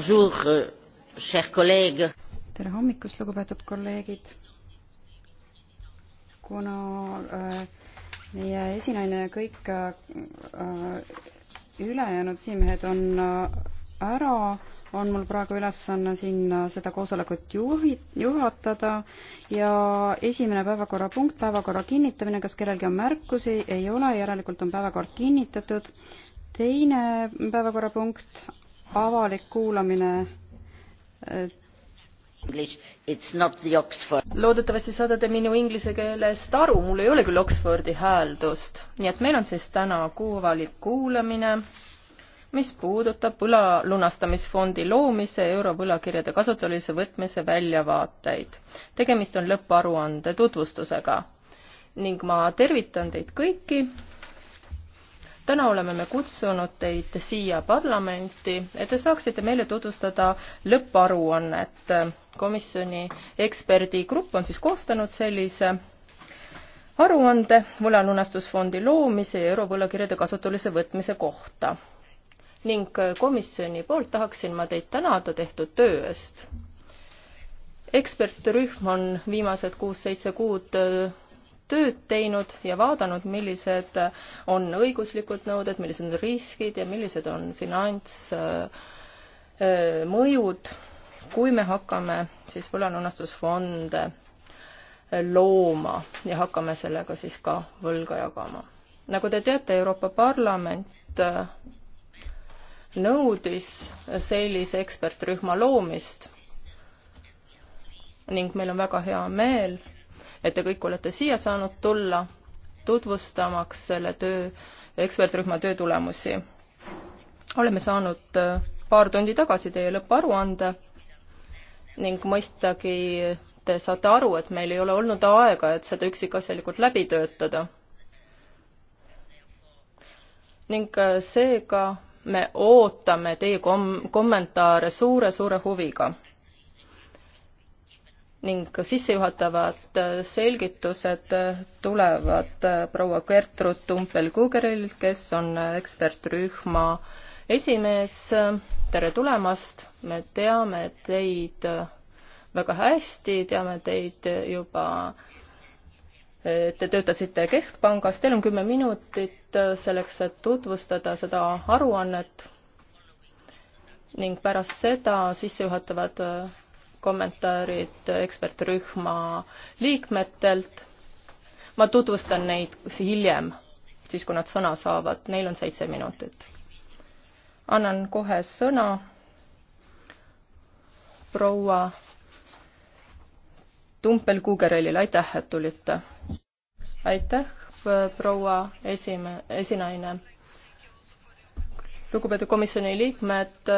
Euh, tere hommikust, lugupeetud kolleegid. kuna äh, meie esinaine ja kõik äh, ülejäänud esimehed on äh, ära, on mul praegu ülesanne siin äh, seda koosolekut juhi-, juhatada ja esimene päevakorrapunkt, päevakorra kinnitamine, kas kellelgi on märkusi, ei ole, järelikult on päevakord kinnitatud. teine päevakorrapunkt avalik kuulamine. loodetavasti saadate minu inglise keelest aru, mul ei ole küll Oxfordi hääldust, nii et meil on siis täna kuu avalik kuulamine, mis puudutab võla lunastamisfondi loomise eurovõlakirjade kasutusele võtmise väljavaateid. tegemist on lõpparuande tutvustusega ning ma tervitan teid kõiki täna oleme me kutsunud teid siia parlamenti, et te saaksite meile tutvustada lõpparuannet. komisjoni eksperdigrupp on siis koostanud sellise aruande võlalunastusfondi loomise ja eurovõlakirjade kasutusele võtmise kohta. ning komisjoni poolt tahaksin ma teid tänada tehtud töö eest ekspertrühm on viimased kuus-seitse kuud tööd teinud ja vaadanud, millised on õiguslikud nõuded, millised on riskid ja millised on finantsmõjud, äh, äh, kui me hakkame siis võlalunastusfonde äh, looma ja hakkame sellega siis ka võlga jagama. nagu te teate, Euroopa Parlament nõudis sellise ekspertrühma loomist ning meil on väga hea meel, et te kõik olete siia saanud tulla tutvustamaks selle töö, ekspertrühma töö tulemusi. oleme saanud äh, paar tundi tagasi teie lõpparuande ning mõistagi te saate aru, et meil ei ole olnud aega, et seda üksikasjalikult läbi töötada. ning äh, seega me ootame teie kom-, kommentaare suure-suure huviga ning sissejuhatavad äh, selgitused äh, tulevad äh, proua Gertrud Tumpel-Kugerilt, kes on ekspertrühma esimees. tere tulemast, me teame teid väga hästi, teame teid juba, te töötasite Keskpangas, teil on kümme minutit selleks, et tutvustada seda aruannet ning pärast seda sissejuhatavad kommentaarid ekspertrühma liikmetelt. ma tutvustan neid hiljem, siis kui nad sõna saavad, neil on seitse minutit. annan kohe sõna proua Tumpel-Kuugerellile, aitäh, et tulite! aitäh, proua esime-, esinaine lugupeetud komisjoni liikmed,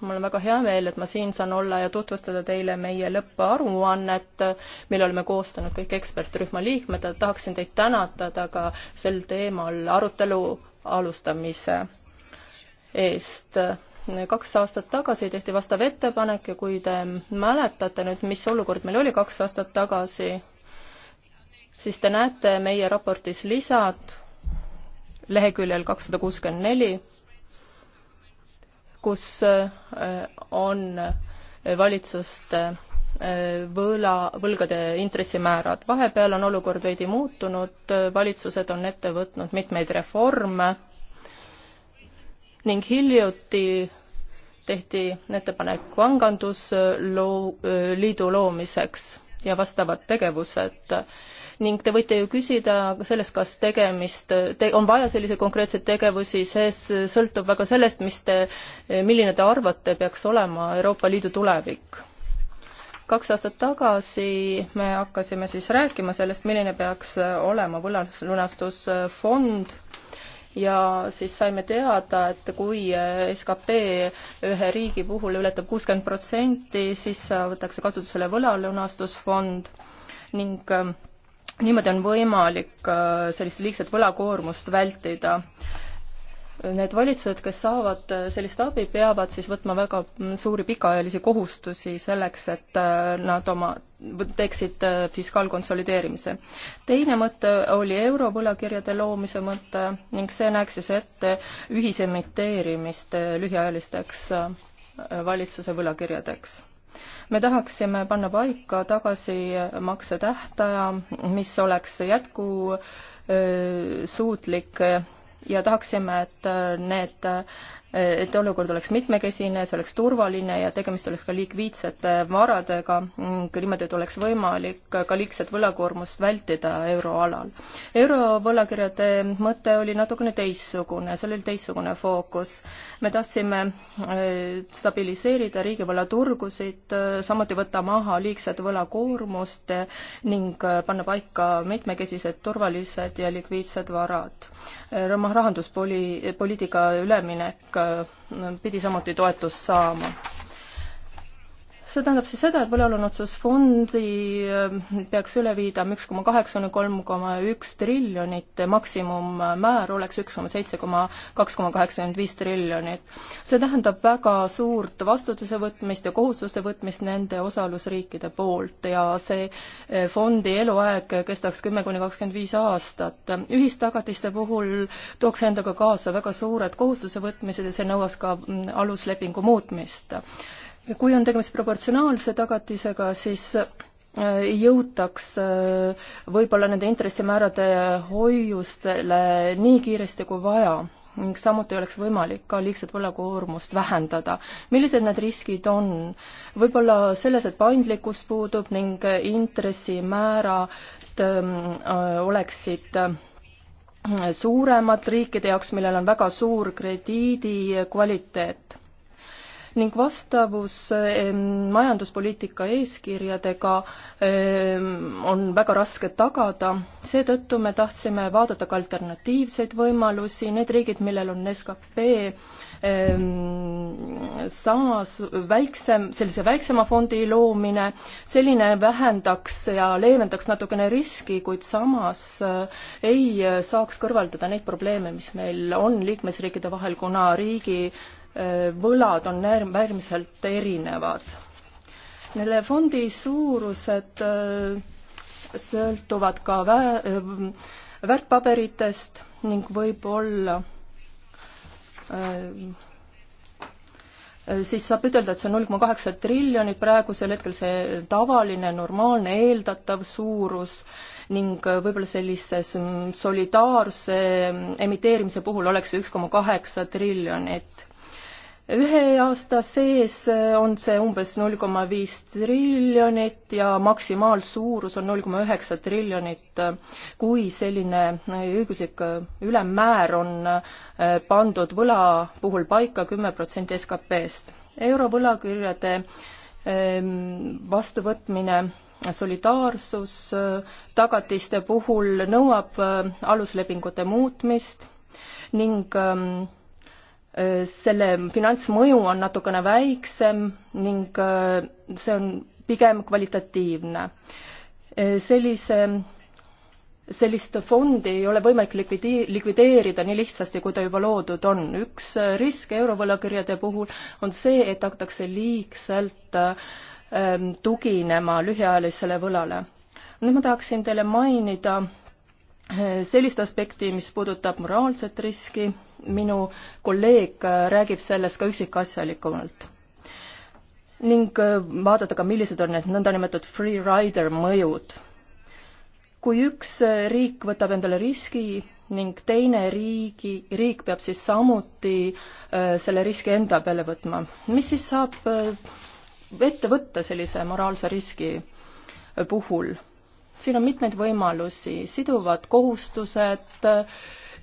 mul on väga hea meel, et ma siin saan olla ja tutvustada teile meie lõpparuannet, mille oleme koostanud kõik ekspertrühma liikmed, tahaksin teid tänatada ka sel teemal arutelu alustamise eest kaks aastat tagasi tehti vastav ettepanek ja kui te mäletate nüüd, mis olukord meil oli kaks aastat tagasi, siis te näete meie raportis lisad leheküljel kakssada kuuskümmend neli kus äh, on äh, valitsuste äh, võla, võlgade intressimäärad. vahepeal on olukord veidi muutunud, valitsused on ette võtnud mitmeid reforme ning hiljuti tehti ettepanek pangandusliidu loomiseks ja vastavad tegevused ning te võite ju küsida sellest, kas tegemist te,, on vaja selliseid konkreetseid tegevusi, see sõltub väga sellest, mis te, milline te arvate, peaks olema Euroopa Liidu tulevik kaks aastat tagasi me hakkasime siis rääkima sellest, milline peaks olema võlalunastusfond ja siis saime teada, et kui skp ühe riigi puhul ületab kuuskümmend protsenti, siis võetakse kasutusele võlalunastusfond ning niimoodi on võimalik äh, sellist liigset võlakoormust vältida. Need valitsused, kes saavad äh, sellist abi, peavad siis võtma väga mm, suuri pikaajalisi kohustusi selleks, et äh, nad oma, teeksid fiskaalkonsolideerimise. teine mõte oli eurovõlakirjade loomise mõte ning see näeks siis ette ühisemiteerimist lühiajalisteks valitsuse võlakirjadeks me tahaksime panna paika tagasimakse tähtaja, mis oleks jätkusuutlik ja tahaksime, et äh, need et olukord oleks mitmekesine, see oleks turvaline ja tegemist oleks ka likviidsete varadega, niimoodi, et oleks võimalik ka liigset võlakoormust vältida euroalal. eurovõlakirjade mõte oli natukene teistsugune, seal oli teistsugune fookus. me tahtsime äh, stabiliseerida riigivõlaturgusid, äh, samuti võtta maha liigset võlakoormust ning äh, panna paika mitmekesised, turvalised ja likviidsed varad Äh, rahanduspoliitika üleminek äh, pidi samuti toetust saama see tähendab siis seda, et võlaulunutsusfondi äh, peaks üle viidama üks koma kaheksakümne kolm koma üks triljonit, maksimummäär oleks üks koma seitse koma kaks koma kaheksakümmend viis triljonit. see tähendab väga suurt vastutuse võtmist ja kohustuste võtmist nende osalusriikide poolt ja see äh, fondi eluaeg kestaks kümme kuni kakskümmend viis aastat. ühistagatiste puhul tooks endaga kaasa väga suured kohustuse võtmised ja see nõuaks ka mm, aluslepingu muutmist kui on tegemist proportsionaalse tagatisega, siis äh, ei jõutaks äh, võib-olla nende intressimäärade hoiustele nii kiiresti kui vaja ning samuti oleks võimalik ka liigset võlakoormust vähendada. millised need riskid on? võib-olla selles, et paindlikkus puudub ning intressimäärad ähm, äh, oleksid suuremad riikide jaoks, millel on väga suur krediidi kvaliteet ning vastavus majanduspoliitika eeskirjadega on väga raske tagada, seetõttu me tahtsime vaadata ka alternatiivseid võimalusi, need riigid, millel on skp samas väiksem, sellise väiksema fondi loomine, selline vähendaks ja leevendaks natukene riski, kuid samas eh, ei saaks kõrvaldada neid probleeme, mis meil on liikmesriikide vahel, kuna riigi Äh, võlad on äärmiselt erinevad. selle fondi suurused äh, sõltuvad ka vä-, äh, väärtpaberitest ning võib olla siis saab ütelda, et see on null koma kaheksa triljonit, praegusel hetkel see tavaline, normaalne, eeldatav suurus ning võib-olla sellise mm, solidaarse mm, emiteerimise puhul oleks see üks koma kaheksa triljonit ühe aasta sees äh, on see umbes null koma viis triljonit ja maksimaalsuurus on null koma üheksa triljonit, äh, kui selline äh, õiguslik ülemmäär on pandud võla puhul paika kümme protsenti SKP-st. eurovõlakirjade ähm, vastuvõtmine solidaarsus tagatiste puhul nõuab aluslepingute muutmist ning ähm, Äh, selle finantsmõju on natukene väiksem ning äh, see on pigem kvalitatiivne. Äh, sellise, sellist fondi ei ole võimalik likvidi-, likvideerida nii lihtsasti, kui ta juba loodud on. üks risk eurovõlakirjade puhul on see, et hakatakse liigselt tuginema lühiajalisele võlale. nüüd ma tahaksin teile mainida sellist aspekti, mis puudutab moraalset riski, minu kolleeg räägib sellest ka üksikasjalikumalt. ning äh, vaadata ka, millised on need nõndanimetatud free rider mõjud. kui üks äh, riik võtab endale riski ning teine riigi, riik peab siis samuti äh, selle riski enda peale võtma, mis siis saab ette võtta sellise moraalse riski puhul siin on mitmeid võimalusi, siduvad kohustused,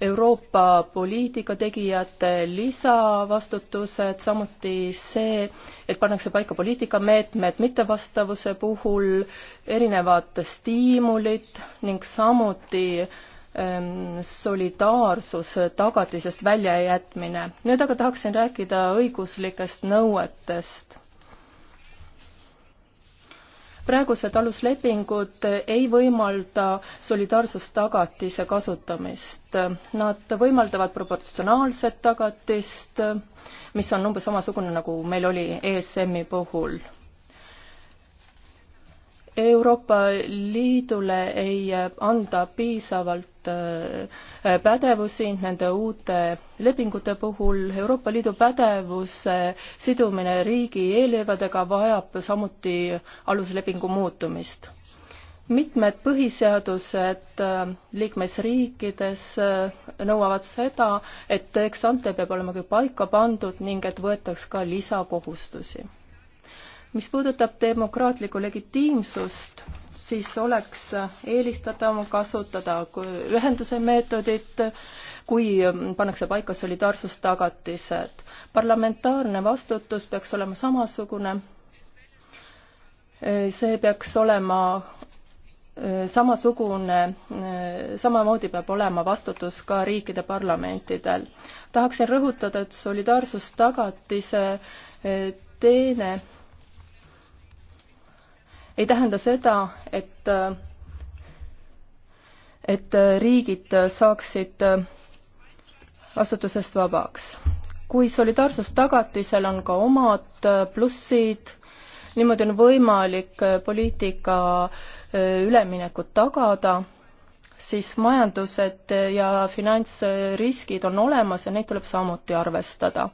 Euroopa poliitika tegijate lisavastutused, samuti see, et pannakse paika poliitikameetmed mittevastavuse puhul, erinevad stiimulid ning samuti ehm, solidaarsus tagatisest väljajätmine. nüüd aga tahaksin rääkida õiguslikest nõuetest praegused aluslepingud ei võimalda solidaarsustagatise kasutamist. Nad võimaldavad proportsionaalset tagatist, mis on umbes samasugune, nagu meil oli ESM-i puhul Euroopa Liidule ei anda piisavalt äh, pädevusi nende uute lepingute puhul. Euroopa Liidu pädevuse sidumine riigi eelarvedega vajab samuti aluslepingu muutumist. mitmed põhiseadused äh, liikmesriikides äh, nõuavad seda, et eks ante peab olema ka paika pandud ning et võetaks ka lisakohustusi mis puudutab demokraatlikku legitiimsust, siis oleks eelistatav kasutada ühenduse meetodit, kui pannakse paika solidaarsustagatised. parlamentaarne vastutus peaks olema samasugune. see peaks olema samasugune, samamoodi peab olema vastutus ka riikide parlamentidel. tahaksin rõhutada, et solidaarsustagatise teene ei tähenda seda, et et riigid saaksid vastutusest vabaks. kui solidaarsustagatisel on ka omad plussid, niimoodi on võimalik poliitika üleminekut tagada siis majandused ja finantsriskid on olemas ja neid tuleb samuti arvestada.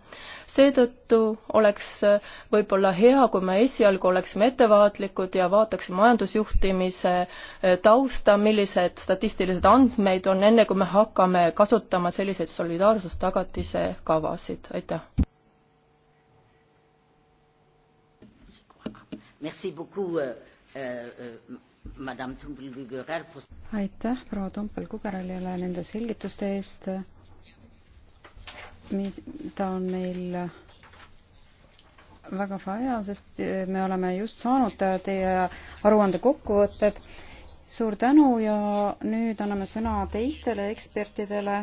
seetõttu oleks võib-olla hea, kui me esialgu oleksime ettevaatlikud ja vaataksime majandusjuhtimise eh, tausta, millised statistilised andmeid on, enne kui me hakkame kasutama selliseid solidaarsustagatise kavasid, aitäh. Merci beaucoup euh, euh, aitäh proua Tumpel-Kugeralile nende selgituste eest, mis ta on meil väga vaja, sest eh, me oleme just saanud teie aruande kokkuvõtted. suur tänu ja nüüd anname sõna teistele ekspertidele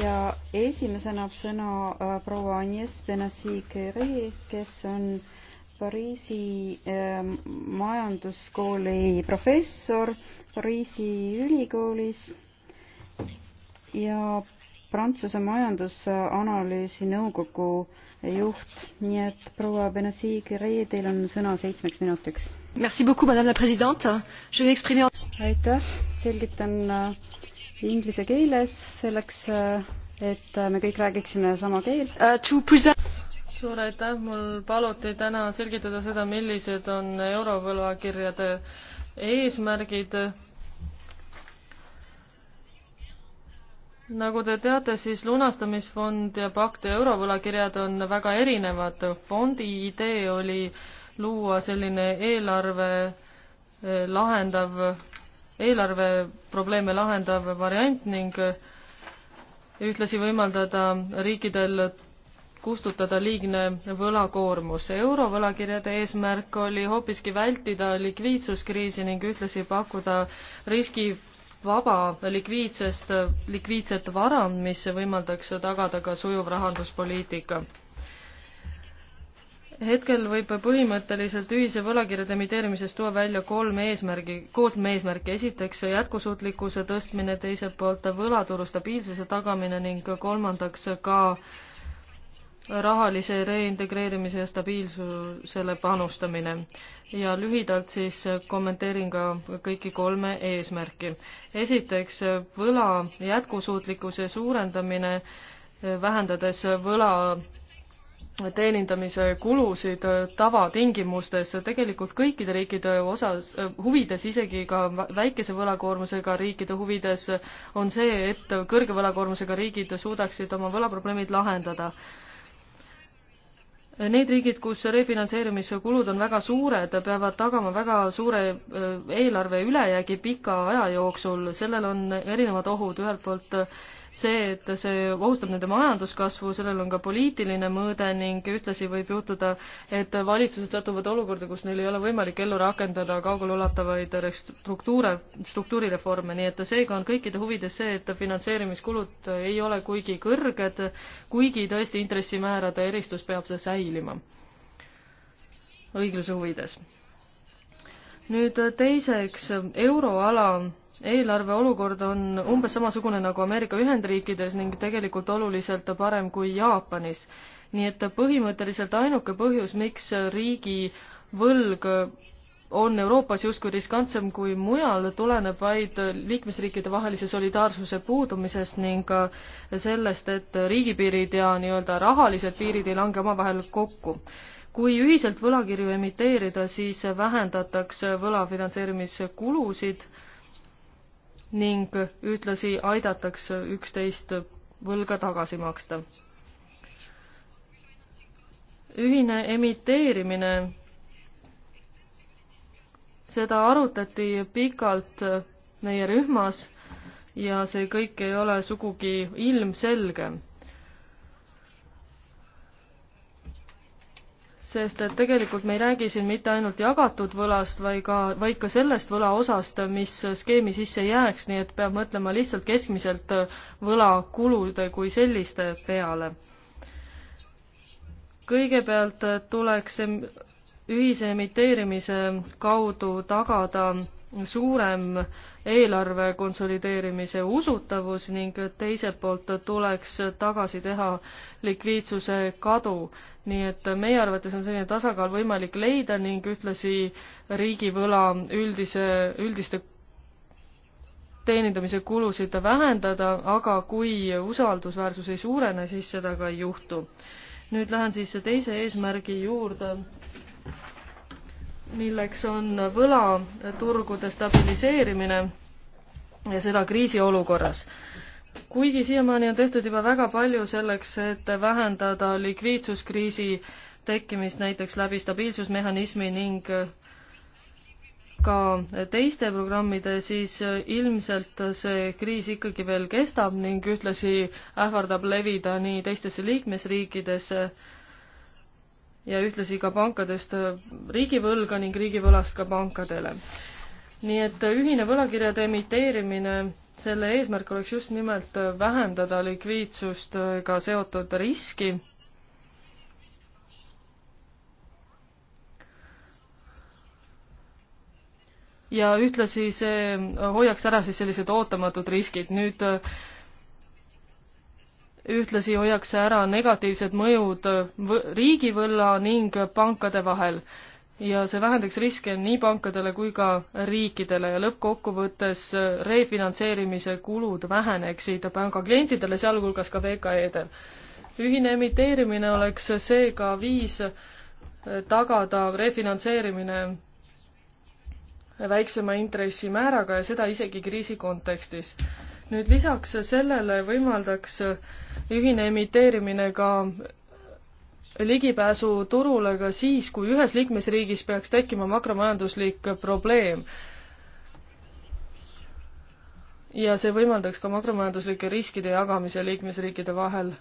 ja esimesena sõna eh, proua Agnes Benassi-Curie, kes on äh, Pariisi ähm, majanduskooli professor Pariisi ülikoolis ja Prantsuse majandusanalüüsi nõukogu juht, nii et proua Benassi-Kiree, teil on sõna seitsmeks minutiks. aitäh, selgitan äh, inglise keeles selleks, äh, et äh, me kõik räägiksime sama keelt uh, suur aitäh, mul paluti täna selgitada seda, millised on eurovõlakirjade eesmärgid. nagu te teate, siis lunastamisfond ja pakt ja eurovõlakirjad on väga erinevad. fondi idee oli luua selline eelarve eh, lahendav, eelarveprobleeme lahendav variant ning ühtlasi võimaldada riikidel kustutada liigne võlakoormus. eurovõlakirjade eesmärk oli hoopiski vältida likviidsuskriisi ning ühtlasi pakkuda riskivaba likviidsest, likviidset vara, mis võimaldaks tagada ka sujuv rahanduspoliitika hetkel võib põhimõtteliselt ühise võlakirjade emiteerimisest tuua välja kolm eesmärgi, kolm eesmärki. esiteks jätkusuutlikkuse tõstmine, teiselt poolt võlaturu stabiilsuse tagamine ning kolmandaks ka rahalise reintegreerimise ja stabiilsusele panustamine. ja lühidalt siis kommenteerin ka kõiki kolme eesmärki. esiteks, võla jätkusuutlikkuse suurendamine, vähendades võla teenindamise kulusid tavatingimustes tegelikult kõikide riikide osas huvides, isegi ka väikese võlakoormusega riikide huvides on see, et kõrge võlakoormusega riigid suudaksid oma võlaprobleemid lahendada Need riigid, kus refinantseerimise kulud on väga suured, peavad tagama väga suure äh, eelarve ülejäägi pika aja jooksul, sellel on erinevad ohud, ühelt poolt see, et see ohustab nende majanduskasvu, sellel on ka poliitiline mõõde ning ühtlasi võib juhtuda, et valitsused satuvad olukorda, kus neil ei ole võimalik ellu rakendada kaugelulatavaid struktuure, struktuurireforme, nii et seega on kõikide huvides see, et finantseerimiskulud ei ole kuigi kõrged, kuigi tõesti intressimäärade eristus peab see säilima õigluse huvides. nüüd teiseks, euroala eelarve olukord on umbes samasugune nagu Ameerika Ühendriikides ning tegelikult oluliselt parem kui Jaapanis. nii et põhimõtteliselt ainuke põhjus, miks riigi võlg on Euroopas justkui riskantsem kui mujal, tuleneb vaid liikmesriikide vahelise solidaarsuse puudumisest ning ka sellest, et riigipiirid ja nii-öelda rahalised piirid ei lange omavahel kokku kui ühiselt võlakirju emiteerida, siis vähendatakse võla finantseerimiskulusid ning ühtlasi aidatakse üksteist võlga tagasi maksta. ühine emiteerimine, seda arutati pikalt meie rühmas ja see kõik ei ole sugugi ilmselge sest et tegelikult me ei räägi siin mitte ainult jagatud võlast, vaid ka, vaid ka sellest võlaosast, mis skeemi sisse jääks, nii et peab mõtlema lihtsalt keskmiselt võlakulude kui selliste peale. kõigepealt tuleks ühise emiteerimise kaudu tagada suurem eelarve konsolideerimise usutavus ning teiselt poolt tuleks tagasi teha likviidsuse kadu. nii et meie arvates on selline tasakaal võimalik leida ning ühtlasi riigivõla üldise, üldiste teenindamise kulusid vähendada, aga kui usaldusväärsus ei suurene, siis seda ka ei juhtu. nüüd lähen siis teise eesmärgi juurde milleks on võlaturgude stabiliseerimine ja seda kriisiolukorras. kuigi siiamaani on tehtud juba väga palju selleks, et vähendada likviidsuskriisi tekkimist näiteks läbi stabiilsusmehhanismi ning ka teiste programmide, siis ilmselt see kriis ikkagi veel kestab ning ühtlasi ähvardab levida nii teistesse liikmesriikidesse ja ühtlasi ka pankadest riigivõlga ning riigivõlast ka pankadele. nii et ühine võlakirjade emiteerimine, selle eesmärk oleks just nimelt vähendada likviidsustega seotud riski ja ühtlasi see hoiaks ära siis sellised ootamatud riskid. nüüd ühtlasi hoiaks see ära negatiivsed mõjud riigivõlla ning pankade vahel ja see vähendaks riske nii pankadele kui ka riikidele ja lõppkokkuvõttes refinantseerimise kulud väheneksid panga klientidele, sealhulgas ka VKE-del. ühine emiteerimine oleks seega viis tagada refinantseerimine väiksema intressimääraga ja seda isegi kriisi kontekstis nüüd lisaks sellele võimaldaks ühine emiteerimine ka ligipääsu turule ka siis, kui ühes liikmesriigis peaks tekkima makromajanduslik probleem. ja see võimaldaks ka makromajanduslike riskide jagamise liikmesriikide vahel.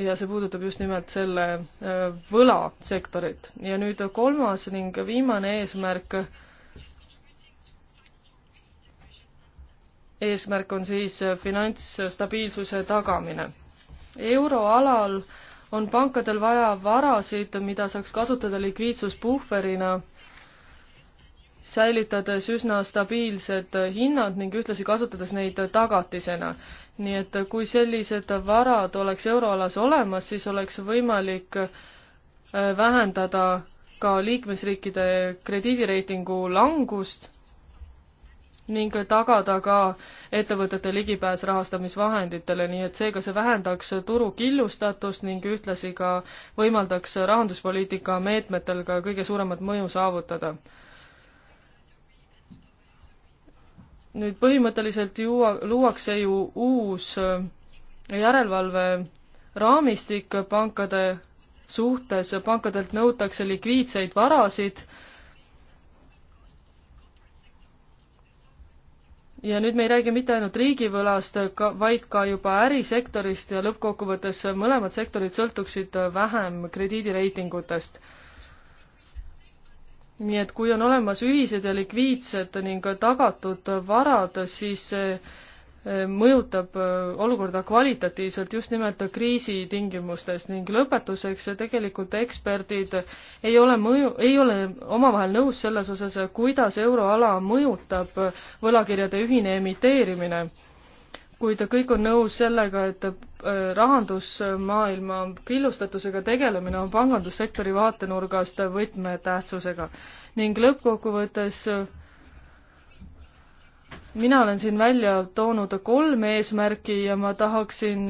ja see puudutab just nimelt selle äh, võlasektorit. ja nüüd kolmas ning viimane eesmärk eesmärk on siis äh, finantsstabiilsuse tagamine. euroalal on pankadel vaja varasid, mida saaks kasutada likviidsuspuhverina, säilitades üsna stabiilsed hinnad ning ühtlasi kasutades neid tagatisena. nii et kui sellised varad oleks euroalas olemas, siis oleks võimalik äh, vähendada ka liikmesriikide krediidireitingu langust ning tagada ka ettevõtete ligipääs rahastamisvahenditele, nii et seega see vähendaks turu killustatust ning ühtlasi ka võimaldaks rahanduspoliitika meetmetel ka kõige suuremat mõju saavutada. nüüd põhimõtteliselt juua, luuakse ju uus järelevalve raamistik pankade suhtes, pankadelt nõutakse likviidseid varasid ja nüüd me ei räägi mitte ainult riigivõlast, vaid ka juba ärisektorist ja lõppkokkuvõttes mõlemad sektorid sõltuksid vähem krediidireitingutest. nii et kui on olemas ühised ja likviidsed ning tagatud varad, siis see mõjutab äh, olukorda kvalitatiivselt just nimelt kriisi tingimustes ning lõpetuseks tegelikult eksperdid ei ole mõju, ei ole omavahel nõus selles osas, kuidas euroala mõjutab võlakirjade ühine emiteerimine. kuid kõik on nõus sellega, et äh, rahandusmaailma killustatusega tegelemine on pangandussektori vaatenurgast võtmetähtsusega ning lõppkokkuvõttes mina olen siin välja toonud kolm eesmärki ja ma tahaksin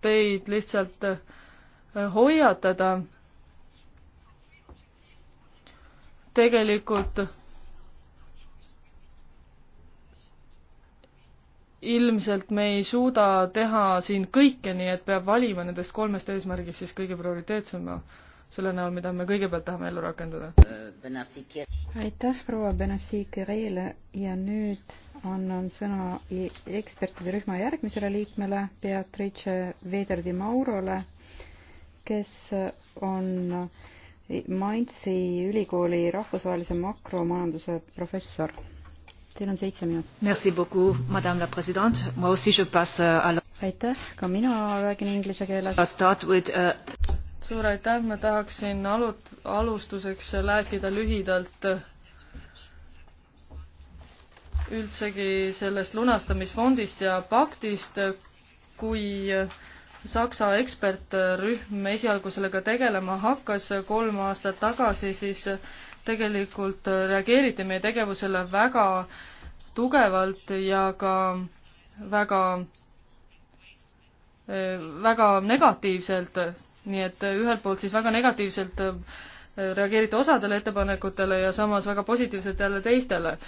teid lihtsalt eh, hoiatada. tegelikult ilmselt me ei suuda teha siin kõike, nii et peab valima nendest kolmest eesmärgist siis kõige prioriteetsema selle näol, mida me kõigepealt tahame ellu rakendada. Äh, aitäh proua Benassi Kirele ja nüüd annan sõna ekspertide rühma järgmisele liikmele, Beatrice Vederdi Maurole, kes on Mainzi ülikooli rahvusvahelise makromajanduse professor. Teil on seitse minutit. Merci beaucoup, madame la president, ma aussi je passe euh, à la aitäh, ka mina räägin inglise keeles. With, uh... suur aitäh, ma tahaksin alut-, alustuseks rääkida lühidalt uh, üldsegi sellest lunastamisfondist ja paktist, kui Saksa ekspertrühm esialgu sellega tegelema hakkas kolm aastat tagasi, siis tegelikult reageeriti meie tegevusele väga tugevalt ja ka väga, väga negatiivselt, nii et ühelt poolt siis väga negatiivselt reageeriti osadele ettepanekutele ja samas väga positiivselt jälle teistele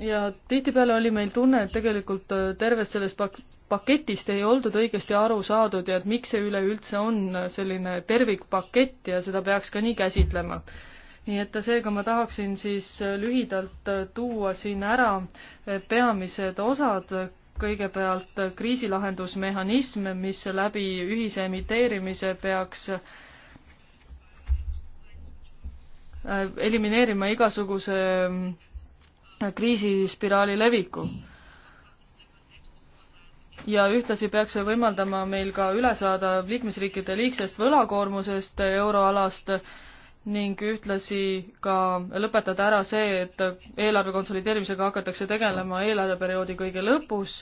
ja tihtipeale oli meil tunne, et tegelikult äh, tervest sellest pak-, paketist ei oldud õigesti aru saadud ja et miks see üleüldse on äh, selline tervikpakett ja seda peaks ka nii käsitlema. nii et äh, seega ma tahaksin siis lühidalt tuua siin ära peamised osad, kõigepealt kriisilahendusmehhanism, mis läbi ühise emiteerimise peaks elimineerima igasuguse mm, kriisispiraali leviku. ja ühtlasi peaks see võimaldama meil ka üle saada liikmesriikide liigsest võlakoormusest euroalast ning ühtlasi ka lõpetada ära see, et eelarve konsolideerimisega hakatakse tegelema eelarveperioodi kõige lõpus.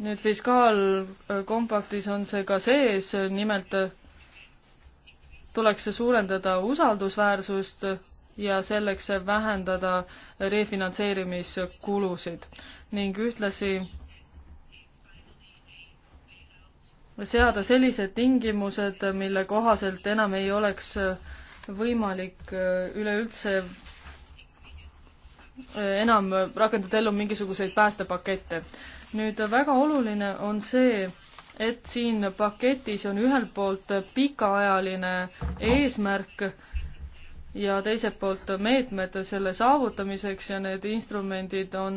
nüüd fiskaalkompaktis on see ka sees, nimelt tuleks suurendada usaldusväärsust ja selleks vähendada refinantseerimiskulusid ning ühtlasi seada sellised tingimused, mille kohaselt enam ei oleks võimalik üleüldse enam rakendada ellu mingisuguseid päästepakette. nüüd väga oluline on see, et siin paketis on ühelt poolt pikaajaline eesmärk, ja teiselt poolt meetmed selle saavutamiseks ja need instrumendid on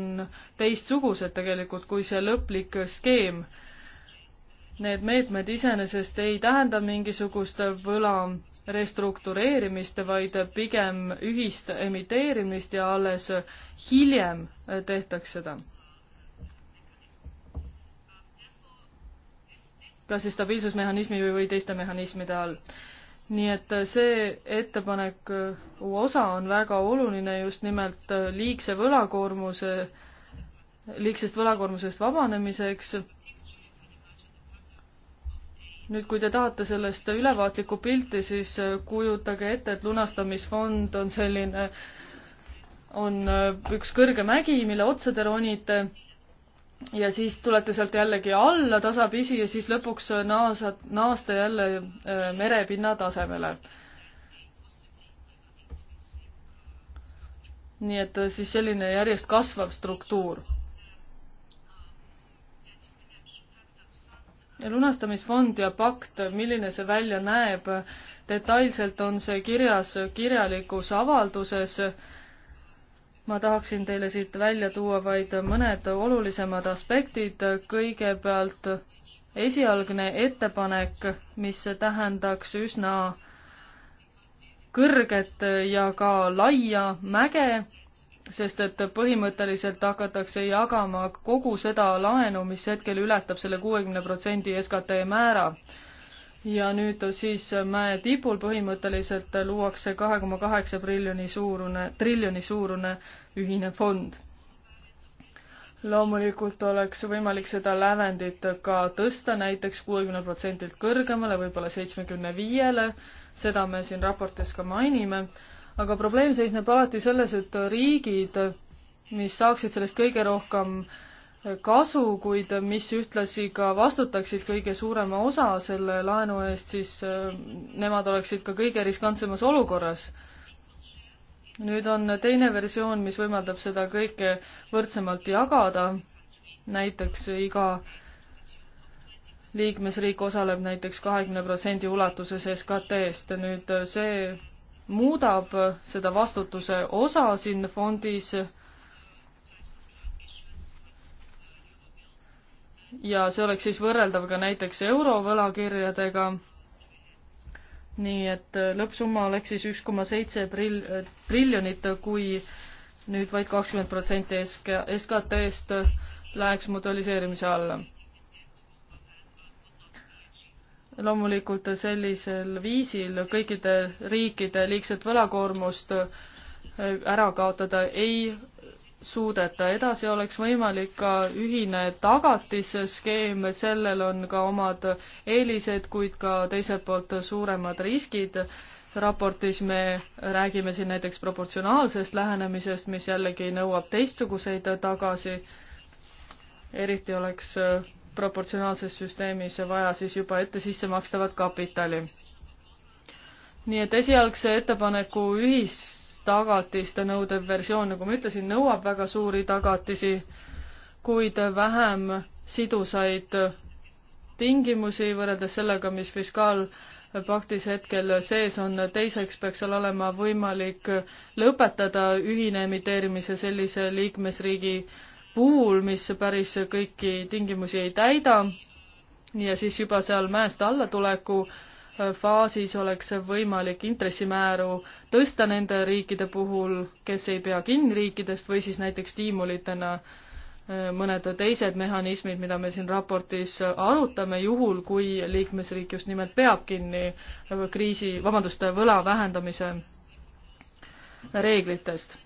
teistsugused tegelikult kui see lõplik skeem. Need meetmed iseenesest ei tähenda mingisugust võla restruktureerimist, vaid pigem ühist emiteerimist ja alles hiljem tehtaks seda. kas siis stabiilsusmehhanismi või, või teiste mehhanismide all nii et äh, see ettepaneku äh, osa on väga oluline just nimelt äh, liigse võlakoormuse, liigsest võlakoormusest vabanemiseks. nüüd, kui te tahate sellest ülevaatlikku pilti, siis kujutage ette, et lunastamisfond on selline, on üks kõrge mägi, mille otsa te ronite ja siis tulete sealt jällegi alla tasapisi ja siis lõpuks äh, naasa, naasta jälle äh, merepinna tasemele. nii et äh, siis selline järjest kasvav struktuur. lunastamisfond ja pakt, milline see välja näeb, detailselt on see kirjas kirjalikus avalduses ma tahaksin teile siit välja tuua vaid mõned olulisemad aspektid. kõigepealt esialgne ettepanek, mis tähendaks üsna kõrget ja ka laia mäge, sest et põhimõtteliselt hakatakse jagama kogu seda laenu, mis hetkel ületab selle kuuekümne protsendi SKT määra ja nüüd siis mäetipul põhimõtteliselt luuakse kahe koma kaheksa triljoni suurune, triljoni suurune ühine fond. loomulikult oleks võimalik seda lävendit ka tõsta näiteks kuuekümne protsendilt kõrgemale, võib-olla seitsmekümne viiele, seda me siin raportis ka mainime, aga probleem seisneb alati selles, et riigid, mis saaksid sellest kõige rohkem äh, kasu, kuid mis ühtlasi ka vastutaksid kõige suurema osa selle laenu eest, siis äh, nemad oleksid ka kõige riskantsemas olukorras. nüüd on teine versioon, mis võimaldab seda kõike võrdsemalt jagada, näiteks iga liikmesriik osaleb näiteks kahekümne protsendi ulatuses SKT-st, nüüd see muudab seda vastutuse osa siin fondis ja see oleks siis võrreldav ka näiteks eurovõlakirjadega. nii et äh, lõppsumma oleks siis üks koma seitse tril-, äh, triljonit, kui nüüd vaid kakskümmend protsenti SK, SKT-st äh, läheks mutualiseerimise alla. loomulikult sellisel viisil kõikide riikide liigset võlakoormust ära kaotada ei suudeta. edasi oleks võimalik ka ühine tagatisskeem, sellel on ka omad eelised, kuid ka teiselt poolt suuremad riskid. raportis me räägime siin näiteks proportsionaalsest lähenemisest, mis jällegi nõuab teistsuguseid tagasi. eriti oleks proportsionaalses süsteemis vaja siis juba ette sisse makstavat kapitali nii et esialgse ettepaneku ühis, tagatiste nõudev versioon, nagu ma ütlesin, nõuab väga suuri tagatisi, kuid vähem sidusaid tingimusi võrreldes sellega, mis fiskaalpaktis hetkel sees on. teiseks peaks seal olema võimalik lõpetada ühine emiteerimise sellise liikmesriigi puhul, mis päris kõiki tingimusi ei täida ja siis juba seal mäest alla tuleku äh, faasis oleks võimalik intressimääru tõsta nende riikide puhul, kes ei pea kinni riikidest või siis näiteks stiimulitena äh, mõned teised mehhanismid, mida me siin raportis arutame, juhul kui liikmesriik just nimelt peab kinni kriisi, vabandust, võla vähendamise reeglitest.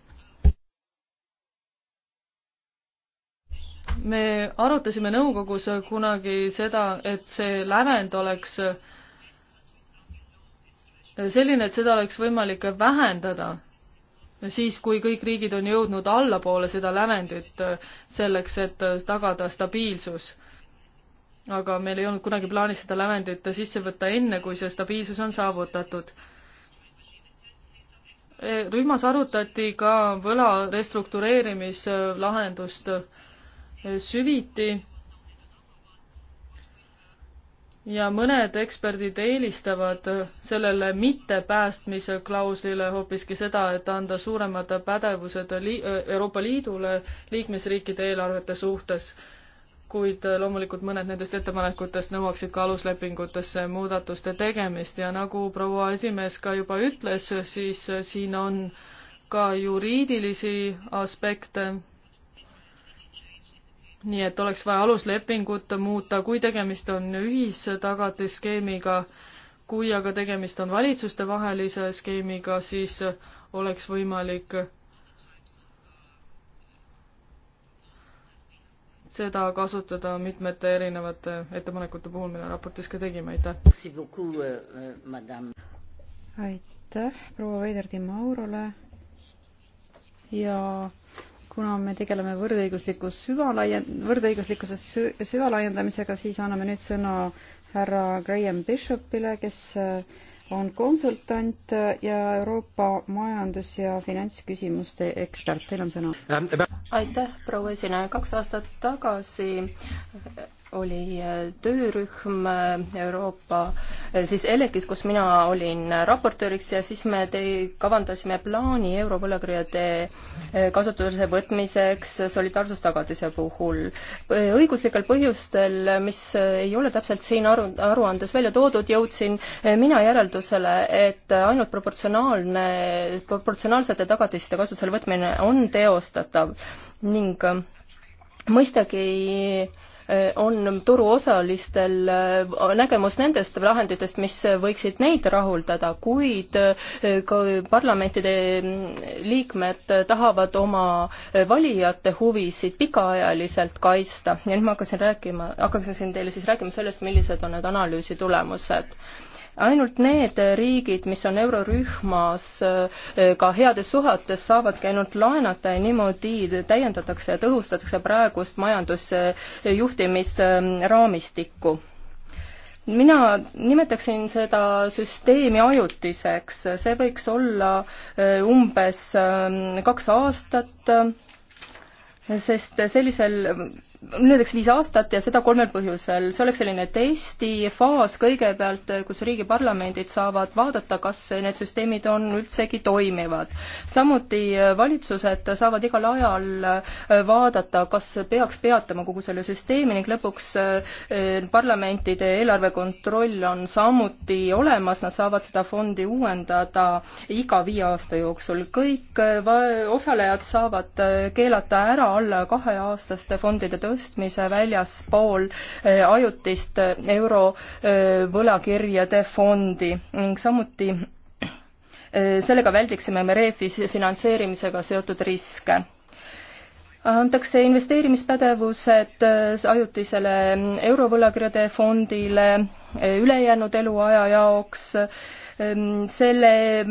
me arutasime nõukogus kunagi seda, et see lävend oleks selline, et seda oleks võimalik vähendada siis, kui kõik riigid on jõudnud allapoole seda lävendit äh, selleks, et äh, tagada stabiilsus. aga meil ei olnud kunagi plaanis seda lävendit sisse võtta enne, kui see stabiilsus on saavutatud. E, rühmas arutati ka võla restruktureerimislahendust äh, e, süviti ja mõned eksperdid eelistavad sellele mittepäästmise klauslile hoopiski seda, et anda suuremad pädevused li-, Euroopa Liidule liikmesriikide eelarvete suhtes. kuid loomulikult mõned nendest ettepanekutest nõuaksid ka aluslepingutesse muudatuste tegemist ja nagu proua esimees ka juba ütles, siis siin on ka juriidilisi aspekte nii et oleks vaja aluslepingut muuta, kui tegemist on ühistagatisskeemiga, kui aga tegemist on valitsustevahelise skeemiga, siis oleks võimalik seda kasutada mitmete erinevate ettepanekute puhul, mille raportis ka tegime, aitäh! Euh, euh, aitäh proua Veider-Timmaurule ja kuna me tegeleme võrdõiguslikus süvalaiend-, võrdõiguslikkuse süvalaiendamisega, siis anname nüüd sõna härra Graham Bishopile, kes äh, on konsultant ja Euroopa majandus- ja finantsküsimuste ekspert. Teil on sõna. aitäh, proua esineja. kaks aastat tagasi oli äh, töörühm äh, Euroopa, äh, siis ELEK-is, kus mina olin raportööriks ja siis me tei-, kavandasime plaani eurovõlakirjade kasutusele võtmiseks solidaarsustagatise puhul. õiguslikel põhjustel, mis ei ole täpselt siin aru, aruandes välja toodud, jõudsin mina järeldusele, et ainult proportsionaalne, proportsionaalsete tagatiste kasutusele võtmine on teostatav ning mõistagi on turuosalistel äh, nägemus nendest lahenditest, mis võiksid neid rahuldada, kuid äh, kui parlamentide mm, liikmed tahavad oma äh, valijate huvisid pikaajaliselt kaitsta ja nüüd ma hakkasin rääkima, hakkasin teile siis rääkima sellest, millised on need analüüsi tulemused ainult need riigid, mis on eurorühmas eh, ka heades suhetes, saavadki ainult laenata ja niimoodi täiendatakse ja tõhustatakse praegust majandusjuhtimisraamistikku mina nimetaksin seda süsteemi ajutiseks, see võiks olla eh, umbes eh, kaks aastat sest sellisel, nüüdeks viis aastat ja seda kolmel põhjusel. see oleks selline testifaas kõigepealt, kus riigi parlamendid saavad vaadata, kas need süsteemid on üldsegi toimivad. samuti valitsused saavad igal ajal vaadata, kas peaks peatama kogu selle süsteemi ning lõpuks eh, parlamentide eelarvekontroll on samuti olemas, nad saavad seda fondi uuendada iga viie aasta jooksul. kõik eh, osalejad saavad eh, keelata ära alla kaheaastaste fondide tõstmise väljaspool eh, ajutist eh, euro eh, võlakirjade fondi ning samuti sellega väldiksime me REEF-i finantseerimisega seotud riske antakse investeerimispädevused ajutisele mm, eurovõlakirjade fondile ülejäänud eluaja jaoks Ehm, selle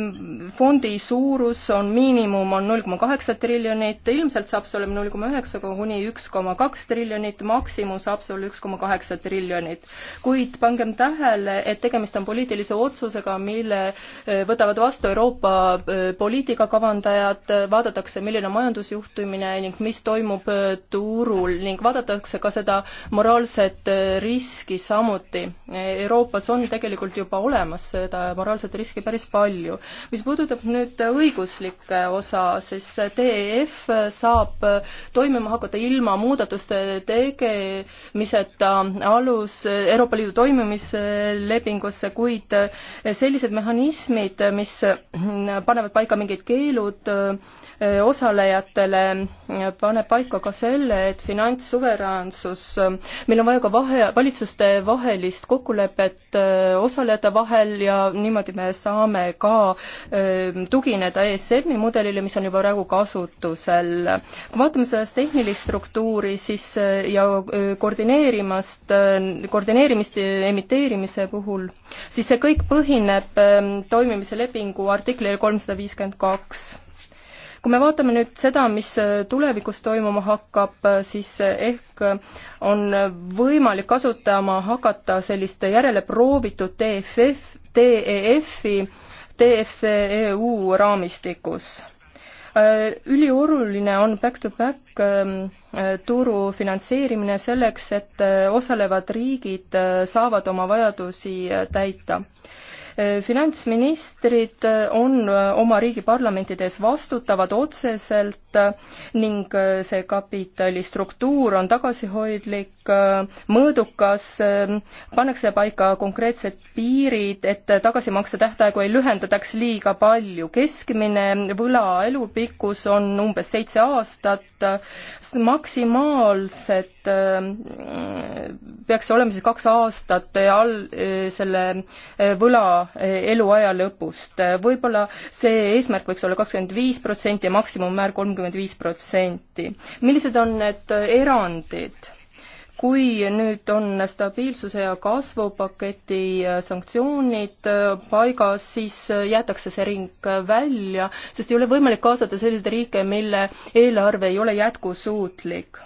fondi suurus on miinimum, on null koma kaheksa triljonit, ilmselt saab see olema null koma üheksa kuni üks koma kaks triljonit, maksimum saab see olla üks koma kaheksa triljonit. kuid pangem tähele, et tegemist on poliitilise otsusega, mille eh, võtavad vastu Euroopa eh, poliitikakavandajad, vaadatakse, milline on majandusjuhtimine ning mis toimub eh, turul ning vaadatakse ka seda moraalset riski samuti. Euroopas on tegelikult juba olemas seda moraalset potentsiaalset riski päris palju. mis puudutab nüüd õiguslikke osa, siis TEF saab toimima hakata ilma muudatuste tegemiseta alus Euroopa Liidu toimimislepingusse, kuid sellised mehhanismid, mis panevad paika mingid keelud, osalejatele paneb paika ka selle, et finantssuveräänsus, meil on vaja ka vahe, valitsuste vahelist kokkulepet osalejate vahel ja niimoodi niimoodi me saame ka ehm, tugineda ESM-i mudelile, mis on juba praegu kasutusel. kui vaatame sellest tehnilist struktuuri, siis eh, ja eh, koordineerimast, eh, koordineerimist emiteerimise puhul, siis see kõik põhineb ehm, toimimise lepingu artiklil kolmsada viiskümmend kaks kui me vaatame nüüd seda, mis tulevikus toimuma hakkab, siis ehk on võimalik kasutama hakata sellist järeleproovitud TFF, e TEF-i TFEU raamistikus. Äh, ülioluline on back-to-back -back ähm, äh, turu finantseerimine selleks, et äh, osalevad riigid saavad oma vajadusi täita finantsministrid on äh, oma riigi parlamentides vastutavad otseselt äh, ning äh, see kapitali struktuur on tagasihoidlik, mõõdukas, pannakse paika konkreetsed piirid, et tagasimakse tähtaegu ei lühendataks liiga palju. keskmine võla elupikkus on umbes seitse aastat, maksimaalset et äh, peaks olema siis kaks aastat all äh, selle äh, võla eluaja lõpust. võib-olla see eesmärk võiks olla kakskümmend viis protsenti ja maksimummäär kolmkümmend viis protsenti. millised on need erandid? kui nüüd on stabiilsuse ja kasvupaketi sanktsioonid paigas, siis jäetakse see ring välja, sest ei ole võimalik kaasata selliseid riike, mille eelarve ei ole jätkusuutlik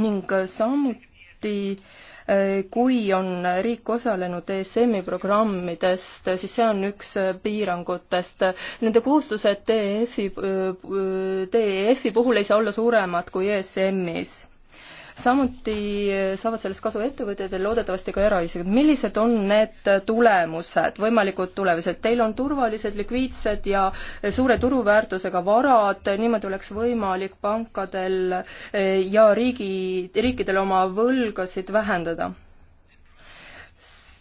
ning samuti eh, kui on riik osalenud ESM-i programmidest, siis see on üks eh, piirangutest. Nende kohustused TEF-i, eh, TEF-i puhul ei saa olla suuremad kui ESM-is samuti saavad sellest kasu ettevõtjad ja loodetavasti ka eraisikud. millised on need tulemused, võimalikud tulemused? Teil on turvalised, likviidsed ja suure turuväärtusega varad, niimoodi oleks võimalik pankadel eh, ja riigi, riikidel oma võlgasid vähendada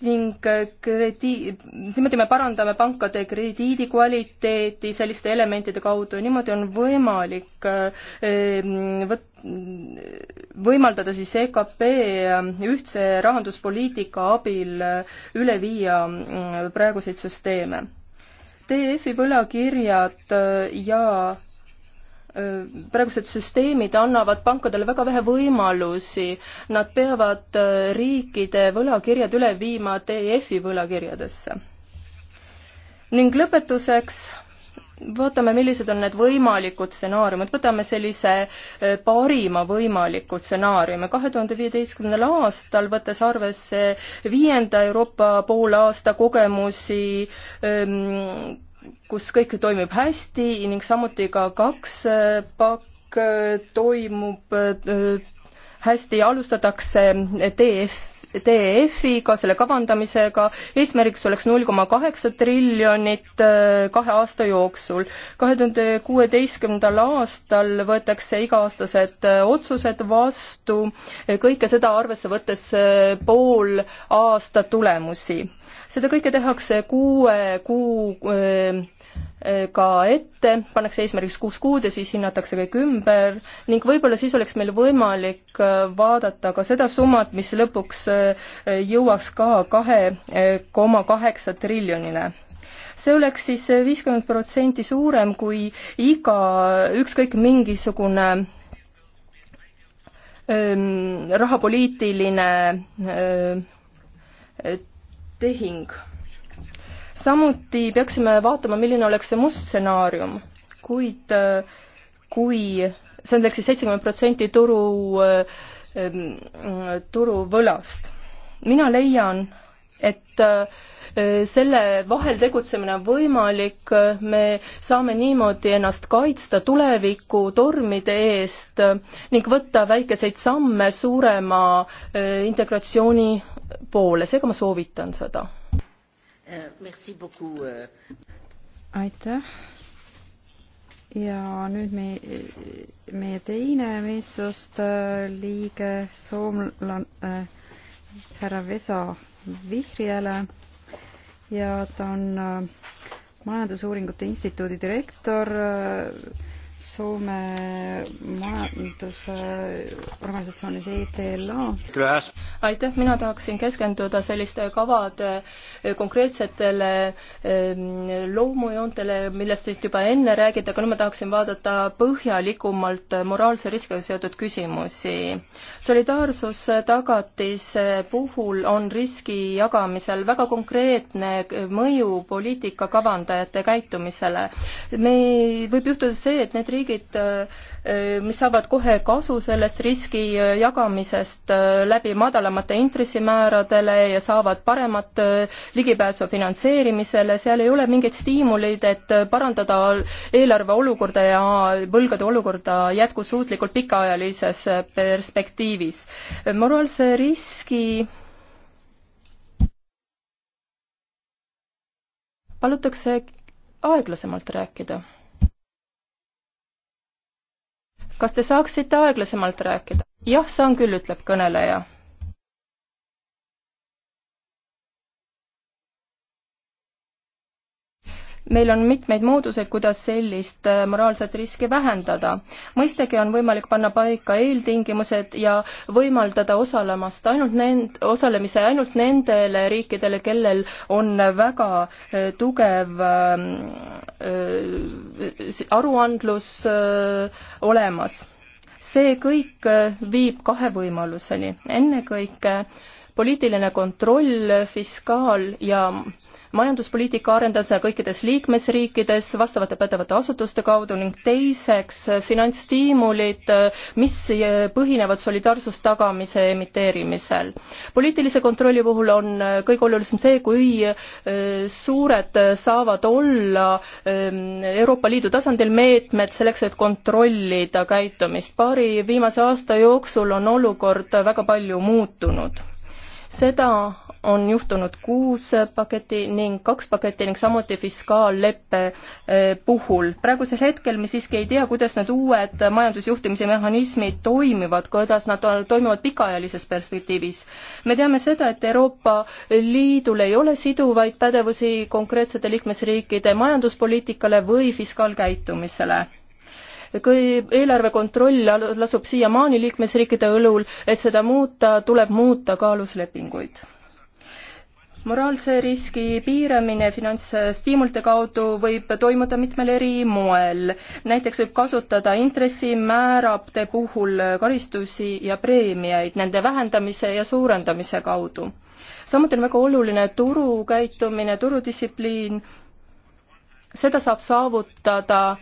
ning eh, krediidi, niimoodi me parandame pankade krediidi kvaliteeti selliste elementide kaudu ja niimoodi on võimalik eh, võt-, võimaldada siis EKP ühtse rahanduspoliitika abil üle viia mm, praeguseid süsteeme. TF-i võlakirjad äh, ja äh, praegused süsteemid annavad pankadele väga vähe võimalusi, nad peavad äh, riikide võlakirjad üle viima TF-i võlakirjadesse. ning lõpetuseks vaatame, millised on need võimalikud stsenaariumid, võtame sellise e, parima võimaliku stsenaariumi. kahe tuhande viieteistkümnendal aastal, võttes arvesse viienda Euroopa poolaasta kogemusi, ehm, kus kõik toimib hästi ning samuti ka kaks e, pakk e, toimub hästi, alustatakse TF DEF-iga, selle kavandamisega, eesmärgiks oleks null koma kaheksa triljonit äh, kahe aasta jooksul. kahe tuhande kuueteistkümnendal aastal võetakse iga-aastased äh, otsused vastu, äh, kõike seda arvesse võttes pool aasta tulemusi. seda kõike tehakse kuue kuu Äh, ka ette, pannakse eesmärgiks kuus kuud ja siis hinnatakse kõik ümber ning võib-olla siis oleks meil võimalik äh, vaadata ka seda summat, mis lõpuks äh, jõuaks ka kahe koma kaheksa triljonile see oleks siis viiskümmend protsenti suurem kui iga ükskõik mingisugune öö, ähm, rahapoliitiline öö, tehing samuti peaksime vaatama, milline oleks see must stsenaarium, kuid äh, kui see on, eks siis seitsekümmend protsenti turu, äh, mm, turuvõlast. mina leian, et äh, selle vahel tegutsemine on võimalik, me saame niimoodi ennast kaitsta tuleviku tormide eest ning võtta väikeseid samme suurema integratsiooni poole, seega ma soovitan seda Euh, euh. aitäh. ja nüüd me, meie teine meessuste äh, liige, soomlan- äh,, härra Vesa Vihriäle ja ta on äh, Majandusuuringute Instituudi direktor äh, Soome majandusorganisatsioonis ETLA. aitäh, mina tahaksin keskenduda selliste kavade konkreetsetele ehm, loomujoontele, millest vist juba enne räägiti, aga nüüd ma tahaksin vaadata põhjalikumalt moraalse riskiga seotud küsimusi. solidaarsustagatise puhul on riski jagamisel väga konkreetne mõju poliitika kavandajate käitumisele. me, võib juhtuda see, et need need riigid, eh, mis saavad kohe kasu sellest riski eh, jagamisest eh, läbi madalamate intressimääradele ja saavad paremat ligipääsu finantseerimisele, seal ei ole mingeid stiimuleid, et parandada eelarve olukorda ja võlgade olukorda jätkusuutlikult pikaajalises perspektiivis. moraalse riski palutakse aeglasemalt rääkida kas te saaksite aeglasemalt rääkida? jah, saan küll, ütleb kõneleja meil on mitmeid mooduseid, kuidas sellist äh, moraalset riski vähendada. mõistagi on võimalik panna paika eeltingimused ja võimaldada osalemast ainult nend-, osalemise ainult nendele riikidele, kellel on väga äh, tugev ähm, äh, aruandlus olemas. see kõik viib kahe võimaluseni, ennekõike poliitiline kontroll, fiskaal ja äh, majanduspoliitika arendamise kõikides liikmesriikides vastavate pädevate asutuste kaudu ning teiseks finantsstiimulid, mis põhinevad solidaarsustagamise emiteerimisel. poliitilise kontrolli puhul on kõige olulisem see, kui äh, suured saavad olla ähm, Euroopa Liidu tasandil meetmed selleks, et kontrollida käitumist. paari viimase aasta jooksul on olukord väga palju muutunud seda on juhtunud kuus paketi ning kaks paketti ning samuti fiskaalleppe eh, puhul. praegusel hetkel me siiski ei tea, kuidas need uued majandusjuhtimise mehhanismid toimivad, kuidas nad toimivad pikaajalises perspektiivis. me teame seda, et Euroopa Liidul ei ole siduvaid pädevusi konkreetsete liikmesriikide majanduspoliitikale või fiskaalkäitumisele kui eelarve kontroll lasub siiamaani liikmesriikide õlul, et seda muuta, tuleb muuta kaaluslepinguid moraalse riski piiramine finantsstiimulite kaudu võib toimuda mitmel eri moel. näiteks võib kasutada intressimäärade puhul karistusi ja preemiaid nende vähendamise ja suurendamise kaudu. samuti on väga oluline turukäitumine, turudistsipliin, seda saab saavutada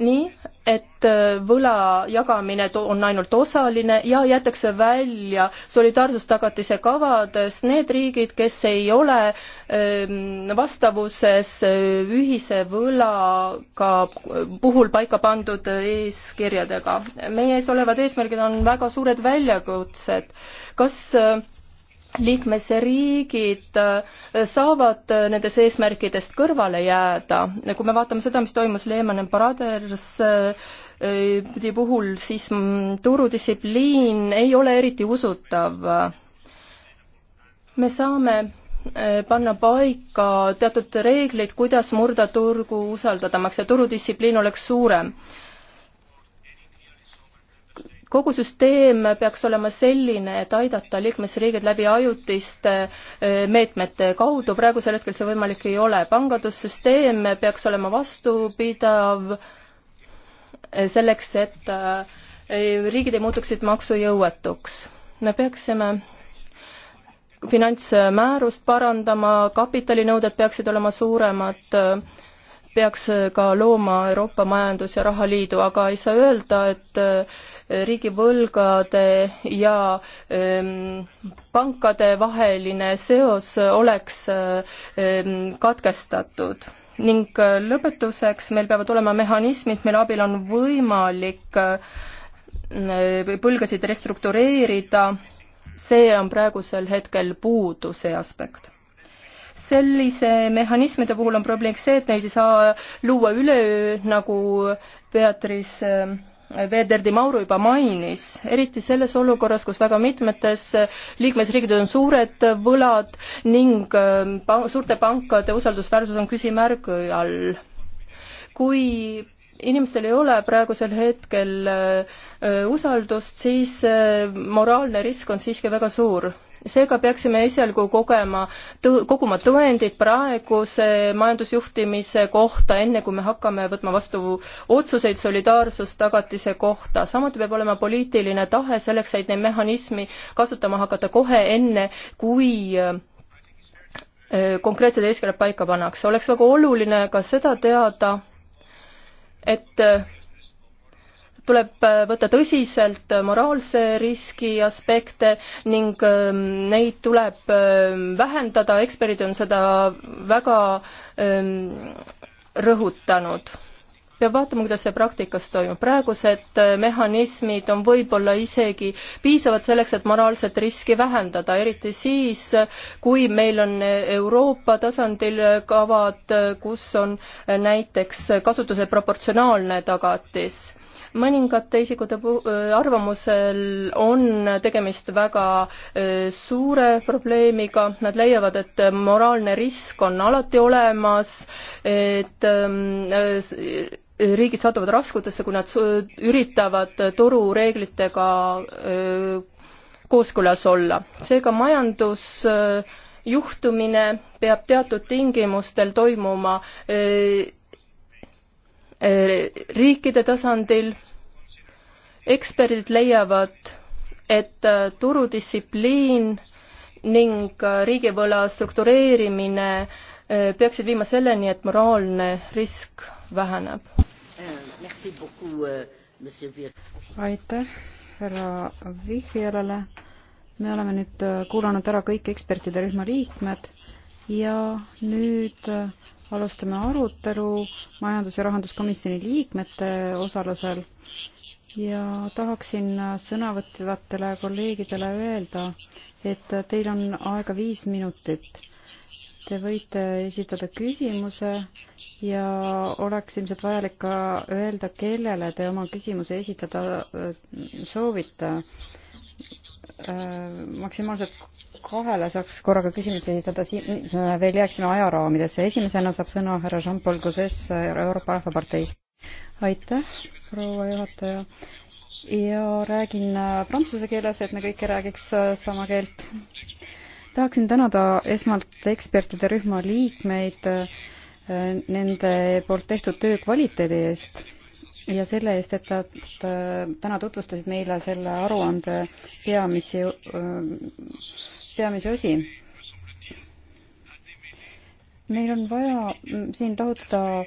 nii, et äh, võla jagamine on ainult osaline ja jäetakse välja solidaarsustagatise kavades need riigid, kes ei ole ähm, vastavuses äh, ühise võlaga puhul paika pandud eeskirjadega. meie ees olevad eesmärgid on väga suured väljakutsed. kas äh, liikmesriigid äh, saavad äh, nendest eesmärkidest kõrvale jääda. kui me vaatame seda, mis toimus Lehman Brothers äh, puhul, siis mm, turudistsipliin ei ole eriti usutav. me saame panna paika teatud reeglid, kuidas murda turgu usaldamaks ja turudistsipliin oleks suurem kogu süsteem peaks olema selline, et aidata liikmesriigid läbi ajutiste eh, meetmete kaudu, praegusel hetkel see võimalik ei ole. pangandussüsteem peaks olema vastupidav eh, selleks, et eh, riigid ei muutuksid maksujõuetuks. me peaksime finantsmäärust parandama, kapitalinõuded peaksid olema suuremad, peaks ka looma Euroopa Majandus- ja Rahaliidu, aga ei saa öelda, et riigivõlgade ja ehm, pankade vaheline seos oleks ehm, katkestatud ning äh, lõpetuseks meil peavad olema mehhanismid, mille abil on võimalik äh, põlgasid restruktureerida, see on praegusel hetkel puudu, see aspekt. sellise mehhanismide puhul on probleemiks see, et neid ei saa luua üleöö, nagu Beatrice äh, Veder Di Mauro juba mainis, eriti selles olukorras, kus väga mitmetes liikmesriikides on suured võlad ning ähm, pa-, suurte pankade usaldusväärsus on küsimärgi all. kui inimestel ei ole praegusel hetkel äh, usaldust, siis äh, moraalne risk on siiski väga suur seega peaksime esialgu kogema, koguma tõendid praeguse majandusjuhtimise kohta, enne kui me hakkame võtma vastu otsuseid solidaarsustagatise kohta. samuti peab olema poliitiline tahe selleks, et neid mehhanismi kasutama hakata kohe enne, kui äh, konkreetsed eeskirjad paika pannakse. oleks väga oluline ka seda teada, et tuleb äh, võtta tõsiselt äh, moraalse riski aspekte ning ähm, neid tuleb ähm, vähendada, eksperdid on seda väga ähm, rõhutanud. peab vaatama, kuidas see praktikas toimub. praegused äh, mehhanismid on võib-olla isegi piisavad selleks, et moraalset riski vähendada, eriti siis, kui meil on Euroopa tasandil kavad, kus on näiteks kasutuse proportsionaalne tagatis mõningate isikute arvamusel on tegemist väga suure probleemiga, nad leiavad, et moraalne risk on alati olemas, et riigid satuvad raskutesse, kui nad üritavad turureeglitega kooskõlas olla. seega majandus juhtumine peab teatud tingimustel toimuma Äh, riikide tasandil. eksperdid leiavad, et äh, turudistsipliin ning äh, riigivõla struktureerimine peaksid viima selleni, et moraalne risk väheneb. aitäh härra Vihvialale. me oleme nüüd kuulanud ära kõik ekspertide rühma liikmed ja nüüd alustame arutelu majandus- ja rahanduskomisjoni liikmete osalusel ja tahaksin sõnavõtvatele kolleegidele öelda, et teil on aega viis minutit. Te võite esitada küsimuse ja oleks ilmselt vajalik ka öelda, kellele te oma küsimuse esitada soovite. Äh, maksimaalselt kahele saaks korraga küsimusi esitada, siis äh, veel jääksime ajaraamidesse. esimesena saab sõna härra Jean-Paul Gauzes äh, Euroopa Rahvaparteist. aitäh, proua juhataja. ja räägin äh, prantsuse keeles, et me kõik ei räägiks sama keelt. tahaksin tänada esmalt ekspertide rühma liikmeid nende poolt tehtud töö kvaliteedi eest ja selle eest, et ta äh, täna tutvustasid meile selle aruande peamisi, äh, peamisi osi. meil on vaja mm, siin rõhutada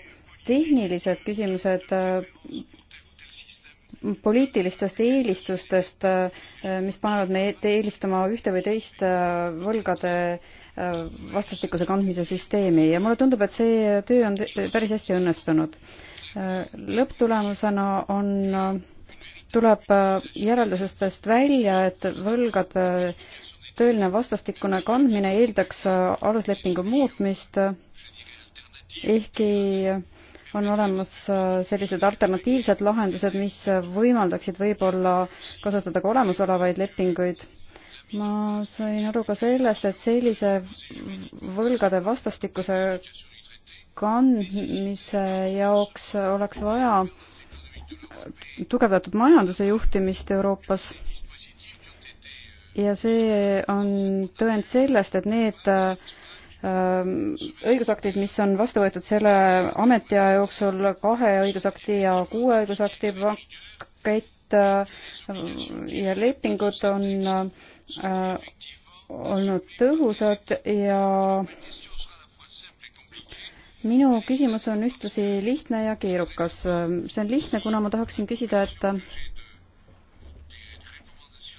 tehnilised küsimused äh, poliitilistest eelistustest, mis panevad meid eelistama ühte või teist võlgade vastastikuse kandmise süsteemi ja mulle tundub, et see töö on päris hästi õnnestunud lõpptulemusena on, tuleb järeldusestest välja, et võlgade tõeline vastastikune kandmine eeldaks aluslepingu muutmist, ehkki on olemas sellised alternatiivsed lahendused, mis võimaldaksid võib-olla kasutada ka olemasolevaid lepinguid ma sain aru ka sellest, et sellise võlgade vastastikuse kandmise jaoks oleks vaja tugevdatud majanduse juhtimist Euroopas ja see on tõend sellest, et need ähm, õigusaktid, mis on vastu võetud selle ametiaja jooksul, kahe õigusakti ja kuue õigusakti pakett äh, ja lepingud on äh, olnud tõhusad ja minu küsimus on ühtlasi lihtne ja keerukas. see on lihtne, kuna ma tahaksin küsida, et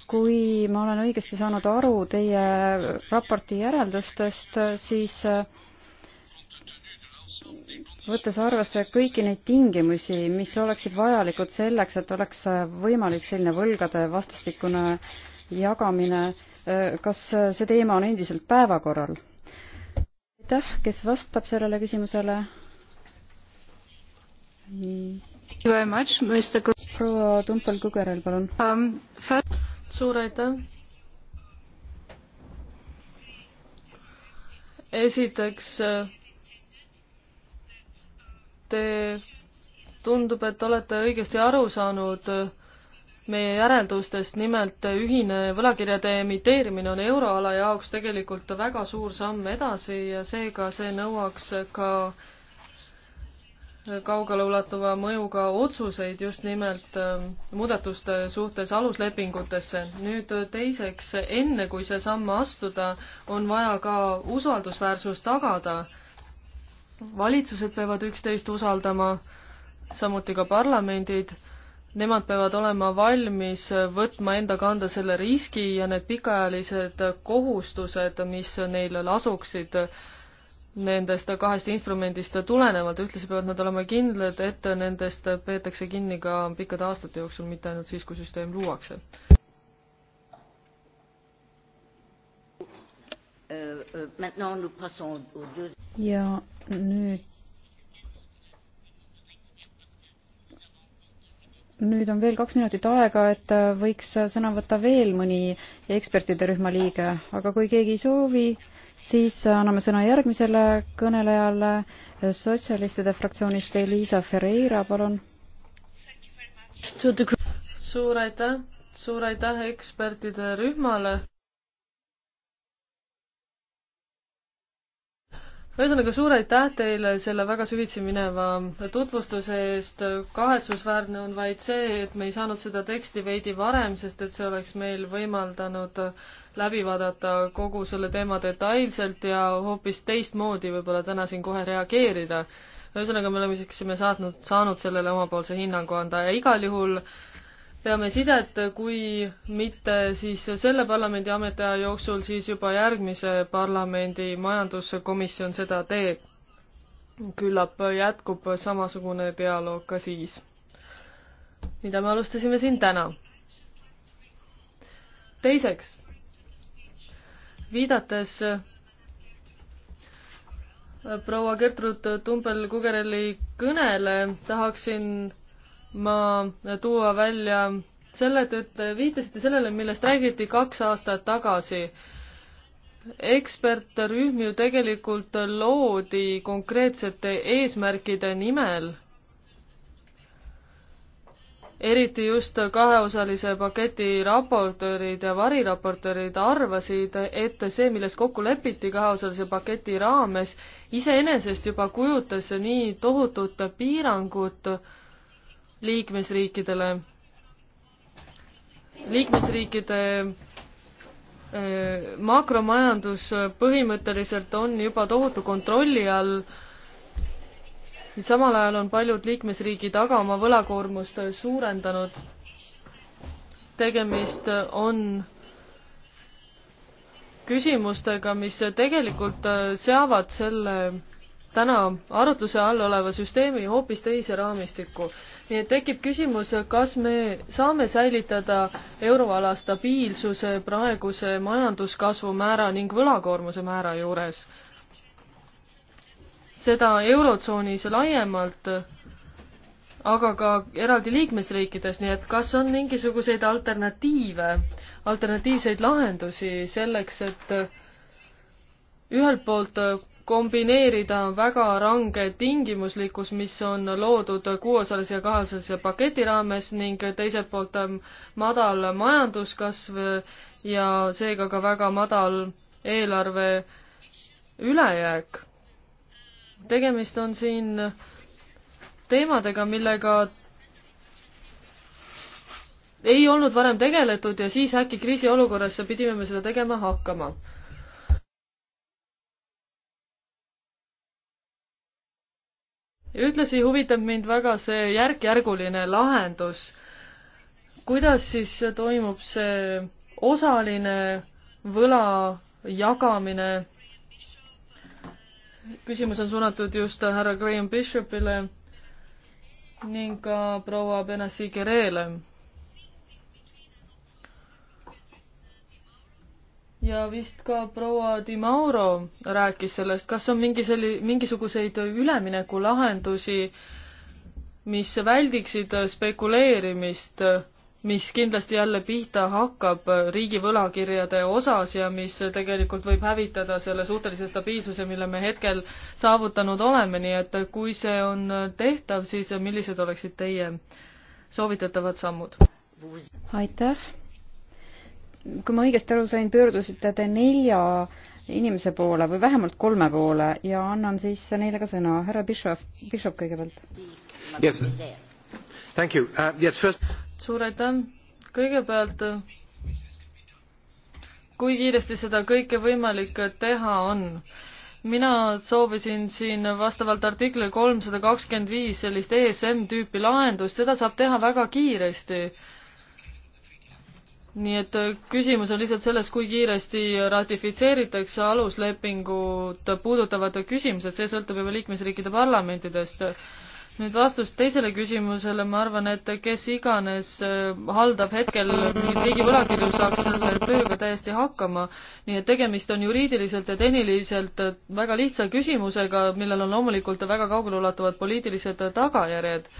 kui ma olen õigesti saanud aru teie raporti järeldustest, siis võttes arvesse kõiki neid tingimusi, mis oleksid vajalikud selleks, et oleks võimalik selline võlgade vastastikune jagamine, kas see teema on endiselt päevakorral? aitäh, kes vastab sellele küsimusele? proua Tumpel-Kugerel, palun um,. suur aitäh. esiteks, te, tundub, et olete õigesti aru saanud äh, meie järeldustest, nimelt ühine võlakirjade emiteerimine on euroala jaoks tegelikult väga suur samm edasi ja seega see nõuaks ka kaugeleulatuva mõjuga otsuseid just nimelt äh, muudatuste suhtes aluslepingutesse. nüüd äh, teiseks, enne kui see samm astuda, on vaja ka usaldusväärsus tagada. valitsused peavad üksteist usaldama, samuti ka parlamendid nemad peavad olema valmis võtma enda kanda selle riski ja need pikaajalised kohustused, mis neil lasuksid nendest kahest instrumendist tulenevalt, ühtlasi peavad nad olema kindlad, et nendest peetakse kinni ka pikkade aastate jooksul, mitte ainult siis, kui süsteem luuakse. Euh, euh, ja nüüd nüüd on veel kaks minutit aega, et äh, võiks äh, sõna võtta veel mõni ekspertide rühma liige, aga kui keegi ei soovi, siis äh, anname sõna järgmisele kõnelejale sotsialistide fraktsioonist Elisa Ferreira, palun. suur aitäh, suur aitäh ekspertide rühmale ühesõnaga, suur aitäh teile selle väga süvitsi mineva tutvustuse eest. kahetsusväärne on vaid see, et me ei saanud seda teksti veidi varem, sest et see oleks meil võimaldanud läbi vaadata kogu selle teema detailselt ja hoopis teistmoodi võib-olla täna siin kohe reageerida. ühesõnaga, me oleme siiski saatnud, saanud sellele omapoolse hinnangu anda ja igal juhul äh, peame sidet, kui mitte siis selle parlamendi ametiaja jooksul, siis juba järgmise parlamendi majanduskomisjon seda teeb. küllap jätkub samasugune dialoog ka siis, mida me alustasime siin täna. teiseks, viidates proua Gertrud Tumpel-Kugerelli kõnele tahaksin ma tuua välja selle, et, et viitasite sellele, millest räägiti kaks aastat tagasi. ekspertrühm ju tegelikult loodi konkreetsete eesmärkide nimel, eriti just kaheosalise paketi raportöörid ja variraportöörid arvasid, et see, milles kokku lepiti kaheosalise paketi raames, iseenesest juba kujutas nii tohutut piirangut, liikmesriikidele, liikmesriikide äh, makromajandus põhimõtteliselt on juba tohutu kontrolli all, samal ajal on paljud liikmesriigid aga oma võlakoormust suurendanud. tegemist on küsimustega, mis tegelikult äh, seavad selle täna arutluse all oleva süsteemi hoopis teise raamistikku nii et tekib küsimus, kas me saame säilitada euroala stabiilsuse praeguse majanduskasvu määra ning võlakoormuse määra juures. seda Eurotsoonis laiemalt, aga ka eraldi liikmesriikides, nii et kas on mingisuguseid alternatiive, alternatiivseid lahendusi selleks, et ühelt poolt kombineerida väga range tingimuslikkus, mis on loodud kuueosalise ja kaheosalise paketi raames ning teiselt poolt ähm, madal majanduskasv ja seega ka väga madal eelarve ülejääk. tegemist on siin teemadega, millega ei olnud varem tegeletud ja siis äkki kriisiolukorras pidime me seda tegema hakkama ühtlasi huvitab mind väga see järk-järguline lahendus. kuidas siis toimub see osaline võla jagamine? küsimus on suunatud just härra Graham Bishopile ning ka proua Benassi Gerele ja vist ka proua Di Mauro rääkis sellest, kas on mingi selli-, mingisuguseid üleminekulahendusi, mis väldiksid spekuleerimist, mis kindlasti jälle pihta hakkab riigi võlakirjade osas ja mis tegelikult võib hävitada selle suhtelise stabiilsuse, mille me hetkel saavutanud oleme, nii et kui see on tehtav, siis millised oleksid teie soovitatavad sammud? aitäh kui ma õigesti aru sain, pöördusite te nelja inimese poole või vähemalt kolme poole ja annan siis neile ka sõna. härra Bishop, Bishop kõigepealt yes.. Uh, yes, first... suur aitäh. kõigepealt, kui kiiresti seda kõike võimalik teha on? mina soovisin siin vastavalt artiklile kolmsada kakskümmend viis sellist ESM tüüpi lahendust, seda saab teha väga kiiresti nii et äh, küsimus on lihtsalt selles, kui kiiresti ratifitseeritakse aluslepingut puudutavad küsimused, see sõltub juba liikmesriikide parlamentidest. nüüd vastus teisele küsimusele, ma arvan, et kes iganes äh, haldab hetkel mingit riigi võlakirju, saaks selle tööga täiesti hakkama. nii et tegemist on juriidiliselt ja tehniliselt äh, väga lihtsa küsimusega, millel on loomulikult väga kaugeleulatuvad poliitilised tagajärjed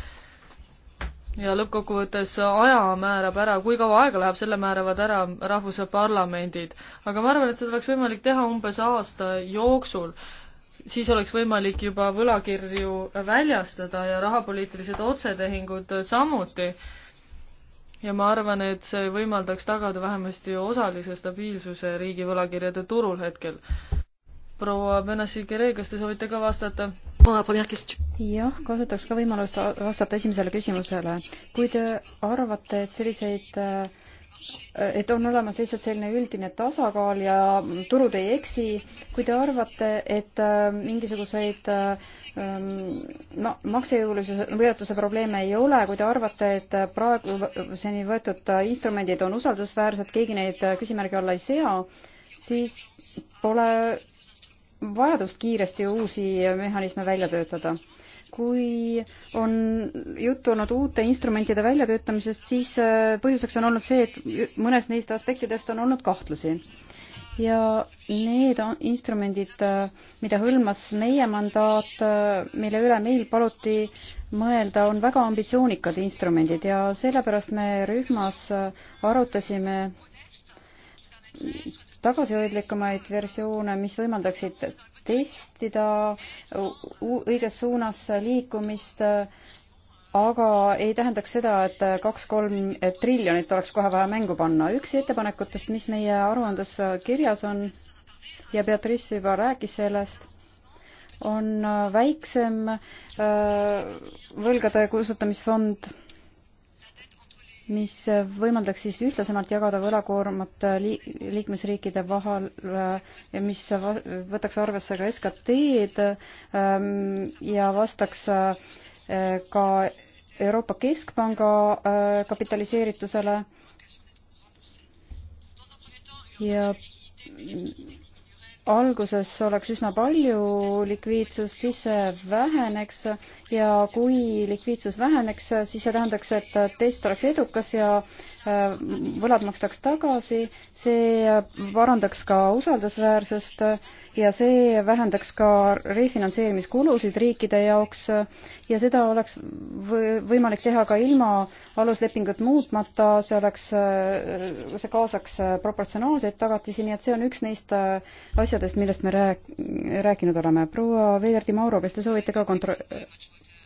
ja lõppkokkuvõttes aja määrab ära, kui kaua aega läheb, selle määravad ära rahvuse parlamendid. aga ma arvan, et seda oleks võimalik teha umbes aasta jooksul. siis oleks võimalik juba võlakirju väljastada ja rahapoliitilised otsetehingud samuti. ja ma arvan, et see võimaldaks tagada vähemasti osalise stabiilsuse riigi võlakirjade turul hetkel proua Benassi-Gere, kas te soovite ka vastata? jah, kasutaks ka võimalust vastata esimesele küsimusele. kui te arvate, et selliseid äh, et on olemas lihtsalt selline üldine tasakaal ja turud ei eksi. kui te arvate, et äh, mingisuguseid no, äh, maksejõulisuse võidatuse probleeme ei ole, kui te arvate, et praeguseni võetud instrumendid on usaldusväärsed, keegi neid küsimärgi alla ei sea, siis pole vajadust kiiresti uusi mehhanisme välja töötada. kui on juttu olnud uute instrumentide väljatöötamisest, siis äh, põhjuseks on olnud see, et mõnes neist aspektidest on olnud kahtlusi ja need instrumendid, äh, mida hõlmas meie mandaat, äh, mille üle meil paluti mõelda, on väga ambitsioonikad instrumendid ja sellepärast me rühmas arutasime tagasihoidlikumaid versioone, mis võimaldaksid testida õiges suunas liikumist, aga ei tähendaks seda, et kaks-kolm triljonit oleks kohe vaja mängu panna. üks ettepanekutest, mis meie aruandes kirjas on ja Beatrice juba rääkis sellest, on väiksem äh, võlgade kustutamisfond mis võimaldaks siis ühtlasemalt jagada võlakoormat liikmesriikide vahel, äh, mis võtaks arvesse ka SKT-d ähm, ja vastaks äh, ka Euroopa Keskpanga äh, kapitaliseeritusele ja alguses oleks üsna palju likviidsust, siis see väheneks ja kui likviidsus väheneks, siis see tähendaks, et test oleks edukas ja äh, võlad makstaks tagasi, see äh, parandaks ka usaldusväärsust ja see vähendaks ka refinantseerimiskulusid riikide jaoks ja seda oleks võimalik teha ka ilma aluslepingut muutmata, see oleks, see kaasaks proportsionaalseid tagatisi, nii et see on üks neist asjadest, millest me rääk-, rääkinud oleme. proua Veiderti Mauro, kas te soovite ka kontro-,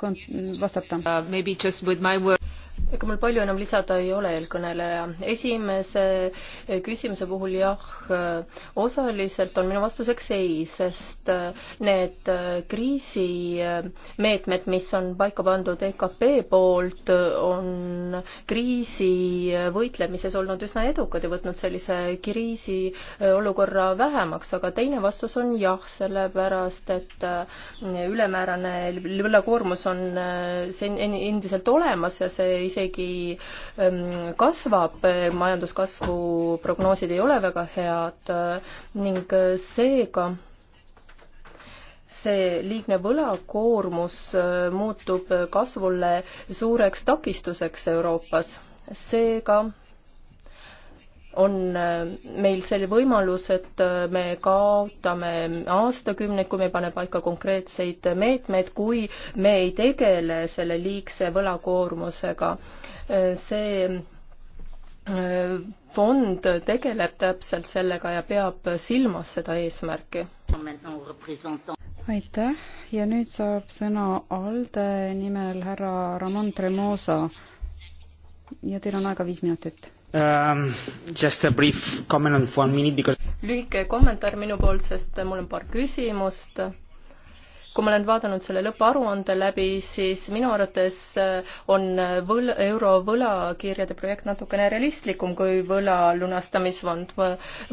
kon-, vastata? Uh, ega mul palju enam lisada ei ole eelkõneleja. esimese eh, küsimuse puhul jah, eh, osaliselt on minu vastuseks ei, sest eh, need kriisimeetmed, mis on paika pandud EKP poolt, on kriisi võitlemises olnud üsna edukad ja võtnud sellise kriisiolukorra vähemaks, aga teine vastus on jah, sellepärast et ülemäärane ülekoormus on endiselt olemas ja see ei isegi ähm, kasvab, äh, majanduskasvu prognoosid ei ole väga head äh, ning äh, seega see liigne võlakoormus muutub kasvule suureks takistuseks Euroopas. seega on äh, meil see võimalus, et äh, me kaotame aastakümneid, kui me ei pane paika konkreetseid meetmeid, kui me ei tegele selle liigse võlakoormusega. Äh, see fond tegeleb täpselt sellega ja peab silmas seda eesmärki. aitäh ja nüüd saab sõna ALDE nimel härra Ramon Tremosa. ja teil on aega viis minutit Um, just a brief comment on one minute because lühike kommentaar minu poolt, sest mul on paar küsimust kui ma olen vaadanud selle lõpparuande läbi, siis minu arvates äh, on äh, võl-, euro võlakirjade projekt natukene realistlikum kui võla lunastamisfond.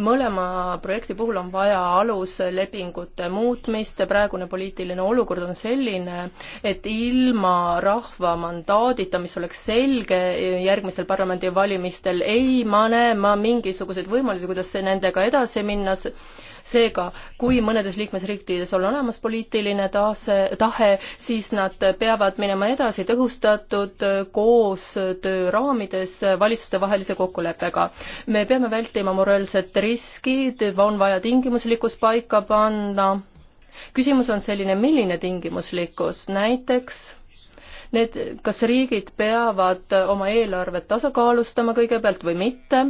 mõlema projekti puhul on vaja aluslepingute muutmist, praegune poliitiline olukord on selline, et ilma rahva mandaadita, mis oleks selge e, järgmisel parlamendivalimistel, ei ma näe ma mingisuguseid võimalusi, kuidas nendega edasi minna, seega, kui mõnedes liikmesriikides on olemas poliitiline tase, tahe, siis nad peavad minema edasi tõhustatud koostöö raamides valitsustevahelise kokkuleppega. me peame vältima moraalset riski, on vaja tingimuslikkus paika panna. küsimus on selline, milline tingimuslikkus, näiteks need, kas riigid peavad oma eelarvet tasakaalustama kõigepealt või mitte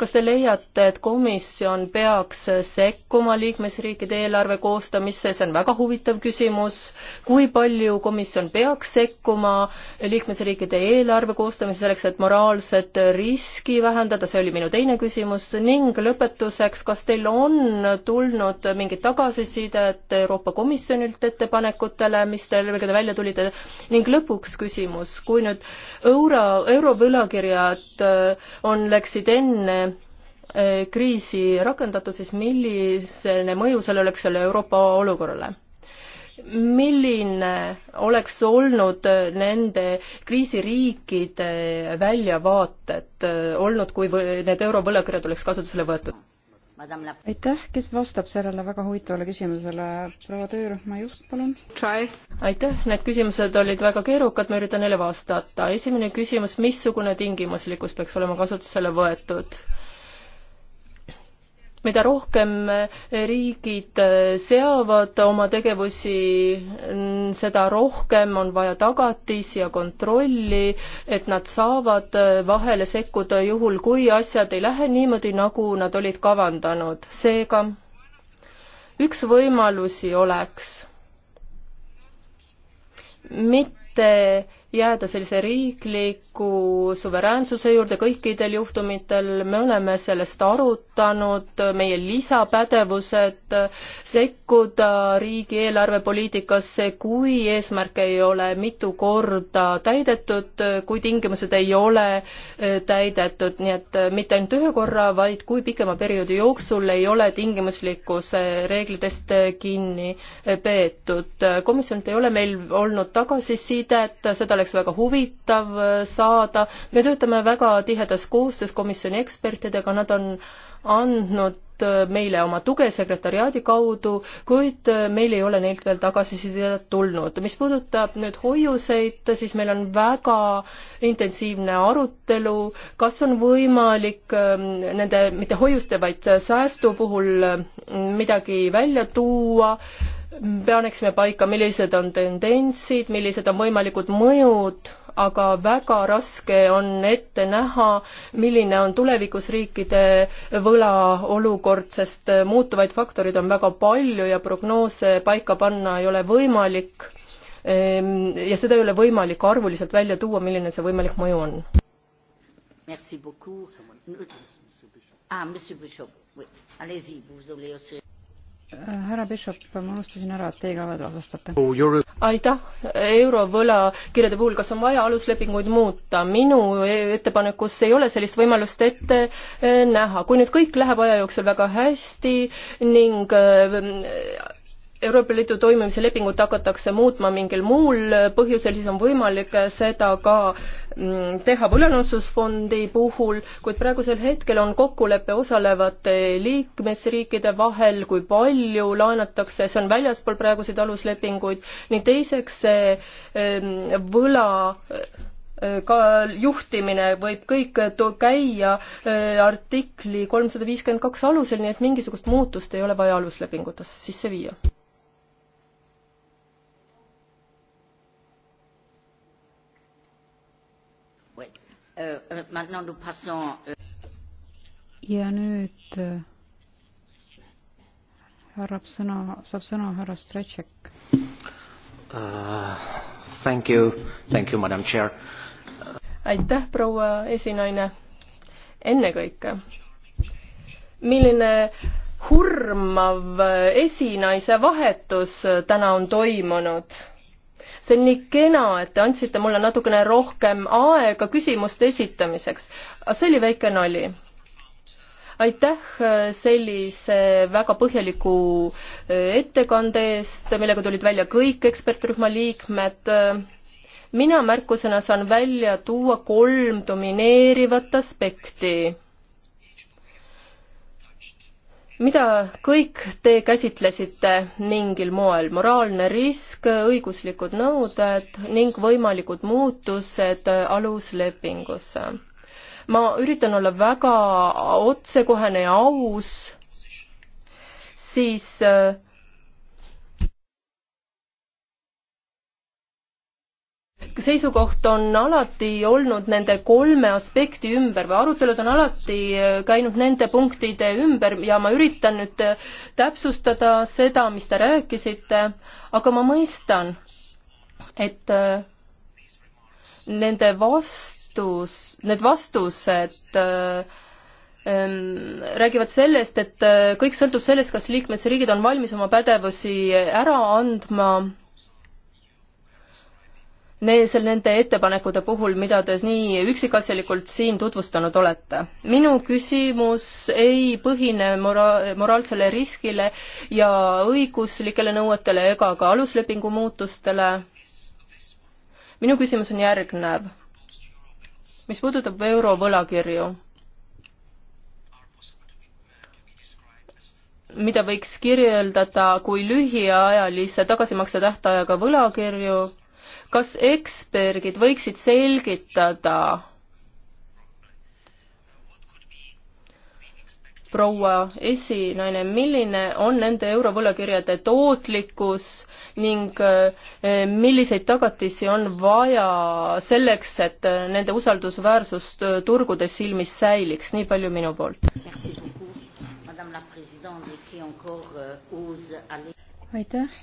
kas te leiate, et komisjon peaks sekkuma liikmesriikide eelarve koostamisse, see on väga huvitav küsimus, kui palju komisjon peaks sekkuma liikmesriikide eelarve koostamisse selleks, et moraalset riski vähendada, see oli minu teine küsimus, ning lõpetuseks, kas teil on tulnud mingit tagasisidet Euroopa Komisjonilt ettepanekutele, mis teil, millega te välja tulite, ning lõpuks küsimus, kui nüüd euro, eurovõlakirjad äh, on, läksid enne Eh, kriisi rakendatud, siis milline mõju sellel oleks selle Euroopa olukorrale? milline oleks olnud nende kriisiriikide väljavaated eh, olnud, kui need eurovõlakirjad oleks kasutusele võetud? aitäh, kes vastab sellele väga huvitavale küsimusele, proua töörühma just, palun. aitäh, need küsimused olid väga keerukad, ma üritan neile vastata. esimene küsimus, missugune tingimuslikkus peaks olema kasutusele võetud? mida rohkem riigid seavad oma tegevusi, seda rohkem on vaja tagatisi ja kontrolli, et nad saavad vahele sekkuda juhul, kui asjad ei lähe niimoodi, nagu nad olid kavandanud. seega üks võimalusi oleks mitte jääda sellise riikliku suveräänsuse juurde kõikidel juhtumitel, me oleme sellest arutanud, meie lisapädevused sekkuda riigi eelarvepoliitikasse, kui eesmärke ei ole mitu korda täidetud, kui tingimused ei ole eh, täidetud, nii et eh, mitte ainult ühe korra, vaid kui pikema perioodi jooksul ei ole tingimuslikkuse reeglitest eh, kinni peetud. komisjonilt ei ole meil olnud tagasisidet, seda oleks oleks väga huvitav äh, saada. me töötame väga tihedas koostöös komisjoni ekspertidega, nad on andnud äh, meile oma tuge sekretariaadi kaudu, kuid äh, meil ei ole neilt veel tagasisidet tulnud. mis puudutab nüüd hoiuseid, siis meil on väga intensiivne arutelu, kas on võimalik ähm, nende, mitte hoiuste, vaid säästu puhul midagi välja tuua paneksime paika, millised on tendentsid, millised on võimalikud mõjud, aga väga raske on ette näha, milline on tulevikus riikide võla olukord, sest muutuvaid faktoreid on väga palju ja prognoose paika panna ei ole võimalik. Ehm, ja seda ei ole võimalik arvuliselt välja tuua, milline see võimalik mõju on. Merci beaucoup. Ah, monsieur Bouchot, oui. Allez-y, vous voulez aussi härra Bishop, ma unustasin ära, et teie ka veel vastastate. Oh, aitäh, eurovõlakirjade puhul, kas on vaja aluslepinguid muuta? minu ettepanekus ei ole sellist võimalust ette eh, näha. kui nüüd kõik läheb aja jooksul väga hästi ning eh, Euroopa Liidu toimimise lepingut hakatakse muutma mingil muul põhjusel, siis on võimalik seda ka mm, teha võlanõustusfondi puhul, kuid praegusel hetkel on kokkulepe osalevate liikmesriikide vahel, kui palju laenatakse, see on väljaspool praeguseid aluslepinguid, ning teiseks see mm, võla e, ka juhtimine võib kõik käia e, artikli kolmsada viiskümmend kaks alusel, nii et mingisugust muutust ei ole vaja aluslepingutesse sisse viia. Euh, euh, euh, ja nüüd härrab äh, sõna, saab sõna härra Stretšek uh,. Thank you, thank you, madam chair. aitäh, proua esinaine. ennekõike, milline hurmav esinaise vahetus täna on toimunud see on nii kena, et te andsite mulle natukene rohkem aega küsimuste esitamiseks. see oli väike nali. aitäh äh, sellise väga põhjaliku äh, ettekande eest, millega tulid välja kõik ekspertrühma liikmed äh, mina märkusena saan välja tuua kolm domineerivat aspekti mida kõik te käsitlesite mingil moel, moraalne risk, õiguslikud nõuded ning võimalikud muutused aluslepingusse. ma üritan olla väga otsekohene ja aus, siis äh, seisukoht on alati olnud nende kolme aspekti ümber või arutelud on alati äh, käinud nende punktide ümber ja ma üritan nüüd äh, täpsustada seda, mis te rääkisite, aga ma mõistan, et äh, nende vastus, need vastused äh, ähm, räägivad sellest, et kõik sõltub sellest, kas liikmesriigid on valmis oma pädevusi ära andma neil, nende ettepanekute puhul, mida te nii üksikasjalikult siin tutvustanud olete. minu küsimus ei põhine mora-, moraalsele riskile ja õiguslikele nõuetele ega ka aluslepingu muutustele. minu küsimus on järgnev. mis puudutab eurovõlakirju mida võiks kirjeldada kui lühiajalise tagasimakse tähtajaga võlakirju, kas eksperdid võiksid selgitada proua esinaine, milline on nende eurovõlakirjade tootlikkus ning eh, milliseid tagatisi on vaja selleks, et nende usaldusväärsus eh, turgude silmis säiliks, nii palju minu poolt. Euh, aitäh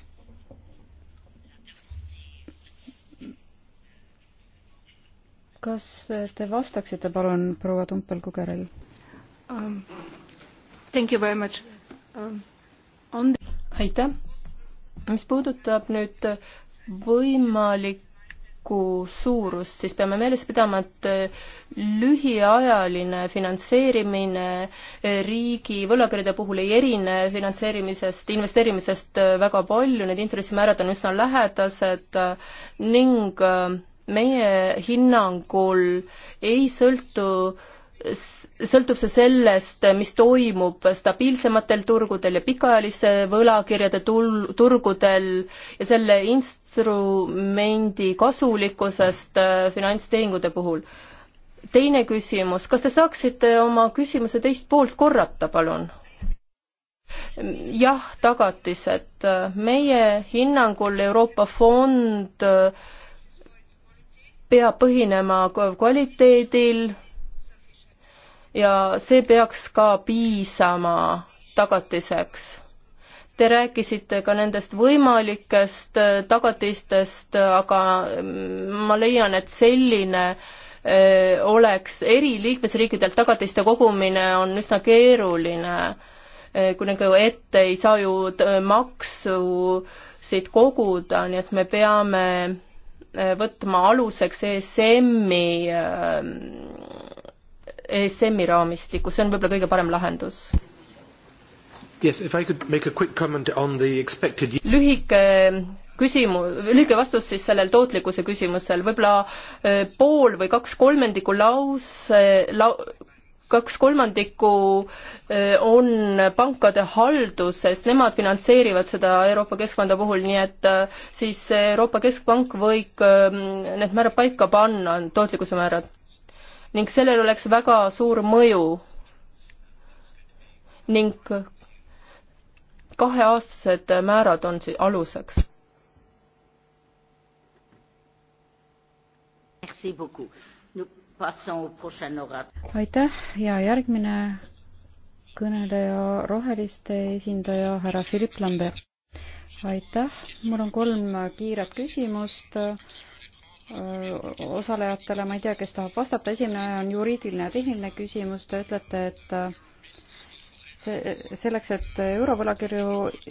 kas te vastaksite palun proua Tumpel-Kugerel um,? Thank you very much um,. On... aitäh. mis puudutab nüüd võimalikku suurust, siis peame meeles pidama, et äh, lühiajaline finantseerimine äh, riigi võlakirjade puhul ei erine finantseerimisest, investeerimisest äh, väga palju, need intressimäärad on üsna lähedased ning meie hinnangul ei sõltu sõltub see sellest, mis toimub stabiilsematel turgudel ja pikaajalise võlakirjade tul-, turgudel ja selle instrumendi kasulikkusest äh, finantstehingute puhul. teine küsimus, kas te saaksite oma küsimuse teist poolt korrata, palun? jah, tagatised. meie hinnangul Euroopa Fond äh, peab põhinema kvaliteedil ja see peaks ka piisama tagatiseks. Te rääkisite ka nendest võimalikest äh, tagatistest, aga mm, ma leian, et selline äh, oleks eri liikmesriikidelt tagatiste kogumine on üsna keeruline, äh, kui nagu ette ei saa ju maksusid koguda, nii et me peame Äh, võtma aluseks ESM-i, äh, ESM-i raamistiku, see on võib-olla kõige parem lahendus. Yes, if I could make a quick comment on the expected lühike äh, küsimus, lühike vastus siis sellel tootlikkuse küsimusel, võib-olla pool või kaks kolmendikku lause lau-, kaks kolmandikku eh, on pankade halduses, nemad finantseerivad seda Euroopa Keskpanga puhul, nii et eh, siis Euroopa Keskpank võib eh, need määrad paika panna, tootlikkuse määrad. ning sellel oleks väga suur mõju ning kaheaastased määrad on siis aluseks. Merci beaucoup aitäh ja järgmine kõneleja, roheliste esindaja härra Philipp Lambert. aitäh, mul on kolm kiiret küsimust äh, osalejatele, ma ei tea, kes tahab vastata, esimene on juriidiline ja tehniline küsimus, te ütlete, et äh, see, selleks, et eurovõlakirju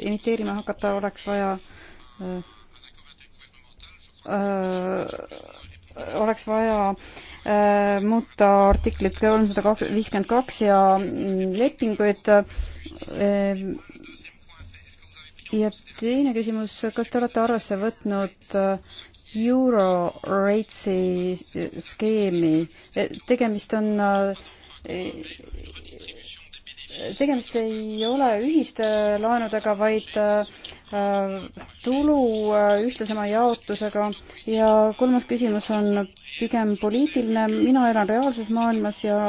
imiteerima hakata, oleks vaja öö, äh, öö, oleks vaja öö, Äh, muuta artiklit kolmsada viiskümmend kaks ja mm, lepinguid. Äh, ja teine küsimus, kas te olete arvesse võtnud äh, Euro-Ratesi skeemi, tegemist on tegemist ei ole ühiste laenudega, vaid äh, tulu äh, ühtlasema jaotusega ja kolmas küsimus on pigem poliitiline. mina elan reaalses maailmas ja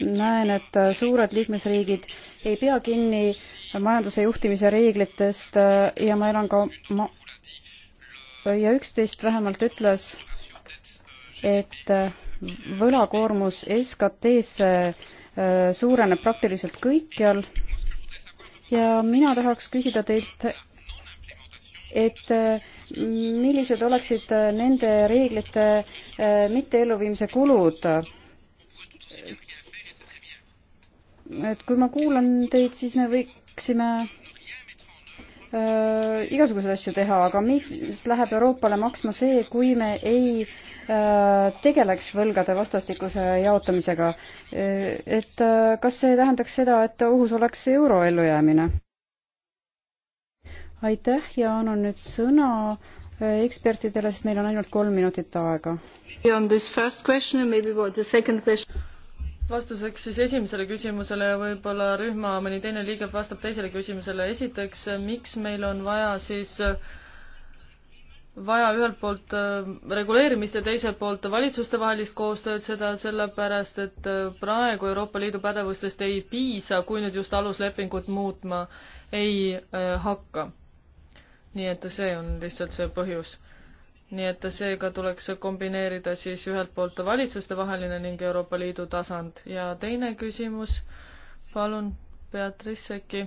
näen, et suured liikmesriigid ei pea kinni majanduse juhtimise reeglitest äh, ja ma elan ka ma- ja üksteist vähemalt ütles, et võlakoormus SKT-sse suureneb praktiliselt kõikjal. ja mina tahaks küsida teilt, et mm, millised oleksid nende reeglite eh, mitteelluviimise kulud? et kui ma kuulan teid, siis me võiksime eh, igasuguseid asju teha, aga mis läheb Euroopale maksma see, kui me ei äh, Äh, tegeleks võlgade vastastikuse jaotamisega. Äh, et äh, kas see tähendaks seda, et ohus oleks euro ellujäämine? aitäh ja annan nüüd sõna ekspertidele, sest meil on ainult kolm minutit aega. vastuseks siis esimesele küsimusele ja võib-olla rühma mõni teine liige vastab teisele küsimusele. esiteks, miks meil on vaja siis äh, vaja ühelt poolt äh, reguleerimist ja teiselt poolt valitsustevahelist koostööd, seda sellepärast, et äh, praegu Euroopa Liidu pädevustest ei piisa, kui nüüd just aluslepingut muutma ei äh, hakka. nii et see on lihtsalt see põhjus. nii et seega tuleks kombineerida siis ühelt poolt valitsustevaheline ning Euroopa Liidu tasand ja teine küsimus, palun, Beatrice äkki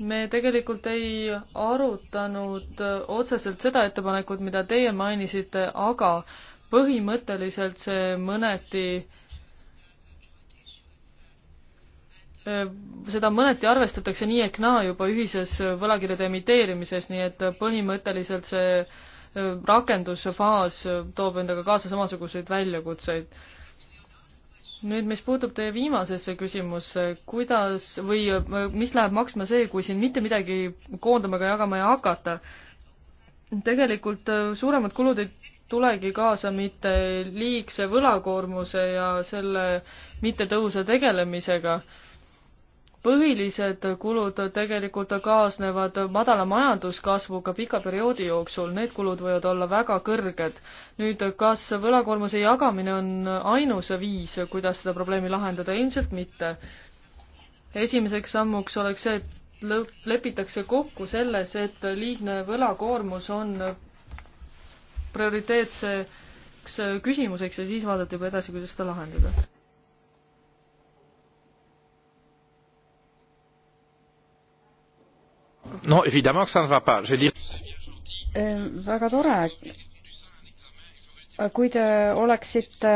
me tegelikult ei arutanud otseselt seda ettepanekut, mida teie mainisite, aga põhimõtteliselt see mõneti seda mõneti arvestatakse nii ehk naa juba ühises võlakirjade emiteerimises, nii et põhimõtteliselt see rakendusfaas toob endaga kaasa samasuguseid väljakutseid nüüd, mis puutub teie viimasesse küsimusse, kuidas või mis läheb maksma see, kui siin mitte midagi koondama ega jagama ei hakata, tegelikult äh, suuremad kulud ei tulegi kaasa mitte liigse võlakoormuse ja selle mittetõhusa tegelemisega põhilised kulud tegelikult kaasnevad madala majanduskasvuga pika perioodi jooksul, need kulud võivad olla väga kõrged. nüüd, kas võlakoormuse jagamine on ainus viis, kuidas seda probleemi lahendada, ilmselt mitte. esimeseks sammuks oleks see, et lepitakse kokku selles, et liigne võlakoormus on prioriteetseks küsimuseks ja siis vaadata juba edasi, kuidas seda lahendada no évidemment que ça ne va pas. Je dis... väga tore. kui te oleksite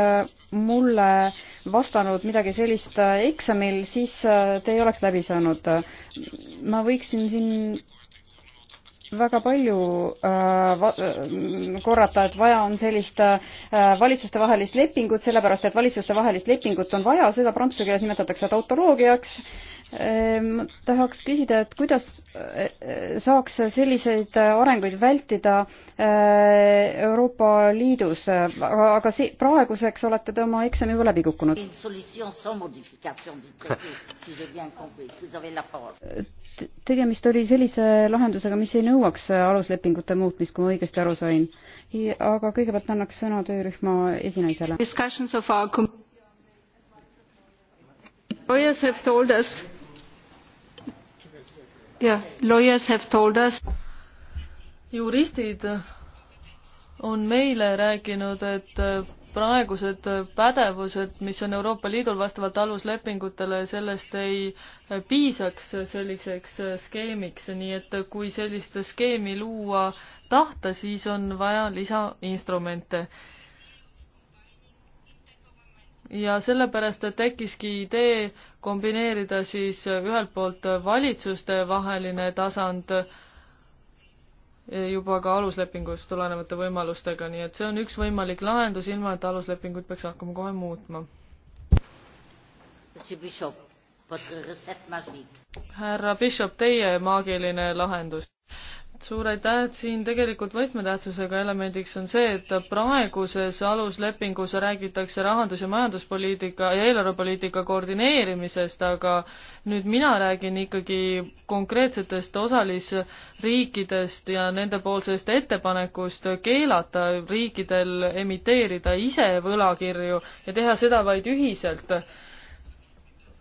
mulle vastanud midagi sellist eksamil, siis äh, te ei oleks läbi saanud. ma võiksin siin väga palju äh, äh, korrata, et vaja on sellist äh, valitsustevahelist lepingut, sellepärast et valitsustevahelist lepingut on vaja, seda prantsuse keeles nimetatakse tautoloogiaks äh, Ehm, ma tahaks küsida, et kuidas eh, eh, saaks selliseid eh, arenguid vältida Euroopa Liidus, aga see, praeguseks olete te oma eksami juba läbi kukkunud. tegemist oli sellise lahendusega, mis ei nõuaks aluslepingute muutmist, kui ma õigesti aru sain. aga kõigepealt annaks sõna töörühma esinaisele. Lawyers have told us Yeah, lawyers have told us. juristid on meile rääkinud, et praegused pädevused, mis on Euroopa Liidul vastavalt aluslepingutele, sellest ei piisaks selliseks skeemiks, nii et kui sellist skeemi luua tahta, siis on vaja lisainstrumente. ja sellepärast tekkiski idee kombineerida siis äh, ühelt poolt äh, valitsuste vaheline tasand äh, juba ka aluslepingust tulenevate võimalustega, nii et see on üks võimalik lahendus, ilma et aluslepinguid peaks hakkama kohe muutma. härra Bishop, teie maagiline lahendus suur aitäh, siin tegelikult võtmetähtsusega elemendiks on see, et praeguses aluslepingus räägitakse rahandus- ja majanduspoliitika ja eelarvepoliitika koordineerimisest, aga nüüd mina räägin ikkagi konkreetsetest osalisriikidest ja nendepoolsest ettepanekust keelata riikidel emiteerida ise võlakirju ja teha seda vaid ühiselt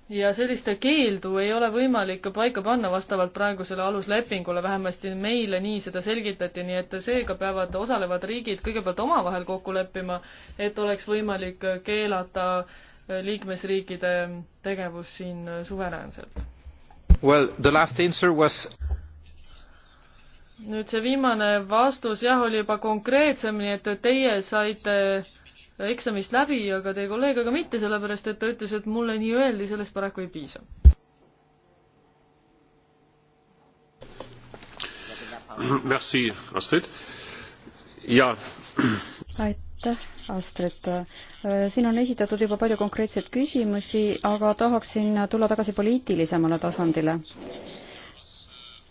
ja sellist keeldu ei ole võimalik paika panna vastavalt praegusele aluslepingule, vähemasti meile nii seda selgitati, nii et seega peavad osalevad riigid kõigepealt omavahel kokku leppima, et oleks võimalik keelata liikmesriikide tegevus siin suveräänselt. Well, the last answer was nüüd see viimane vastus jah, oli juba konkreetsem, nii et teie saite eksamist läbi, aga teie kolleeg aga mitte, sellepärast et ta ütles, et mulle nii öeldi, sellest paraku ei piisa. Merci, Astrid. jaa. aitäh, Astrid. Äh, siin on esitatud juba palju konkreetseid küsimusi, aga tahaksin tulla tagasi poliitilisemale tasandile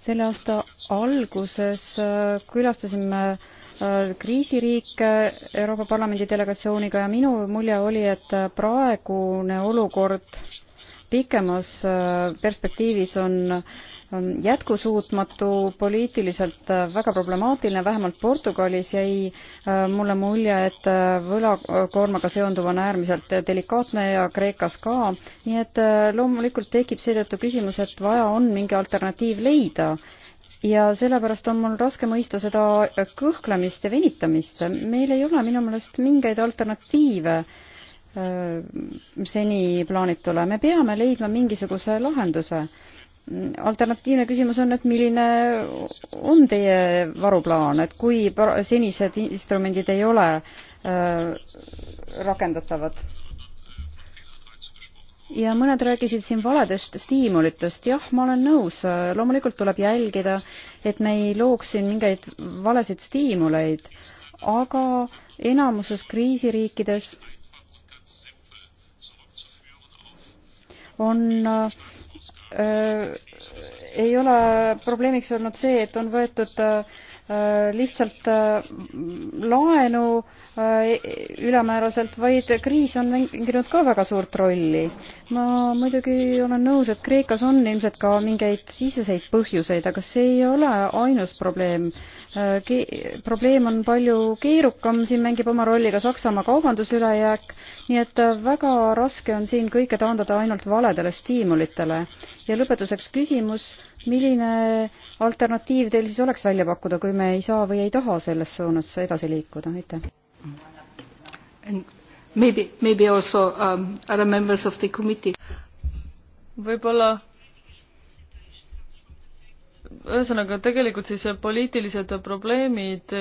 selle aasta alguses äh, külastasime Äh, kriisiriike äh, Euroopa Parlamendi delegatsiooniga ja minu mulje oli, et äh, praegune olukord pikemas perspektiivis on jätkusuutmatu, poliitiliselt väga problemaatiline, vähemalt Portugalis jäi mulle mulje, et võlakoormaga seonduv on äärmiselt delikaatne ja Kreekas ka. nii et loomulikult tekib seetõttu küsimus, et vaja on mingi alternatiiv leida ja sellepärast on mul raske mõista seda kõhklemist ja venitamist. meil ei ole minu meelest mingeid alternatiive äh, seni plaanitule, me peame leidma mingisuguse lahenduse. alternatiivne küsimus on, et milline on teie varuplaan, et kui senised instrumendid ei ole äh, rakendatavad ja mõned rääkisid siin valedest stiimulitest. jah, ma olen nõus, loomulikult tuleb jälgida, et me ei looks siin mingeid valesid stiimuleid, aga enamuses kriisiriikides on äh, ei ole probleemiks olnud see, et on võetud äh, Äh, lihtsalt äh, laenu äh, ülemääraselt, vaid kriis on mänginud ka väga suurt rolli. ma muidugi olen nõus, et Kreekas on ilmselt ka mingeid siseseid põhjuseid, aga see ei ole ainus probleem. probleem on palju keerukam, siin mängib oma rolli ka Saksamaa kaubandusülejääk, nii et väga raske on siin kõike taandada ainult valedele stiimulitele. ja lõpetuseks küsimus milline alternatiiv teil siis oleks välja pakkuda, kui me ei saa või ei taha selles suunas edasi liikuda, aitäh? Maybe, maybe also um, other members of the committee. võib-olla ühesõnaga tegelikult siis poliitilised probleemid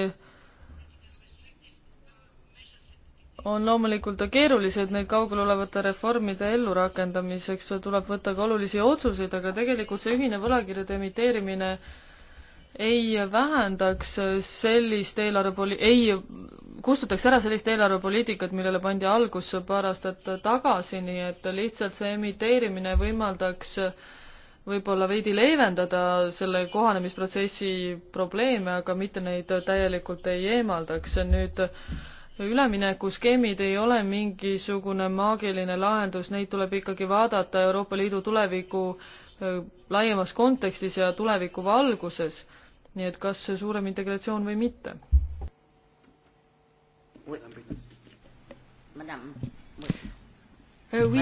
on loomulikult keerulised neid kaugel olevate reformide ellurakendamiseks, tuleb võtta ka olulisi otsuseid, aga tegelikult see ühine võlakirjade emiteerimine ei vähendaks sellist eelarvepoli-, ei kustutaks ära sellist eelarvepoliitikat, millele pandi algus paar aastat tagasi, nii et lihtsalt see emiteerimine võimaldaks võib-olla veidi leevendada selle kohanemisprotsessi probleeme, aga mitte neid täielikult ei eemaldaks. nüüd äh, üleminekuskeemid ei ole mingisugune maagiline lahendus, neid tuleb ikkagi vaadata Euroopa Liidu tuleviku laiemas kontekstis ja tuleviku valguses. nii et kas suurem integratsioon või mitte? Euh,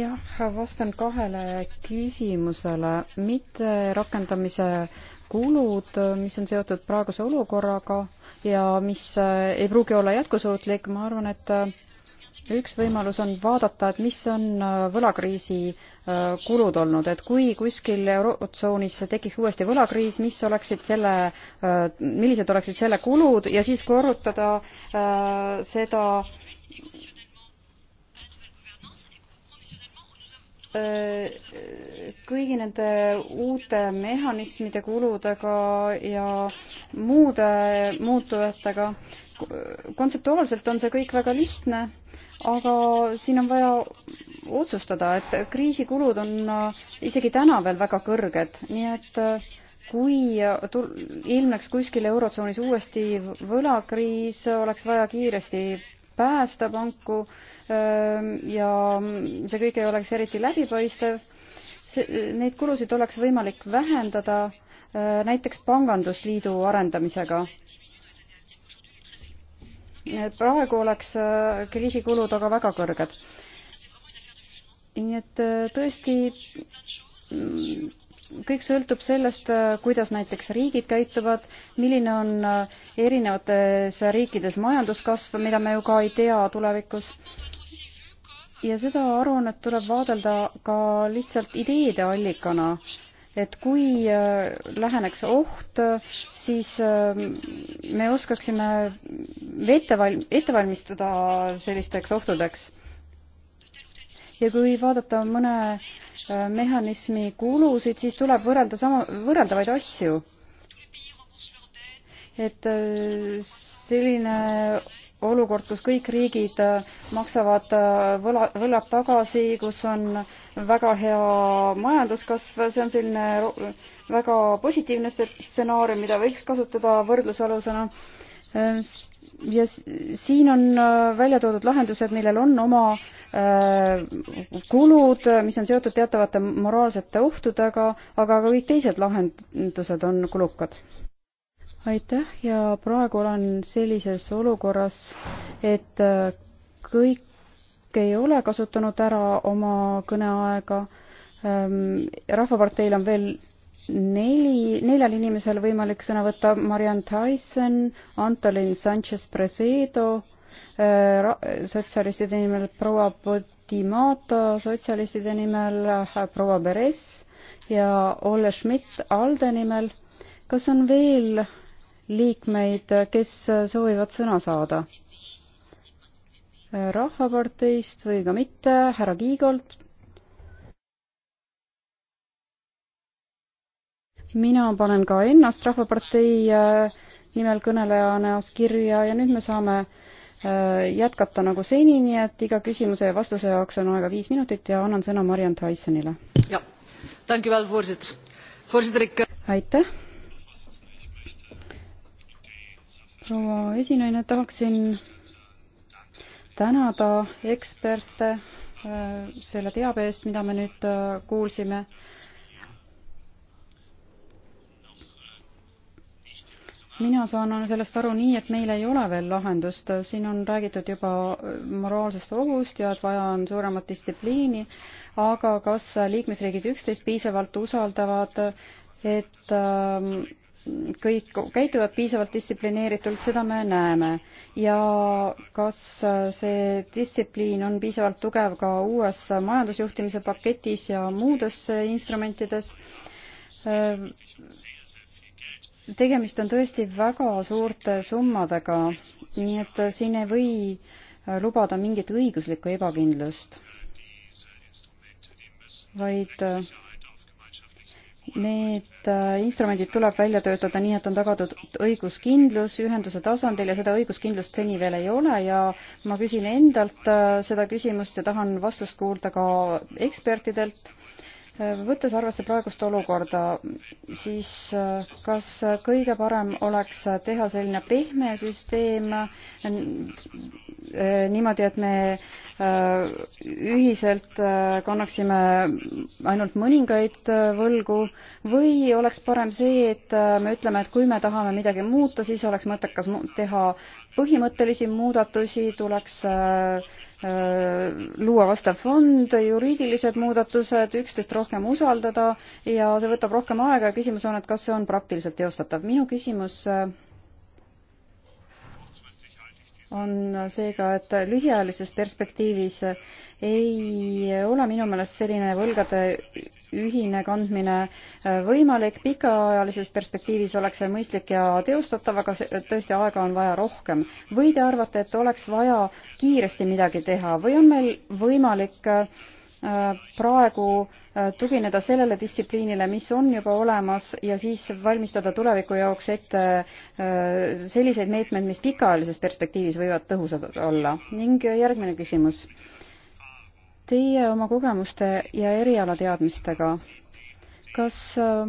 jah, vastan kahele küsimusele. mitterakendamise kulud, mis on seotud praeguse olukorraga ja mis äh, ei pruugi olla jätkusuutlik, ma arvan, et äh, üks võimalus on vaadata, et mis on äh, võlakriisi kulud olnud, et kui kuskil Eurotsoonis tekiks uuesti võlakriis, mis oleksid selle, millised oleksid selle kulud ja siis korrutada seda kõigi nende uute mehhanismide kuludega ja muude muutujatega. kontseptuaalselt on see kõik väga lihtne, aga siin on vaja otsustada, et kriisikulud on isegi täna veel väga kõrged, nii et kui tul-, ilmneks kuskil Eurotsoonis uuesti võlakriis, oleks vaja kiiresti päästa panku äh, ja see kõik ei oleks eriti läbipaistev. Neid kulusid oleks võimalik vähendada näiteks pangandusliidu arendamisega. praegu oleks kriisikulud aga väga kõrged. nii et tõesti mm, kõik sõltub sellest, kuidas näiteks riigid käituvad, milline on erinevates riikides majanduskasv, mida me ju ka ei tea tulevikus ja seda aruannet tuleb vaadelda ka lihtsalt ideede allikana et kui äh, läheneks oht, siis äh, me oskaksime ette val-, ette valmistuda sellisteks ohtudeks. ja kui vaadata mõne äh, mehhanismi kulusid, siis tuleb võrrelda sama, võrreldavaid asju. et selline olukord, kus kõik riigid äh, maksavad äh, võla, võlad tagasi, kus on väga hea majanduskasv, see on selline väga positiivne stsenaarium, mida võiks kasutada võrdlusalusena. Äh, ja siin on välja toodud lahendused, millel on oma kulud, mis on seotud teatavate moraalsete ohtudega, aga ka kõik teised lahendused on kulukad aitäh ja praegu olen sellises olukorras, et äh, kõik ei ole kasutanud ära oma kõneaega. Ähm, rahvaparteil on veel neli, neljal inimesel võimalik sõna võtta Marianne Tyson, Antolin Sanchez Presedo, äh, sotsialistide nimel proua Potimato, sotsialistide nimel äh, proua Beres ja Olle Schmidt ALDE nimel. kas on veel liikmeid, kes soovivad sõna saada. rahvaparteist või ka mitte, härra Kiigolt. mina panen ka ennast Rahvapartei äh, nimel kõnelejanas kirja ja nüüd me saame äh, jätkata nagu seni, nii et iga küsimuse ja vastuse jaoks on aega viis minutit ja annan sõna Mariann Tysonile. Äh, aitäh proua esinaine, tahaksin tänada eksperte äh, selle teabe eest, mida me nüüd äh, kuulsime. mina saan sellest aru nii, et meil ei ole veel lahendust, siin on räägitud juba moraalsest ohust ja et vaja on suuremat distsipliini, aga kas liikmesriigid üksteist piisavalt usaldavad, et äh, kõik käituvad piisavalt distsiplineeritult, seda me näeme. ja kas see distsipliin on piisavalt tugev ka uues majandusjuhtimise paketis ja muudes instrumentides? tegemist on tõesti väga suurte summadega, nii et siin ei või lubada mingit õiguslikku ebakindlust, vaid Need äh, instrumendid tuleb välja töötada nii, et on tagatud õiguskindlus ühenduse tasandil ja seda õiguskindlust seni veel ei ole ja ma küsin endalt äh, seda küsimust ja tahan vastust kuulda ka ekspertidelt võttes arvesse praegust olukorda, siis äh, kas kõige parem oleks teha selline pehme süsteem äh, niimoodi, et me äh, ühiselt kannaksime ainult mõningaid võlgu või oleks parem see, et me ütleme, et kui me tahame midagi muuta, siis oleks mõttekas teha põhimõttelisi muudatusi, tuleks äh, Äh, luua vastav fond, juriidilised muudatused, üksteist rohkem usaldada ja see võtab rohkem aega ja küsimus on, et kas see on praktiliselt teostatav. minu küsimus äh, on seega, et lühiajalises perspektiivis ei ole minu meelest selline võlgade ühine kandmine äh, võimalik, pikaajalises perspektiivis oleks see mõistlik ja teostatav, aga tõesti aega on vaja rohkem. või te arvate, et oleks vaja kiiresti midagi teha või on meil võimalik äh, praegu äh, tugineda sellele distsipliinile, mis on juba olemas ja siis valmistada tuleviku jaoks ette selliseid meetmeid, mis pikaajalises perspektiivis võivad tõhusad olla. ning järgmine küsimus. Teie oma kogemuste ja erialateadmistega, kas äh,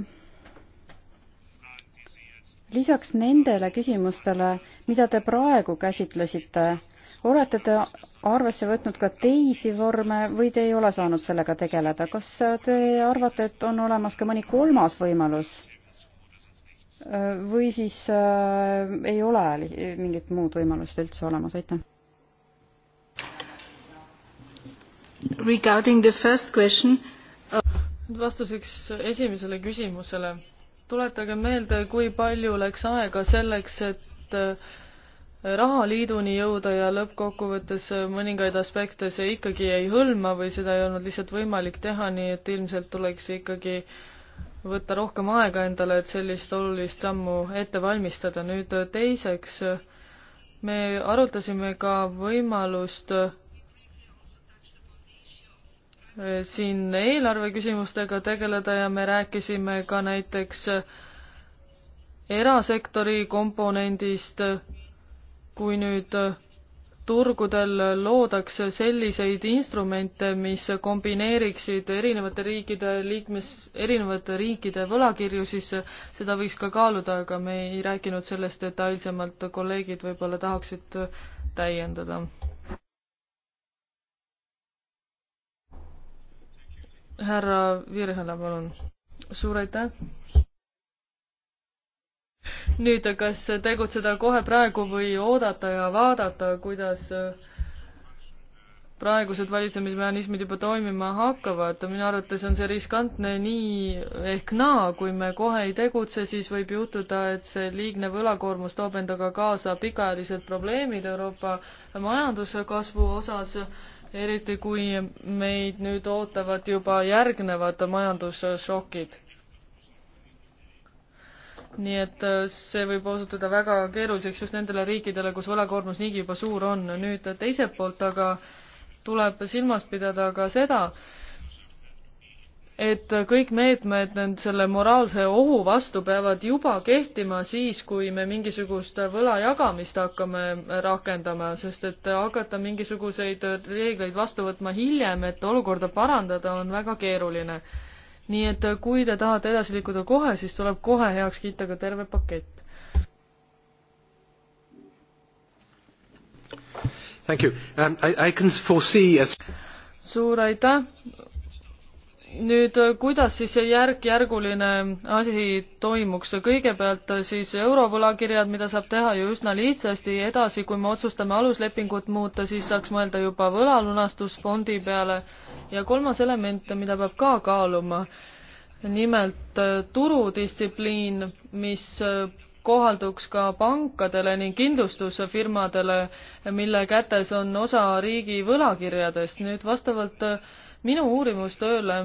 lisaks nendele küsimustele, mida te praegu käsitlesite, olete te arvesse võtnud ka teisi vorme või te ei ole saanud sellega tegeleda? kas äh, te arvate, et on olemas ka mõni kolmas võimalus? Äh, või siis äh, ei ole mingit muud võimalust üldse olemas, aitäh? Regarding the first question vastuseks esimesele küsimusele. tuletage meelde, kui palju läks aega selleks, et äh, rahaliiduni jõuda ja lõppkokkuvõttes mõningaid aspekte see ikkagi ei hõlma või seda ei olnud lihtsalt võimalik teha, nii et ilmselt tuleks ikkagi võtta rohkem aega endale, et sellist olulist sammu ette valmistada. nüüd teiseks, me arutasime ka võimalust siin eelarve küsimustega tegeleda ja me rääkisime ka näiteks erasektori komponendist, kui nüüd turgudel loodakse selliseid instrumente, mis kombineeriksid erinevate riikide liikmes, erinevate riikide võlakirju, siis seda võiks ka kaaluda, aga me ei rääkinud sellest detailsemalt, kolleegid võib-olla tahaksid täiendada härra Virhala, palun. suur aitäh. nüüd, kas tegutseda kohe praegu või oodata ja vaadata, kuidas äh, praegused valitsemismehhanismid juba toimima hakkavad, minu arvates on see riskantne nii ehk naa, kui me kohe ei tegutse, siis võib juhtuda, et see liigne võlakoormus toob endaga kaasa pikaajalised probleemid Euroopa majanduskasvu osas eriti kui meid nüüd ootavad juba järgnevad majandusšokid. nii et äh, see võib osutuda väga keeruliseks just nendele riikidele, kus võlakoormus niigi juba suur on. nüüd teiselt poolt aga tuleb silmas pidada ka seda, et kõik meetmed nüüd selle moraalse ohu vastu peavad juba kehtima siis, kui me mingisugust võla jagamist hakkame rakendama, sest et hakata mingisuguseid reegleid vastu võtma hiljem, et olukorda parandada, on väga keeruline. nii et kui te tahate edasi liikuda kohe, siis tuleb kohe heaks kiita ka terve pakett. Thank you um,. I, I can foresee as suur aitäh, nüüd kuidas siis see järk-järguline asi toimuks, kõigepealt siis eurovõlakirjad, mida saab teha ju üsna lihtsasti, edasi, kui me otsustame aluslepingut muuta, siis saaks mõelda juba võlalunastusfondi peale ja kolmas element, mida peab ka kaaluma, nimelt turudistsipliin, mis kohalduks ka pankadele ning kindlustusfirmadele, mille kätes on osa riigi võlakirjadest, nüüd vastavalt minu uurimustööle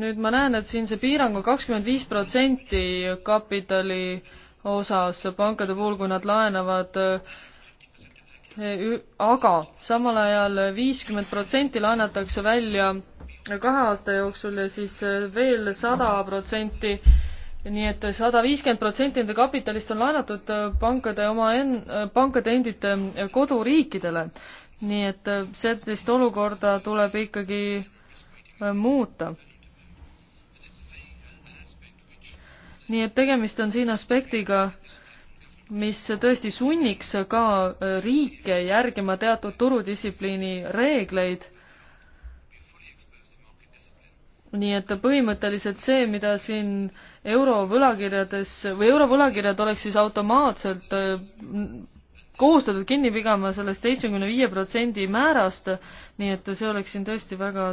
nüüd ma näen, et siin see piirang on kakskümmend viis protsenti kapitali osas pankade puhul, kui nad laenavad eh, aga samal ajal viiskümmend protsenti laenatakse välja kahe aasta jooksul ja siis eh, veel sada protsenti, nii et sada viiskümmend protsenti nende kapitalist on laenatud eh, pankade oma en-, pankade endite koduriikidele. nii et sellist olukorda tuleb ikkagi muuta nii et tegemist on siin aspektiga, mis tõesti sunniks ka äh, riike järgima teatud turudistsipliini reegleid. nii et põhimõtteliselt see, mida siin eurovõlakirjades või eurovõlakirjad oleks siis automaatselt äh, kohustatud kinni pigama sellest seitsmekümne viie protsendi määrast, nii et see oleks siin tõesti väga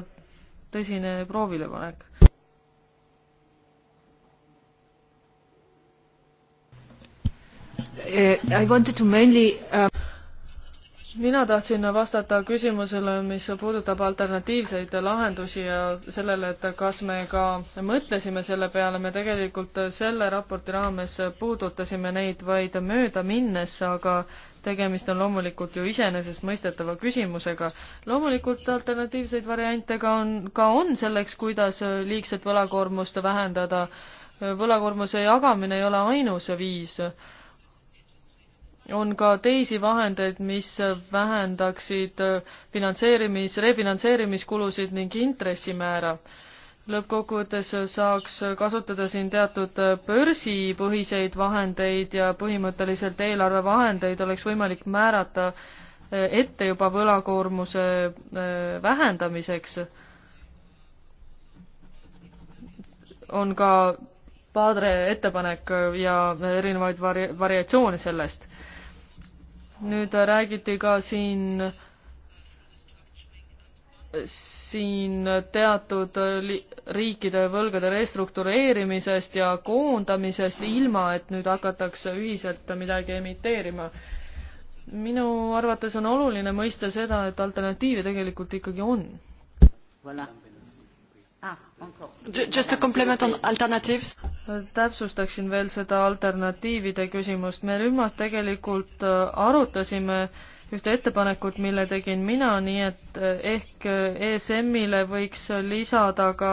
tõsine proovilepanek. Uh, I wanted to mainly um... mina tahtsin vastata küsimusele, mis puudutab alternatiivseid lahendusi ja sellele, et kas me ka mõtlesime selle peale, me tegelikult selle raporti raames puudutasime neid vaid mööda minnes, aga tegemist on loomulikult ju iseenesestmõistetava küsimusega. loomulikult alternatiivseid variante ka on, ka on selleks, kuidas liigset võlakoormust vähendada. võlakoormuse jagamine ei ole ainus viis on ka teisi vahendeid, mis vähendaksid finantseerimis, refinantseerimiskulusid ning intressimäära. lõppkokkuvõttes saaks kasutada siin teatud börsipõhiseid vahendeid ja põhimõtteliselt eelarvevahendeid oleks võimalik määrata ette juba võlakoormuse äh, vähendamiseks. on ka Padre ettepanek ja erinevaid vari-, variatsioone sellest nüüd räägiti ka siin, siin teatud riikide võlgade restruktureerimisest ja koondamisest, ilma et nüüd hakatakse ühiselt midagi emiteerima. minu arvates on oluline mõista seda, et alternatiive tegelikult ikkagi on voilà Ah, Just a compliment on alternatives. Äh, täpsustaksin veel seda alternatiivide küsimust. me rühmas tegelikult äh, arutasime ühte ettepanekut, mille tegin mina, nii et äh, ehk ESM-ile võiks lisada ka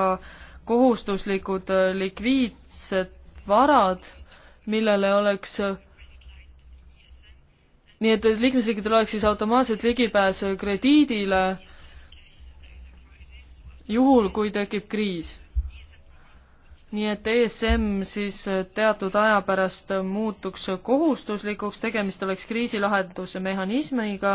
kohustuslikud likviidsed varad, millele oleks nii et liikmesriikidel oleks siis automaatselt ligipääs krediidile juhul, kui tekib kriis. nii et ESM siis teatud aja pärast muutuks kohustuslikuks, tegemist oleks kriisilahenduse mehhanismiga,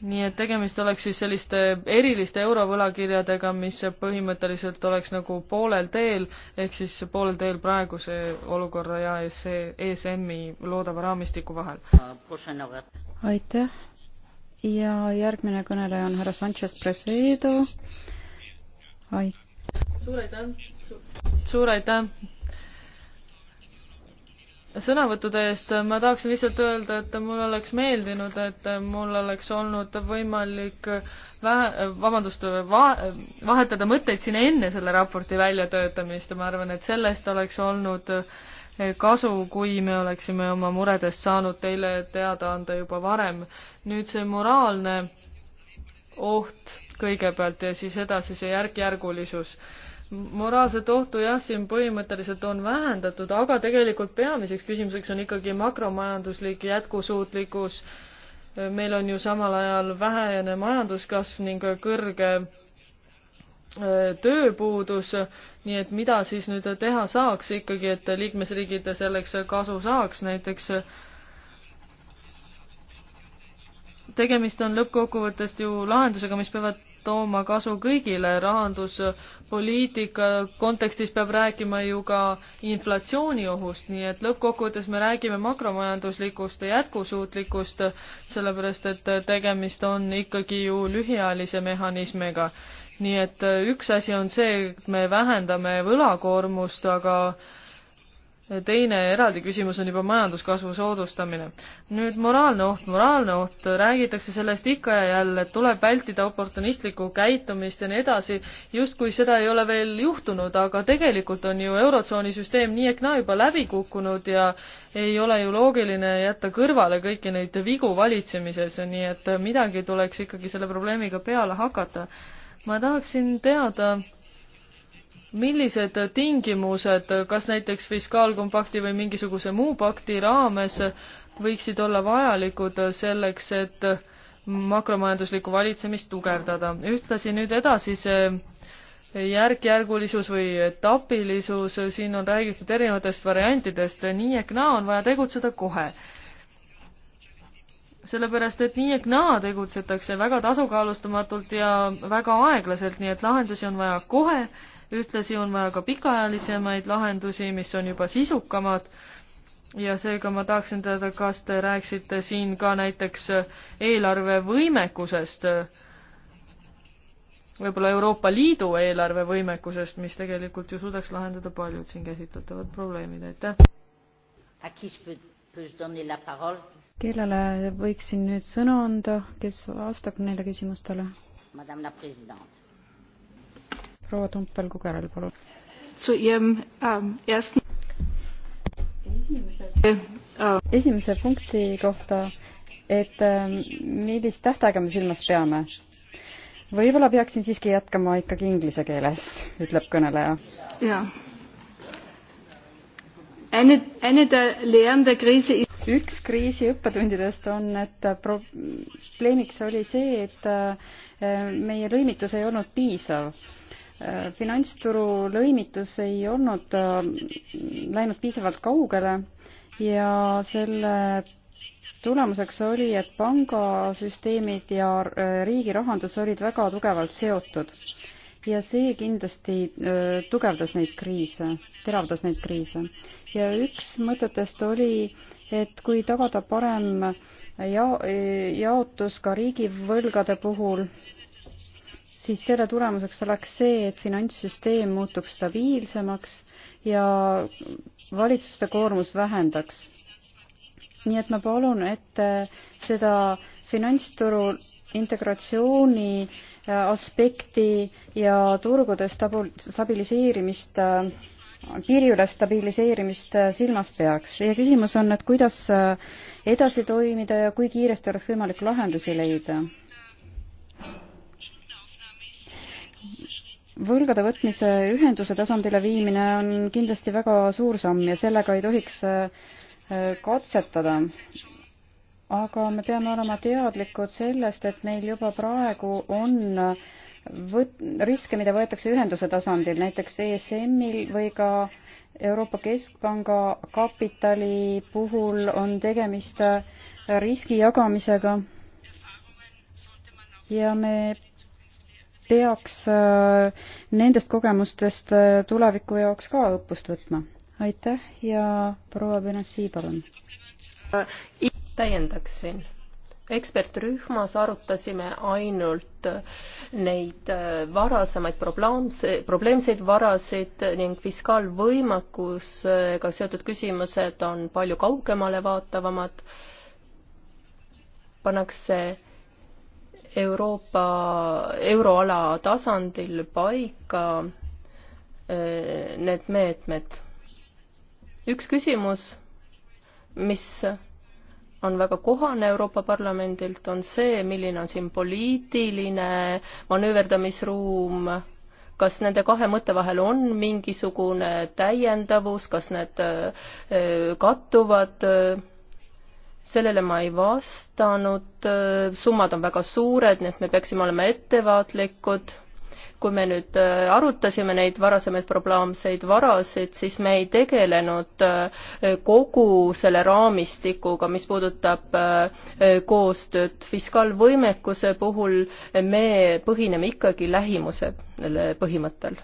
nii et tegemist oleks siis selliste eriliste eurovõlakirjadega, mis põhimõtteliselt oleks nagu poolel teel, ehk siis poolel teel praeguse olukorra ja ESM-i e, e loodava raamistiku vahel. aitäh ja järgmine kõneleja on härra Sanchez Presedo. suur aitäh, suur aitäh sõnavõttude eest, ma tahaksin lihtsalt öelda, et mul oleks meeldinud, et mul oleks olnud võimalik vähe, vabandust, va-, vahetada mõtteid siin enne selle raporti väljatöötamist ja ma arvan, et sellest oleks olnud äh, kasu, kui me oleksime oma muredest saanud teile teada anda juba varem. nüüd see moraalne oht kõigepealt ja siis edasi see järk-järgulisus. moraalset ohtu jah, siin põhimõtteliselt on vähendatud, aga tegelikult peamiseks küsimuseks on ikkagi makromajanduslik jätkusuutlikkus. meil on ju samal ajal vähene majanduskasv ning kõrge tööpuudus, nii et mida siis nüüd teha saaks ikkagi, et liikmesriigid selleks kasu saaks, näiteks tegemist on lõppkokkuvõttes ju lahendusega, mis peavad tooma kasu kõigile, rahanduspoliitika kontekstis peab rääkima ju ka inflatsiooniohust, nii et lõppkokkuvõttes me räägime makromajanduslikust jätkusuutlikust, sellepärast et tegemist on ikkagi ju lühiajalise mehhanismiga nii et äh, üks asi on see, et me vähendame võlakoormust, aga teine eraldi küsimus on juba majanduskasvu soodustamine. nüüd moraalne oht, moraalne oht, äh, räägitakse sellest ikka ja jälle, et tuleb vältida oportunistlikku käitumist ja nii edasi, justkui seda ei ole veel juhtunud, aga tegelikult on ju Eurotsooni süsteem nii ehk naa juba läbi kukkunud ja ei ole ju loogiline jätta kõrvale kõiki neid vigu valitsemises, nii et äh, midagi tuleks ikkagi selle probleemiga peale hakata ma tahaksin teada, millised tingimused, kas näiteks fiskaalkompakti või mingisuguse muu pakti raames võiksid olla vajalikud selleks, et makromajanduslikku valitsemist tugevdada. ühtlasi nüüd edasi see järk-järgulisus või etapilisus, siin on räägitud erinevatest variantidest, nii ehk naa on vaja tegutseda kohe sellepärast, et nii ehk naa tegutsetakse väga tasakaalustamatult ja väga aeglaselt, nii et lahendusi on vaja kohe, ühtlasi on vaja ka pikaajalisemaid lahendusi, mis on juba sisukamad ja seega ma tahaksin teada, kas te rääkisite siin ka näiteks eelarvevõimekusest, võib-olla Euroopa Liidu eelarvevõimekusest, mis tegelikult ju suudaks lahendada paljud siin käsitletavad probleemid, aitäh! kellele võiksin nüüd sõna anda, kes vastab neile küsimustele? proua Tumpel-Kugerel, palun. Ähm, esimese äh, äh. punkti kohta, et ähm, millist tähtaega me silmas peame? võib-olla peaksin siiski jätkama ikkagi inglise keeles, ütleb kõneleja. jah üks kriisi õppetundidest on, et probleemiks oli see, et äh, meie lõimitus ei olnud piisav. Äh, finantsturu lõimitus ei olnud äh, läinud piisavalt kaugele ja selle tulemuseks oli, et pangasüsteemid ja riigi rahandus olid väga tugevalt seotud ja see kindlasti tugevdas neid kriise, teravdas neid kriise. ja üks mõtetest oli, et kui tagada parem ja-, jaotus ka riigivõlgade puhul, siis selle tulemuseks oleks see, et finantssüsteem muutuks stabiilsemaks ja valitsuste koormus vähendaks. nii et ma palun, et äh, seda finantsturu integratsiooni äh, aspekti ja turgude stabiliseerimist, piiriüles stabiliseerimist silmas peaks ja küsimus on, et kuidas edasi toimida ja kui kiiresti oleks võimalik lahendusi leida? võlgade võtmise ühenduse tasandile viimine on kindlasti väga suur samm ja sellega ei tohiks katsetada aga me peame olema teadlikud sellest, et meil juba praegu on võt-, riske, mida võetakse ühenduse tasandil, näiteks ESM-il või ka Euroopa Keskpanga kapitali puhul on tegemist riski jagamisega ja me peaks äh, nendest kogemustest äh, tuleviku jaoks ka õppust võtma. aitäh ja proua Benassi, palun! Äh, täiendaksin. ekspertrühmas arutasime ainult neid äh, varasemaid probleemse, probleemseid varasid ning fiskaalvõimekusega seotud küsimused on palju kaugemale vaatavamad. pannakse Euroopa, euroala tasandil paika äh, need meetmed. üks küsimus, mis on väga kohane Euroopa Parlamendilt, on see, milline on siin poliitiline manööverdamisruum, kas nende kahe mõtte vahel on mingisugune täiendavus, kas need äh, kattuvad, sellele ma ei vastanud, summad on väga suured, nii et me peaksime olema ettevaatlikud kui me nüüd äh, arutasime neid varasemaid probleemseid varasid, siis me ei tegelenud äh, kogu selle raamistikuga, mis puudutab äh, koostööd. fiskaalvõimekuse puhul me põhineme ikkagi lähimuse põhimõttel.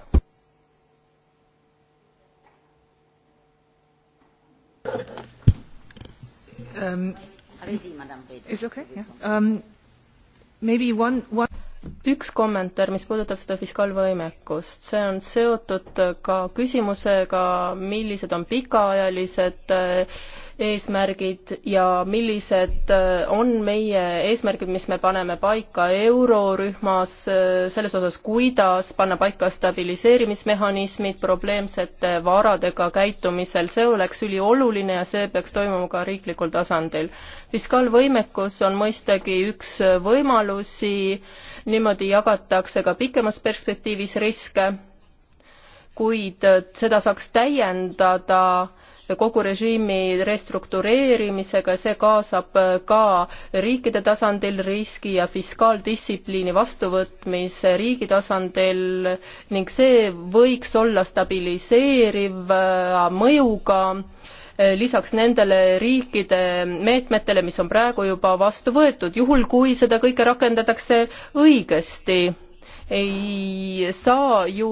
Um, is okay. Yeah. Um, maybe one one üks kommentaar, mis puudutab seda fiskaalvõimekust, see on seotud ka küsimusega, millised on pikaajalised äh, eesmärgid ja millised äh, on meie eesmärgid, mis me paneme paika eurorühmas, äh, selles osas, kuidas panna paika stabiliseerimismehhanismid probleemsete varadega käitumisel, see oleks ülioluline ja see peaks toimuma ka riiklikul tasandil. fiskaalvõimekus on mõistagi üks võimalusi niimoodi jagatakse ka pikemas perspektiivis riske, kuid äh, seda saaks täiendada kogu režiimi restruktureerimisega, see kaasab äh, ka riikide tasandil riski ja fiskaaldistsipliini vastuvõtmise riigi tasandil ning see võiks olla stabiliseeriva äh, mõjuga Eh, lisaks nendele riikide meetmetele, mis on praegu juba vastu võetud, juhul kui seda kõike rakendatakse õigesti ei saa ju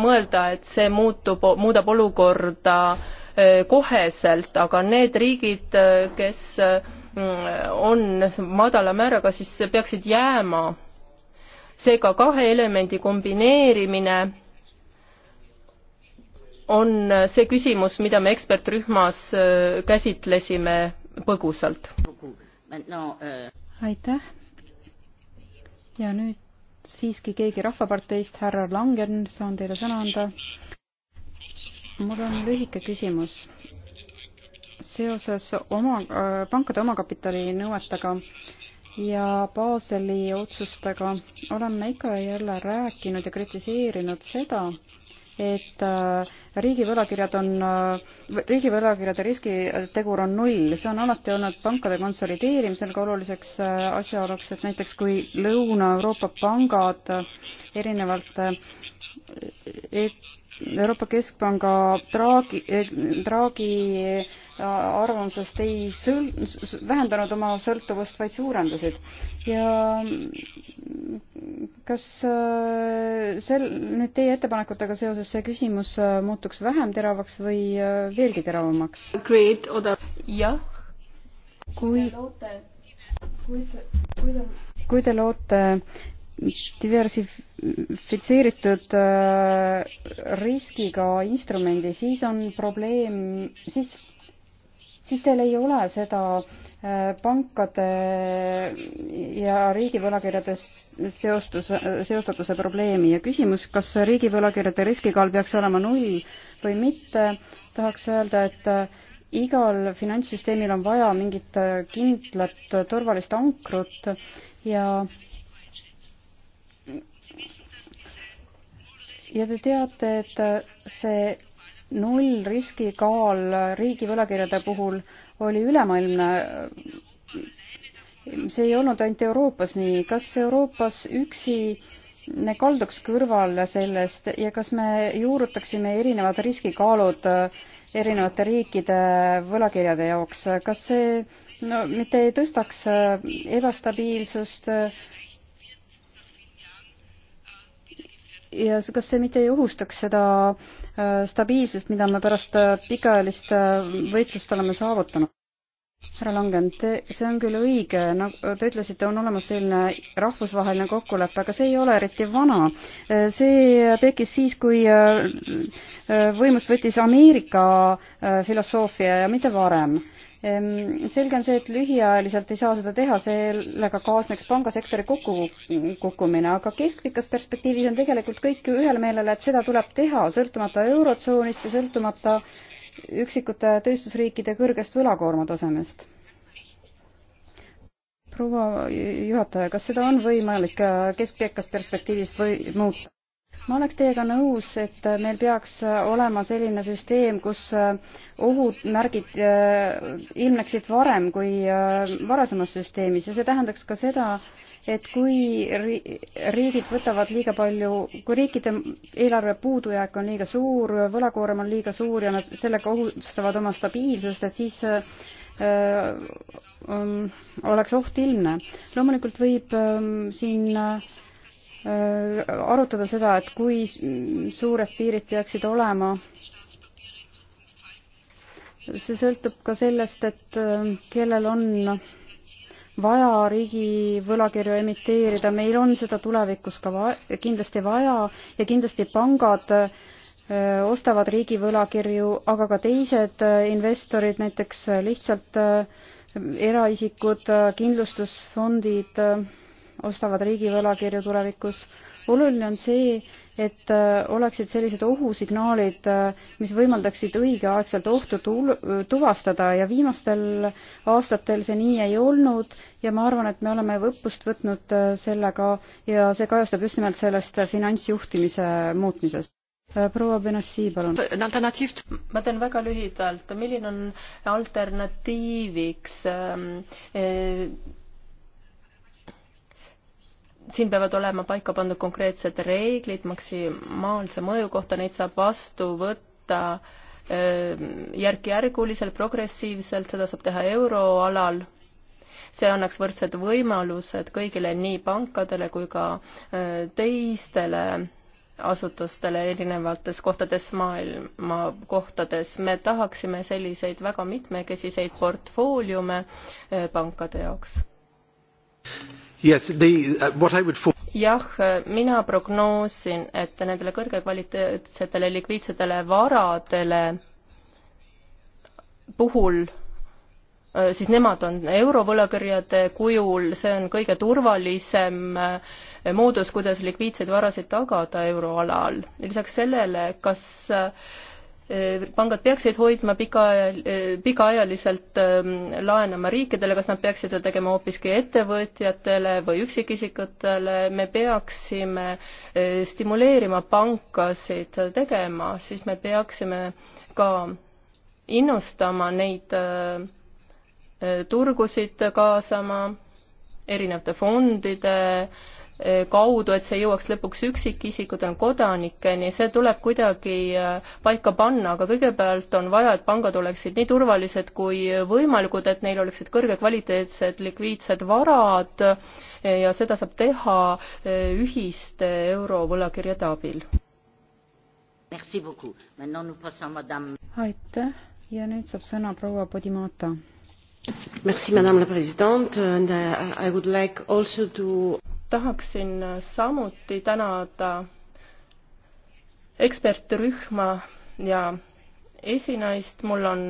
mõelda, et see muutub, muudab olukorda eh, koheselt, aga need riigid, eh, kes mm, on madala määraga, siis peaksid jääma. seega kahe elemendi kombineerimine on see küsimus, mida me ekspertrühmas äh, käsitlesime põgusalt. aitäh. ja nüüd siiski keegi Rahvaparteist, härra Langen, saan teile sõna anda. mul on lühike küsimus seoses oma äh,, pankade omakapitali nõuetega ja Baseli otsustega oleme ikka ja jälle rääkinud ja kritiseerinud seda, et äh, riigi võlakirjad on, äh, riigi võlakirjade riskitegur on null, see on alati olnud pankade konsolideerimisel ka oluliseks äh, asjaoluks, et näiteks kui Lõuna-Euroopa pangad erinevalt Euroopa Keskpanga Draghi, Draghi arvamusest ei sõl-, vähendanud oma sõltuvust, vaid suurendasid. ja kas äh, sel-, nüüd teie ettepanekutega seoses see küsimus äh, muutuks vähem teravaks või äh, veelgi teravamaks? jah. kui kui te loote diversifitseeritud riskiga instrumendi, siis on probleem, siis siis teil ei ole seda äh, pankade ja riigivõlakirjade seostus, seostatuse probleemi ja küsimus, kas riigivõlakirjade riskikaal peaks olema null või mitte, tahaks öelda, et äh, igal finantssüsteemil on vaja mingit äh, kindlat turvalist ankrut ja ja te teate, et see null riskikaal riigi võlakirjade puhul oli ülemaailmne. see ei olnud ainult Euroopas nii. kas Euroopas üksi me kalduks kõrvale sellest ja kas me juurutaksime erinevad riskikaalud erinevate riikide võlakirjade jaoks, kas see no mitte ei tõstaks ebastabiilsust, ja kas see mitte ei ohustaks seda äh, stabiilsust, mida me pärast äh, pikaajalist äh, võitlust oleme saavutanud? härra Langen, te, see on küll õige, nagu te ütlesite, on olemas selline rahvusvaheline kokkulepe, aga see ei ole eriti vana. see tekkis siis, kui võimust võttis Ameerika filosoofia ja mitte varem Ehm, selge on see, et lühiajaliselt ei saa seda teha, sellega kaasneks pangasektori kokkukukkumine, aga keskpikas perspektiivis on tegelikult kõik ühel meelel, et seda tuleb teha, sõltumata Eurotsoonist ja sõltumata üksikute tööstusriikide kõrgest võlakoorma tasemest. proua juhataja, kas seda on võimalik äh, keskpikas perspektiivis või muuta? ma oleks teiega nõus, et meil peaks olema selline süsteem, kus ohumärgid äh, ilmneksid varem kui äh, varasemas süsteemis ja see tähendaks ka seda, et kui riigid võtavad liiga palju, kui riikide eelarve puudujääk on liiga suur, võlakoorem on liiga suur ja nad sellega ohustavad oma stabiilsust, et siis öö, äh, ähm, oleks oht ilmne. loomulikult võib öö, ähm, siin öö, arutada seda, et kui suured piirid peaksid olema. see sõltub ka sellest, et äh, kellel on vaja riigi võlakirju emiteerida, meil on seda tulevikus ka va kindlasti vaja ja kindlasti pangad äh, ostavad riigi võlakirju, aga ka teised äh, investorid, näiteks lihtsalt eraisikud, kindlustusfondid ostavad riigi võlakirju tulevikus. oluline on see, et äh, oleksid sellised ohusignaalid, äh, mis võimaldaksid õigeaegselt ohtu tul-, tuvastada ja viimastel aastatel see nii ei olnud ja ma arvan, et me oleme õppust võtnud äh, sellega ja see kajastab just nimelt sellest finantsjuhtimise muutmisest proua Benassi, palun. ma teen väga lühidalt, milline on alternatiiviks ähm, äh, siin peavad olema paika pandud konkreetsed reeglid maksimaalse mõju kohta, neid saab vastu võtta järk-järguliselt, progressiivselt, seda saab teha euroalal. see annaks võrdsed võimalused kõigile, nii pankadele kui ka teistele asutustele erinevates kohtades maailma kohtades. me tahaksime selliseid väga mitmekesiseid portfooliume pankade jaoks Yes, the, uh, what I would jah, äh, mina prognoosin, et nendele kõrgekvaliteetsetele likviidsetele varadele puhul äh, siis nemad on eurovõlakirjade kujul, see on kõige turvalisem äh, moodus, kuidas likviidseid varasid tagada euroalal. lisaks sellele, kas pangad peaksid hoidma pika, pikaajaliselt ähm, laenama riikidele, kas nad peaksid seda tegema hoopiski ettevõtjatele või üksikisikutele, me peaksime äh, stimuleerima pankasid seda tegema, siis me peaksime ka innustama neid äh, äh, turgusid kaasama, erinevate fondide äh, kaudu, et see jõuaks lõpuks üksikisikutena kodanikeni, see tuleb kuidagi paika panna, aga kõigepealt on vaja, et pangad oleksid nii turvalised kui võimalikud, et neil oleksid kõrgekvaliteetsed likviidsed varad ja seda saab teha ühiste eurovõlakirjade abil. aitäh ja nüüd saab sõna proua Podimata. Merci, madame la présidente, and uh, I would like also to tahaksin samuti tänada ekspertrühma ja esinaist, mul on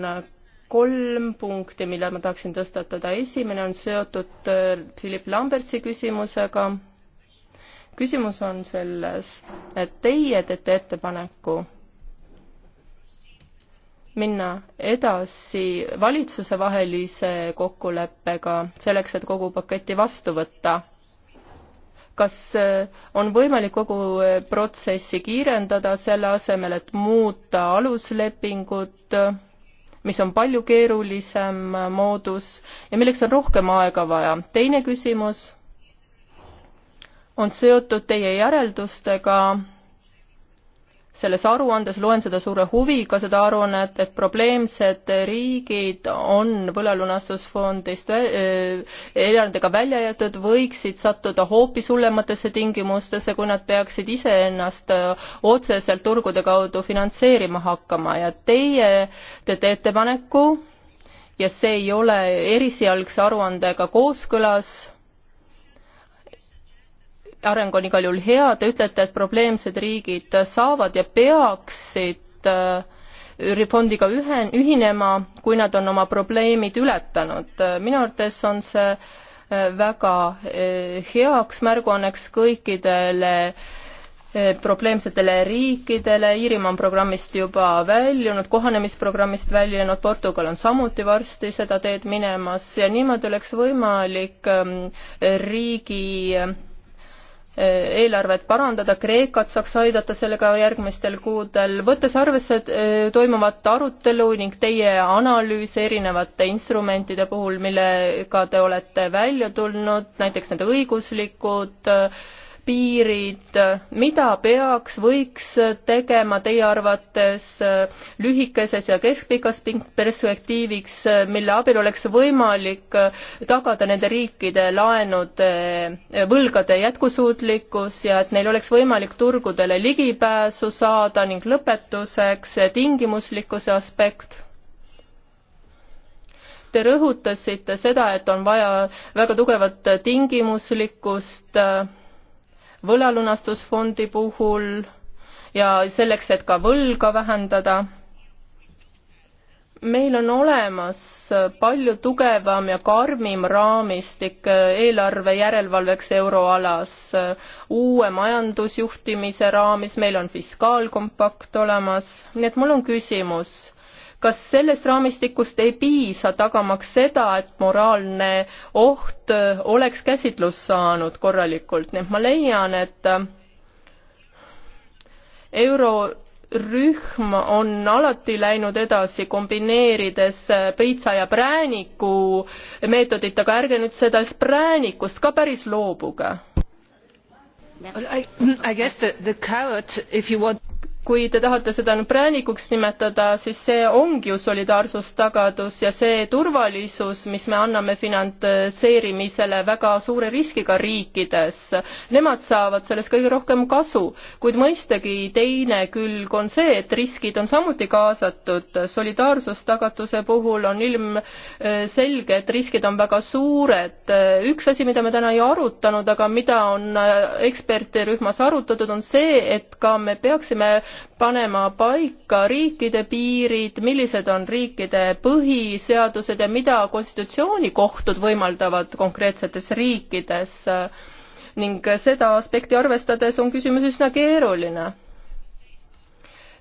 kolm punkti, mille ma tahaksin tõstatada. esimene on seotud äh, Philip Lambertsi küsimusega. küsimus on selles, et teie teete ettepaneku minna edasi valitsusevahelise kokkuleppega selleks, et kogu paketi vastu võtta kas äh, on võimalik kogu äh, protsessi kiirendada selle asemel, et muuta aluslepingut, mis on palju keerulisem äh, moodus ja milleks on rohkem aega vaja. teine küsimus on seotud teie järeldustega selles aruandes, loen seda suure huviga, seda aruannet, et probleemsed riigid on võlalunastusfondist äh, eranditega välja jäetud, võiksid sattuda hoopis hullematesse tingimustesse, kui nad peaksid iseennast äh, otseselt turgude kaudu finantseerima hakkama ja teie teete ettepaneku ja see ei ole erisialgse aruandega kooskõlas areng on igal juhul hea, te ütlete, et probleemsed riigid saavad ja peaksid äh, fondiga ühe, ühinema, kui nad on oma probleemid ületanud. minu arvates on see äh, väga äh, heaks märguanneks kõikidele probleemsetele riikidele, Iirimaa on programmist juba väljunud, kohanemisprogrammist väljunud, Portugal on samuti varsti seda teed minemas ja niimoodi oleks võimalik ähm, riigi Eh, eelarvet parandada, Kreekat saaks aidata sellega järgmistel kuudel, võttes arvesse eh, toimuvat arutelu ning teie analüüse erinevate instrumentide puhul, millega te olete välja tulnud, näiteks need õiguslikud äh, piirid, mida peaks, võiks tegema teie arvates lühikeses ja keskpikas perspektiiviks, mille abil oleks võimalik tagada nende riikide laenude, võlgade jätkusuutlikkus ja et neil oleks võimalik turgudele ligipääsu saada ning lõpetuseks tingimuslikkuse aspekt te rõhutasite seda, et on vaja väga tugevat tingimuslikkust äh, võlalunastusfondi puhul ja selleks, et ka võlga vähendada. meil on olemas palju tugevam ja karmim raamistik eelarve järelevalveks euroalas, uue majandusjuhtimise raamis, meil on fiskaalkompakt olemas, nii et mul on küsimus kas sellest raamistikust ei piisa, tagamaks seda, et moraalne oht äh, oleks käsitlust saanud korralikult, nii et ma leian, et äh, eurorühm on alati läinud edasi, kombineerides äh, priitsa ja prääniku meetodit, aga ärge nüüd sellest präänikust ka päris loobuge. I, I guess the, the carrot, if you want kui te tahate seda nüüd präänikuks nimetada, siis see ongi ju solidaarsustagadus ja see turvalisus, mis me anname finantseerimisele väga suure riskiga riikides, nemad saavad sellest kõige rohkem kasu. kuid mõistagi teine külg on see, et riskid on samuti kaasatud. solidaarsustagatuse puhul on ilmselge, äh, et riskid on väga suured. Äh, üks asi, mida me täna ei arutanud, aga mida on äh, eksperdirühmas arutatud, on see, et ka me peaksime panema paika riikide piirid, millised on riikide põhiseadused ja mida konstitutsioonikohtud võimaldavad konkreetsetes riikides ning seda aspekti arvestades on küsimus üsna keeruline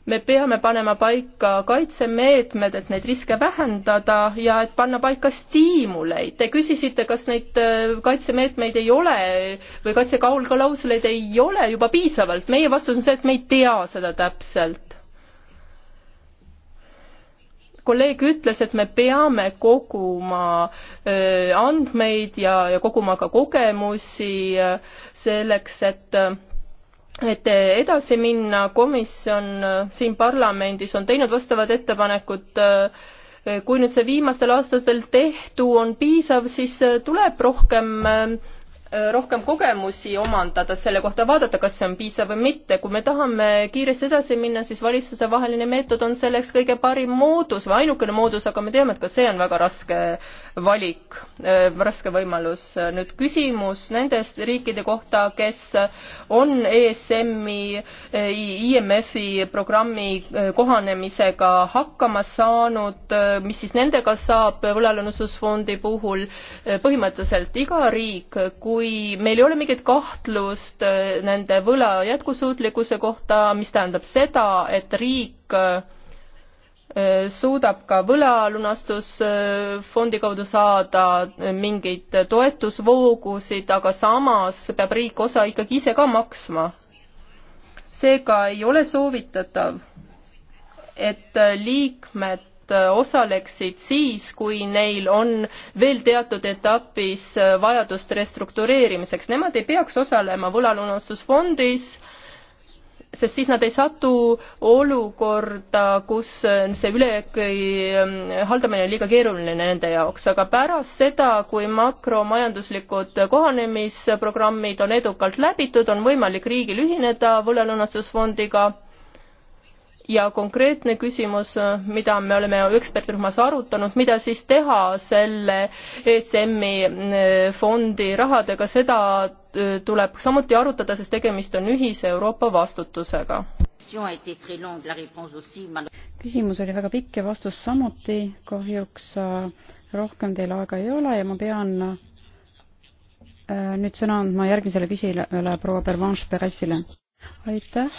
me peame panema paika kaitsemeetmed, et neid riske vähendada ja et panna paika stiimuleid. Te küsisite, kas neid äh, kaitsemeetmeid ei ole või kaitsekaalklausuleid ei ole juba piisavalt. meie vastus on see, et me ei tea seda täpselt. kolleeg ütles, et me peame koguma äh, andmeid ja, ja koguma ka kogemusi äh, selleks, et et edasi minna, komisjon äh, siin parlamendis on teinud vastavad ettepanekud, äh, kui nüüd see viimastel aastatel tehtu on piisav, siis äh, tuleb rohkem Äh, rohkem kogemusi omandada selle kohta, vaadata, kas see on piisav või mitte. kui me tahame kiiresti edasi minna, siis valitsusevaheline meetod on selleks kõige parim moodus või ainukene moodus, aga me teame, et ka see on väga raske valik, äh, raske võimalus. nüüd küsimus nendest riikide kohta, kes on ESM-i, äh, IMF-i programmi kohanemisega hakkama saanud, mis siis nendega saab võlalenustusfondi puhul? põhimõtteliselt iga riik, kui kui meil ei ole mingit kahtlust äh, nende võla jätkusuutlikkuse kohta, mis tähendab seda, et riik äh, suudab ka võlalunastusfondi kaudu saada äh, mingeid toetusvoogusid, aga samas peab riik osa ikkagi ise ka maksma. seega ei ole soovitatav, et liikmed nad äh, osaleksid siis, kui neil on veel teatud etapis äh, vajadust restruktureerimiseks. Nemad ei peaks osalema võlalunastusfondis, sest siis nad ei satu olukorda, kus äh, see ülejäägi ähm, haldamine on liiga keeruline nende jaoks, aga pärast seda, kui makromajanduslikud kohanemisprogrammid on edukalt läbitud, on võimalik riigil ühineda võlalunastusfondiga ja konkreetne küsimus, mida me oleme ekspertrühmas arutanud, mida siis teha selle ESM-i eh, fondi rahadega, seda eh, tuleb samuti arutada, sest tegemist on ühise Euroopa vastutusega. küsimus oli väga pikk ja vastus samuti, kahjuks eh, rohkem teil aega ei ole ja ma pean nüüd sõna andma järgmisele küsijale, proua Pervanche Peressile. aitäh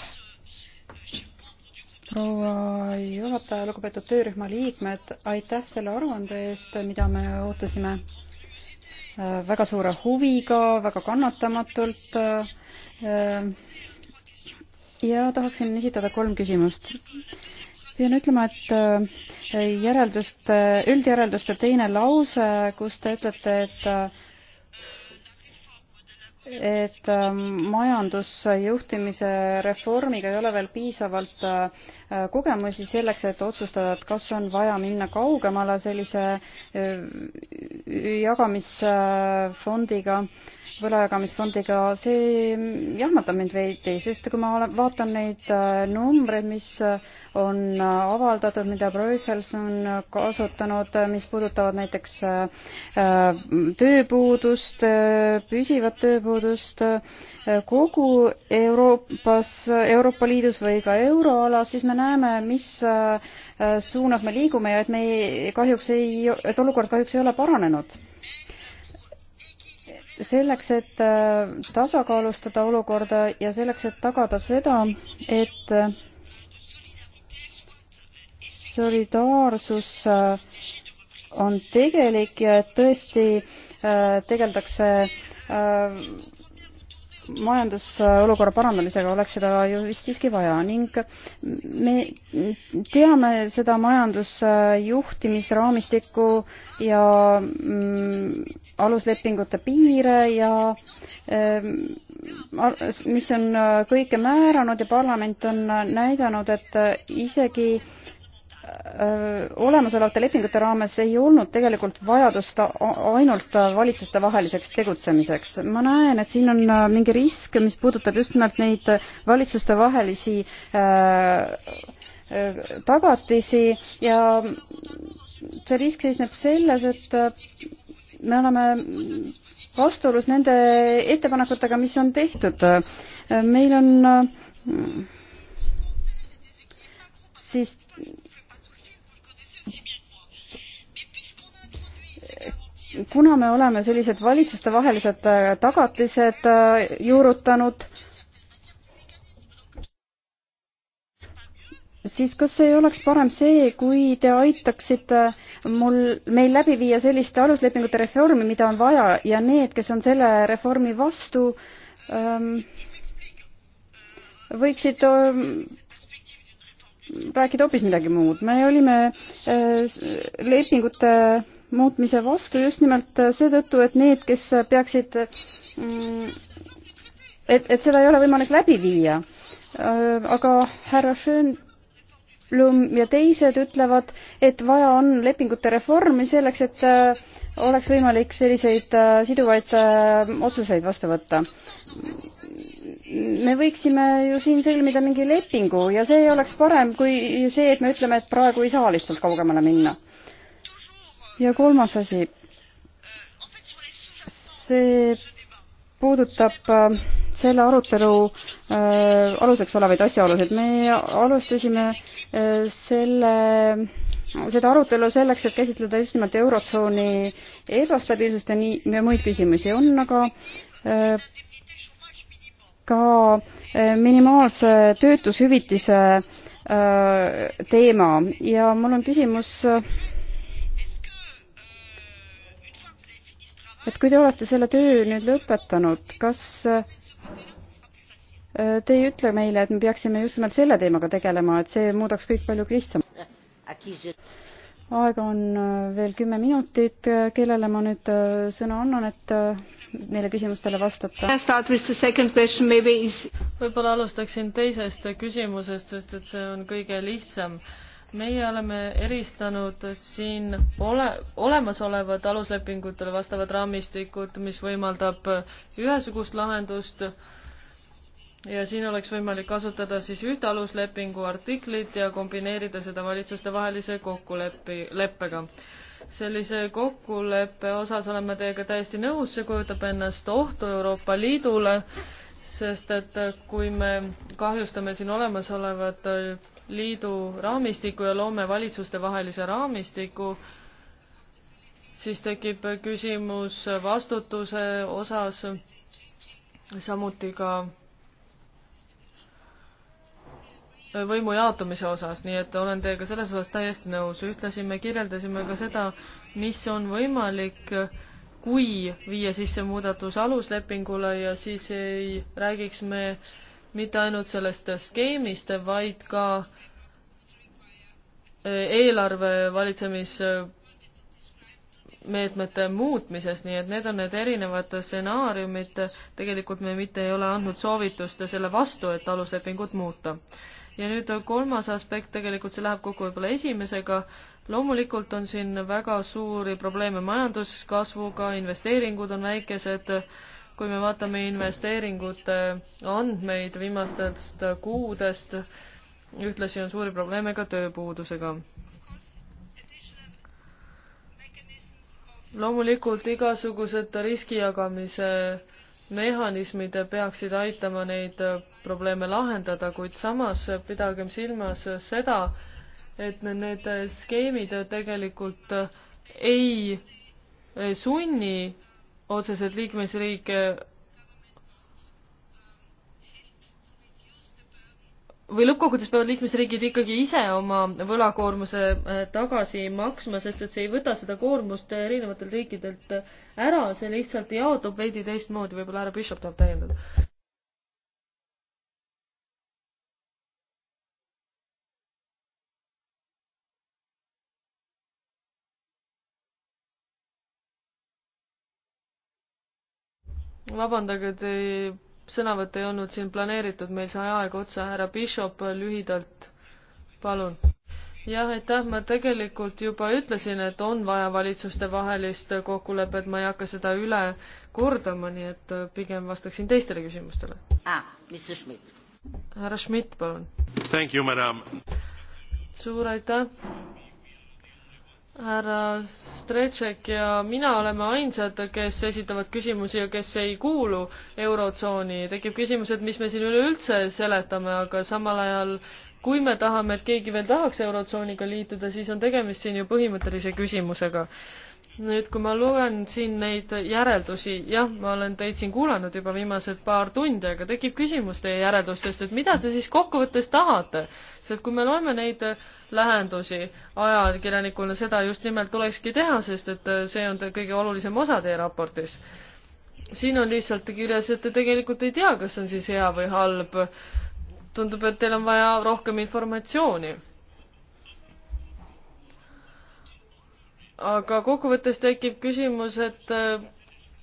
proua juhataja, lugupeetud töörühma liikmed, aitäh selle aruande eest, mida me ootasime väga suure huviga, väga kannatamatult. ja tahaksin esitada kolm küsimust. pean ütlema, et järelduste, üldjärelduste teine lause, kus te ütlete, et et ähm, majandusjuhtimise reformiga ei ole veel piisavalt äh, kogemusi selleks, et otsustada, et kas on vaja minna kaugemale sellise äh, jagamisfondiga, võlajagamisfondiga, see mm, jahmatab mind veidi, sest kui ma vaatan neid äh, numbreid, mis on avaldatud, mida Bruegels on kasutanud, mis puudutavad näiteks äh, tööpuudust, äh, püsivat tööpuudust äh, kogu Euroopas, Euroopa Liidus või ka euroalas, siis me näeme, mis suunas me liigume ja et me ei, kahjuks ei, et olukord kahjuks ei ole paranenud selleks, et tasakaalustada olukorda ja selleks, et tagada seda, et solidaarsus äh, on tegelik ja et tõesti äh, tegeldakse äh, majandusolukorra parandamisega oleks seda ju vist siiski vaja ning me teame seda majandusjuhtimisraamistikku ja mm, aluslepingute piire ja mis on kõike määranud ja parlament on näidanud, et isegi Äh, olemasolevate lepingute raames ei olnud tegelikult vajadust ainult äh, valitsustevaheliseks tegutsemiseks. ma näen, et siin on äh, mingi risk, mis puudutab just nimelt neid valitsustevahelisi tagatisi ja see risk seisneb selles, et me oleme vastuolus nende ettepanekutega, mis on tehtud. meil on siis kuna me oleme sellised valitsustevahelised äh, tagatised äh, juurutanud, siis kas ei oleks parem see, kui te aitaksite mul, meil läbi viia selliste aluslepingute reformi, mida on vaja ja need, kes on selle reformi vastu ähm,, võiksid ähm, rääkida hoopis midagi muud. me olime äh, lepingute äh, muutmise vastu just nimelt seetõttu, et need, kes peaksid, mm, et, et seda ei ole võimalik läbi viia. aga härra Schönblum ja teised ütlevad, et vaja on lepingute reformi selleks, et äh, oleks võimalik selliseid äh, siduvaid äh, otsuseid vastu võtta. me võiksime ju siin sõlmida mingi lepingu ja see oleks parem kui see, et me ütleme, et praegu ei saa lihtsalt kaugemale minna ja kolmas asi. see puudutab äh, selle arutelu äh, aluseks olevaid asjaolusid. me alustasime äh, selle seda arutelu selleks, et käsitleda just nimelt Eurotsooni ebastabiilsust ja nii ja muid küsimusi. on aga äh, ka äh, minimaalse töötushüvitise äh, teema ja mul on küsimus äh, et kui te olete selle töö nüüd lõpetanud, kas äh, te ei ütle meile, et me peaksime just nimelt selle teemaga tegelema, et see muudaks kõik palju lihtsamaks? aega on äh, veel kümme minutit, äh, kellele ma nüüd sõna annan, et neile küsimustele vastata. võib-olla alustaksin teisest küsimusest, sest et see on kõige lihtsam meie oleme eristanud siin ole, olemasolevad aluslepingutele vastavad raamistikud, mis võimaldab ühesugust lahendust ja siin oleks võimalik kasutada siis ühte aluslepingu artiklit ja kombineerida seda valitsustevahelise kokkuleppi, leppega. sellise kokkuleppe osas oleme teiega täiesti nõus, see kujutab endast ohtu Euroopa Liidule, sest et kui me kahjustame siin olemasolevat Liidu raamistiku ja loome valitsustevahelise raamistiku, siis tekib küsimus vastutuse osas, samuti ka võimu jaotumise osas, nii et olen teiega selles osas täiesti nõus. ühtlasi me kirjeldasime ka seda, mis on võimalik, kui viia sisse muudatus aluslepingule ja siis ei räägiks me mitte ainult sellest skeemist, vaid ka eelarve valitsemismeetmete muutmisest, nii et need on need erinevad stsenaariumid, tegelikult me mitte ei ole andnud soovitust selle vastu, et aluslepingut muuta. ja nüüd kolmas aspekt, tegelikult see läheb kokku võib-olla esimesega, loomulikult on siin väga suuri probleeme majanduskasvuga, investeeringud on väikesed, kui me vaatame investeeringute andmeid viimastest kuudest, ühtlasi on suuri probleeme ka tööpuudusega. loomulikult igasugused riskijagamise mehhanismid peaksid aitama neid probleeme lahendada, kuid samas pidagem silmas seda, et need skeemid tegelikult ei sunni otseselt liikmesriike või lõppkokkuvõttes peavad liikmesriigid ikkagi ise oma võlakoormuse äh, tagasi maksma, sest et see ei võta seda koormust äh, erinevatelt riikidelt äh, ära, see lihtsalt jaotub veidi teistmoodi, võib-olla härra Bishop tahab täiendada. vabandage, te sõnavõtt ei olnud siin planeeritud, meil sai aeg otsa, härra Bishop, lühidalt, palun. jah, aitäh, ma tegelikult juba ütlesin, et on vaja valitsustevahelist kokkulepet, ma ei hakka seda üle kordama, nii et pigem vastaksin teistele küsimustele ah,. härra Schmidt, palun. suur aitäh härra Stretšek ja mina oleme ainsad, kes esitavad küsimusi ja kes ei kuulu Eurotsooni. tekib küsimus, et mis me siin üleüldse seletame, aga samal ajal kui me tahame, et keegi veel tahaks Eurotsooniga liituda, siis on tegemist siin ju põhimõttelise küsimusega. nüüd, kui ma loen siin neid järeldusi, jah, ma olen teid siin kuulanud juba viimased paar tundi, aga tekib küsimus teie järeldustest, et mida te siis kokkuvõttes tahate sest kui me loeme neid äh, lähendusi ajakirjanikuna, seda just nimelt tulekski teha, sest et äh, see on kõige olulisem osa teie raportis. siin on lihtsalt kirjas, et te tegelikult ei tea, kas on siis hea või halb. tundub, et teil on vaja rohkem informatsiooni. aga kokkuvõttes tekib küsimus, et äh,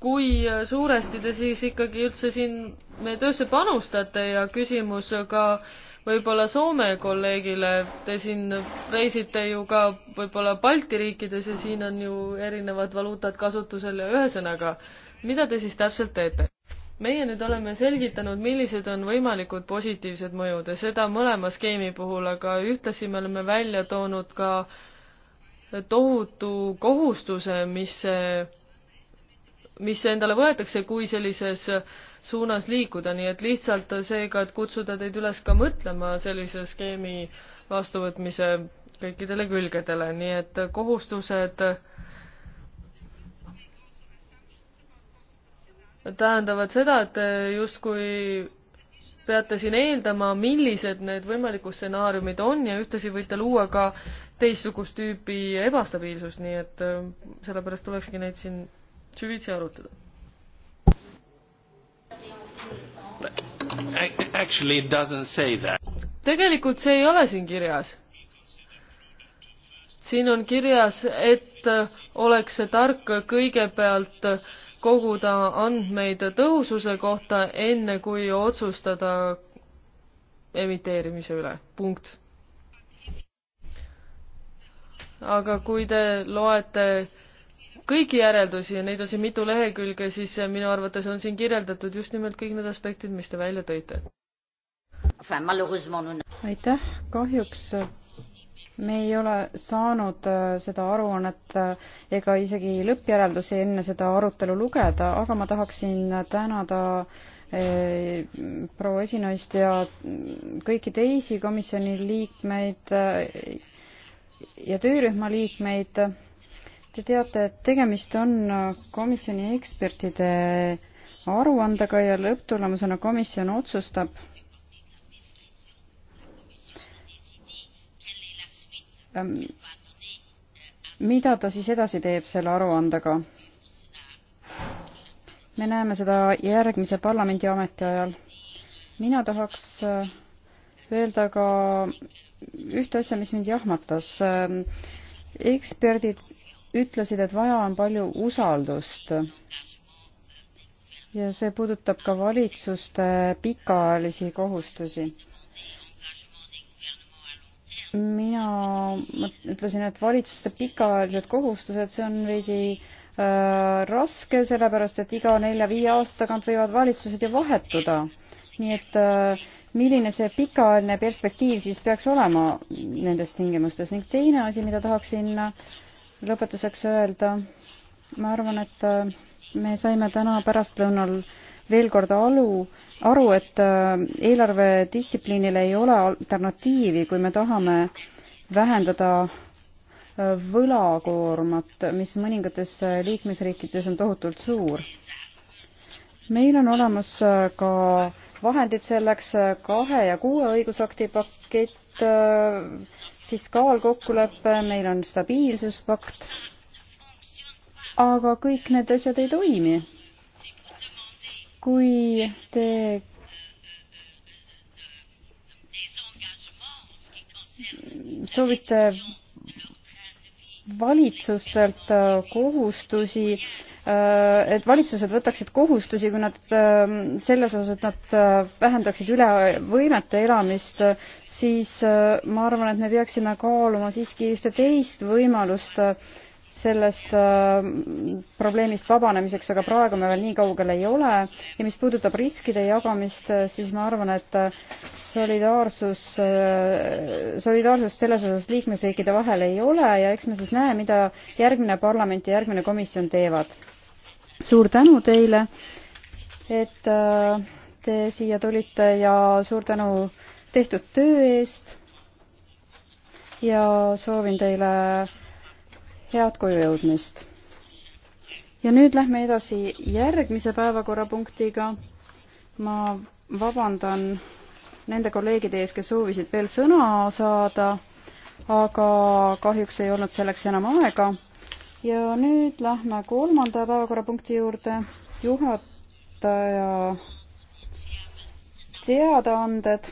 kui suuresti te siis ikkagi üldse siin meie töösse panustate ja küsimus ka äh, võib-olla Soome kolleegile, te siin reisite ju ka võib-olla Balti riikides ja siin on ju erinevad valuutad kasutusel ja ühesõnaga, mida te siis täpselt teete? meie nüüd oleme selgitanud, millised on võimalikud positiivsed mõjud ja seda mõlema skeemi puhul, aga ühtlasi me oleme välja toonud ka tohutu kohustuse, mis, mis endale võetakse, kui sellises äh, suunas liikuda, nii et lihtsalt seega, et kutsuda teid üles ka mõtlema sellise skeemi vastuvõtmise kõikidele külgedele, nii et kohustused tähendavad seda, et justkui peate siin eeldama, millised need võimalikud stsenaariumid on ja ühtlasi võite luua ka teistsugust tüüpi ebastabiilsust, nii et sellepärast tulekski neid siin süvitsi arutada Actually it doesn't say that. tegelikult see ei ole siin kirjas. siin on kirjas, et oleks tark kõigepealt koguda andmeid tõhususe kohta, enne kui otsustada emiteerimise üle, punkt. aga kui te loete kõigi järeldusi ja neid on siin mitu lehekülge, siis minu arvates on siin kirjeldatud just nimelt kõik need aspektid, mis te välja tõite. aitäh, kahjuks me ei ole saanud äh, seda aruannet äh, ega isegi lõppjäreldusi enne seda arutelu lugeda, aga ma tahaksin tänada äh, proua esinaist ja kõiki teisi komisjoni liikmeid ja töörühma liikmeid Te teate, et tegemist on komisjoni ekspertide aruandega ja lõpptulemusena komisjon otsustab, ähm, mida ta siis edasi teeb selle aruandega? me näeme seda järgmise parlamendi ametiajal. mina tahaks äh, öelda ka ühte asja, mis mind jahmatas. Ähm, eksperdid ütlesid, et vaja on palju usaldust. ja see puudutab ka valitsuste pikaajalisi kohustusi. mina ütlesin, et valitsuste pikaajalised kohustused, see on veidi äh, raske, sellepärast et iga nelja-viie aasta tagant võivad valitsused ju vahetuda. nii et äh, milline see pikaajaline perspektiiv siis peaks olema nendes tingimustes ning teine asi, mida tahaksin äh, lõpetuseks öelda, ma arvan, et äh, me saime täna pärastlõunal veel kord alu, aru, et äh, eelarvedistsipliinile ei ole alternatiivi, kui me tahame vähendada äh, võlakoormat, mis mõningates liikmesriikides on tohutult suur. meil on olemas ka vahendid selleks, kahe ja kuue õigusakti pakett, fiskaalkokkulepe, meil on stabiilsuspakt, aga kõik need asjad ei toimi. kui te soovite valitsustelt kohustusi, Äh, et valitsused võtaksid kohustusi, kui nad ähm, selles osas, et nad äh, vähendaksid üle võimete elamist, äh, siis ma arvan, et me peaksime kaaluma siiski ühte teist võimalust sellest ähm, probleemist vabanemiseks, aga praegu me veel nii kaugel ei ole. ja mis puudutab riskide jagamist, siis ma arvan, et solidaarsus, solidaarsust selles osas liikmesriikide vahel ei ole ja eks me siis näe, mida järgmine parlament ja järgmine komisjon teevad suur tänu teile, et äh, te siia tulite ja suur tänu tehtud töö eest ja soovin teile head koju jõudmist. ja nüüd lähme edasi järgmise päevakorrapunktiga. ma vabandan nende kolleegide ees, kes soovisid veel sõna saada, aga kahjuks ei olnud selleks enam aega ja nüüd lähme kolmanda päevakorrapunkti juurde. juhataja teadaanded.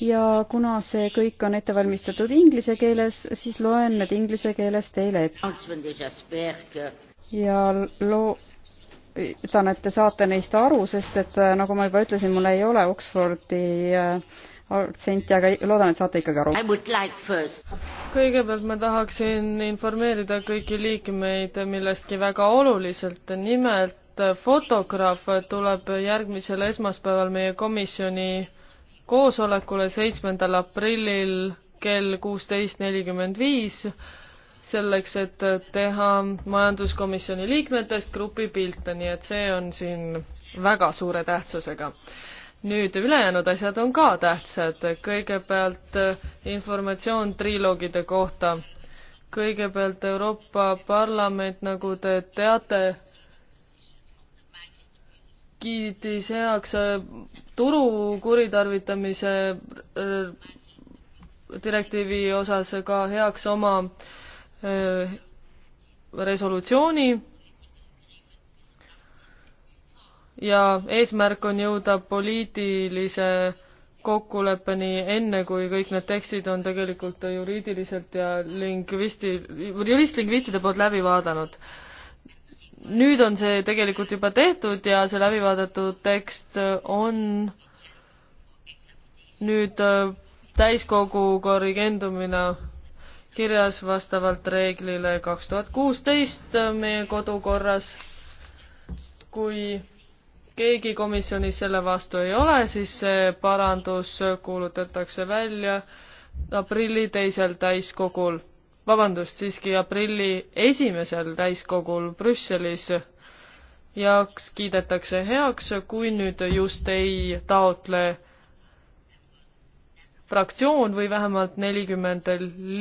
ja kuna see kõik on ette valmistatud inglise keeles, siis loen need inglise keeles teile ette. ja loo-, ütlen, et te saate neist aru, sest et nagu ma juba ütlesin, mul ei ole Oxfordi äh, aktsenti, aga loodan, et saate ikkagi aru. Like kõigepealt ma tahaksin informeerida kõiki liikmeid millestki väga oluliselt, nimelt fotograaf tuleb järgmisel esmaspäeval meie komisjoni koosolekule, seitsmendal aprillil kell kuusteist nelikümmend viis, selleks, et teha majanduskomisjoni liikmetest grupipilte, nii et see on siin väga suure tähtsusega nüüd ülejäänud asjad on ka tähtsad, kõigepealt äh, informatsioon triloogide kohta. kõigepealt Euroopa Parlament, nagu te teate, kiitis heaks äh, turu kuritarvitamise äh, direktiivi osas ka heaks oma resolutsiooni ja eesmärk on jõuda poliitilise kokkuleppeni enne, kui kõik need tekstid on tegelikult juriidiliselt ja lingvisti, juristlingvistide poolt läbi vaadanud. nüüd on see tegelikult juba tehtud ja see läbi vaadatud tekst on nüüd äh, täiskogu korrigendumina kirjas vastavalt reeglile kaks tuhat kuusteist äh, meie kodukorras, kui keegi komisjonis selle vastu ei ole, siis see parandus kuulutatakse välja aprilli teisel täiskogul, vabandust, siiski aprilli esimesel täiskogul Brüsselis heaks kiidetakse heaks, kui nüüd just ei taotle fraktsioon või vähemalt nelikümmend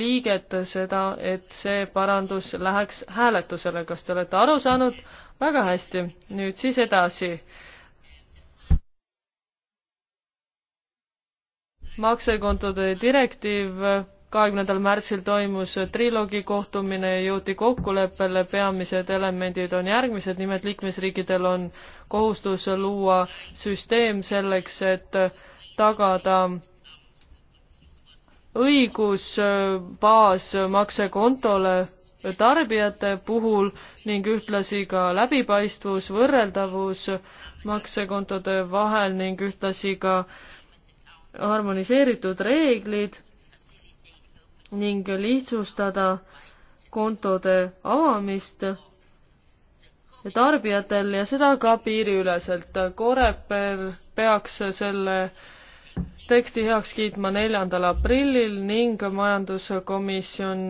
liiget seda, et see parandus läheks hääletusele. kas te olete aru saanud? väga hästi, nüüd siis edasi maksekontode direktiiv, kahekümnendal märtsil toimus triloogi kohtumine ja jõuti kokkuleppele, peamised elemendid on järgmised, nimelt liikmesriikidel on kohustus luua süsteem selleks, et tagada õigusbaas maksekontole tarbijate puhul ning ühtlasi ka läbipaistvus, võrreldavus maksekontode vahel ning ühtlasi ka äh, harmoniseeritud reeglid ning lihtsustada kontode avamist ja tarbijatel ja seda ka piiriüleselt. Koreper peaks selle teksti heaks kiitma neljandal aprillil ning majanduskomisjon,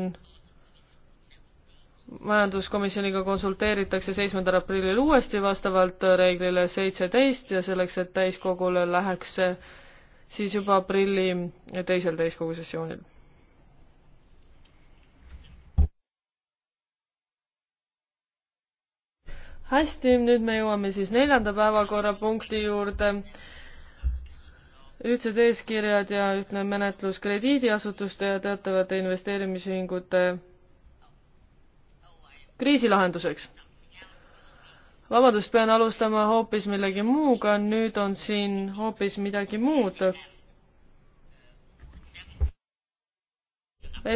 majanduskomisjoniga konsulteeritakse seitsmendal aprillil uuesti vastavalt reeglile seitseteist ja selleks, et täiskogule läheks see siis juba aprilli teisel täiskogu sessioonil. hästi, nüüd me jõuame siis neljanda päevakorrapunkti juurde. ühtsed eeskirjad ja ühtne menetlus krediidiasutuste ja teatavate investeerimisühingute kriisilahenduseks vabandust, pean alustama hoopis millegi muuga, nüüd on siin hoopis midagi muud.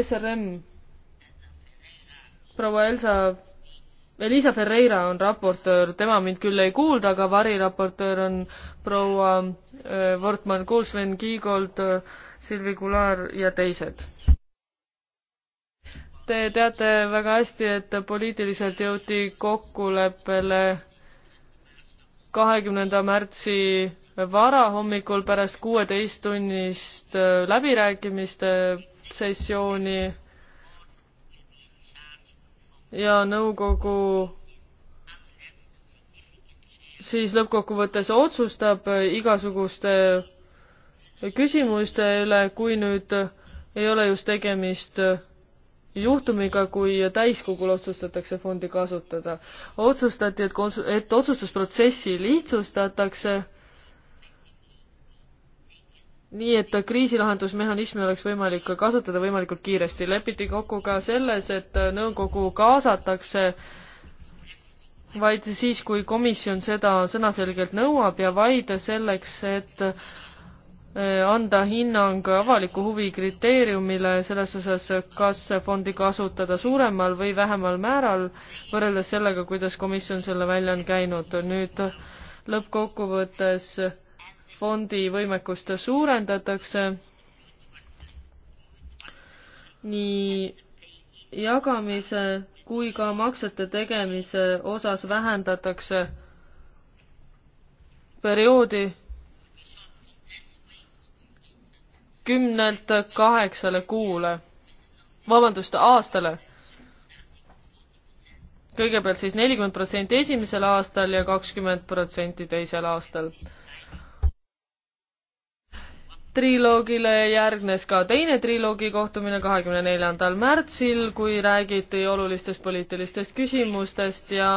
SRM. proua Elsa, Elisa Ferreira on raportöör, tema mind küll ei kuulda, aga variraportöör on proua äh, Wortmann, Kuulsven, Kiigold, äh, Silvi Kular ja teised Te teate väga hästi, et poliitiliselt jõuti kokkuleppele kahekümnenda märtsi varahommikul pärast kuueteisttunnist äh, läbirääkimiste sessiooni ja nõukogu siis lõppkokkuvõttes otsustab äh, igasuguste küsimuste üle, kui nüüd ei ole just tegemist äh, juhtumiga, kui täiskogul otsustatakse fondi kasutada. otsustati, et konsu-, et otsustusprotsessi lihtsustatakse nii, et kriisilahendusmehhanismi oleks võimalik kasutada võimalikult kiiresti. lepiti kokku ka selles, et nõukogu kaasatakse vaid siis, kui komisjon seda sõnaselgelt nõuab ja vaid selleks, et Äh, anda hinnang avaliku huvi kriteeriumile selles osas, kas fondi kasutada suuremal või vähemal määral, võrreldes sellega, kuidas komisjon selle välja on käinud. nüüd lõppkokkuvõttes fondi võimekust suurendatakse nii jagamise kui ka maksete tegemise osas vähendatakse perioodi kümnelt kaheksale kuule, vabandust, aastale. kõigepealt siis nelikümmend protsenti esimesel aastal ja kakskümmend protsenti teisel aastal. triloogile järgnes ka teine triloogi kohtumine kahekümne neljandal märtsil, kui räägiti olulistest poliitilistest küsimustest ja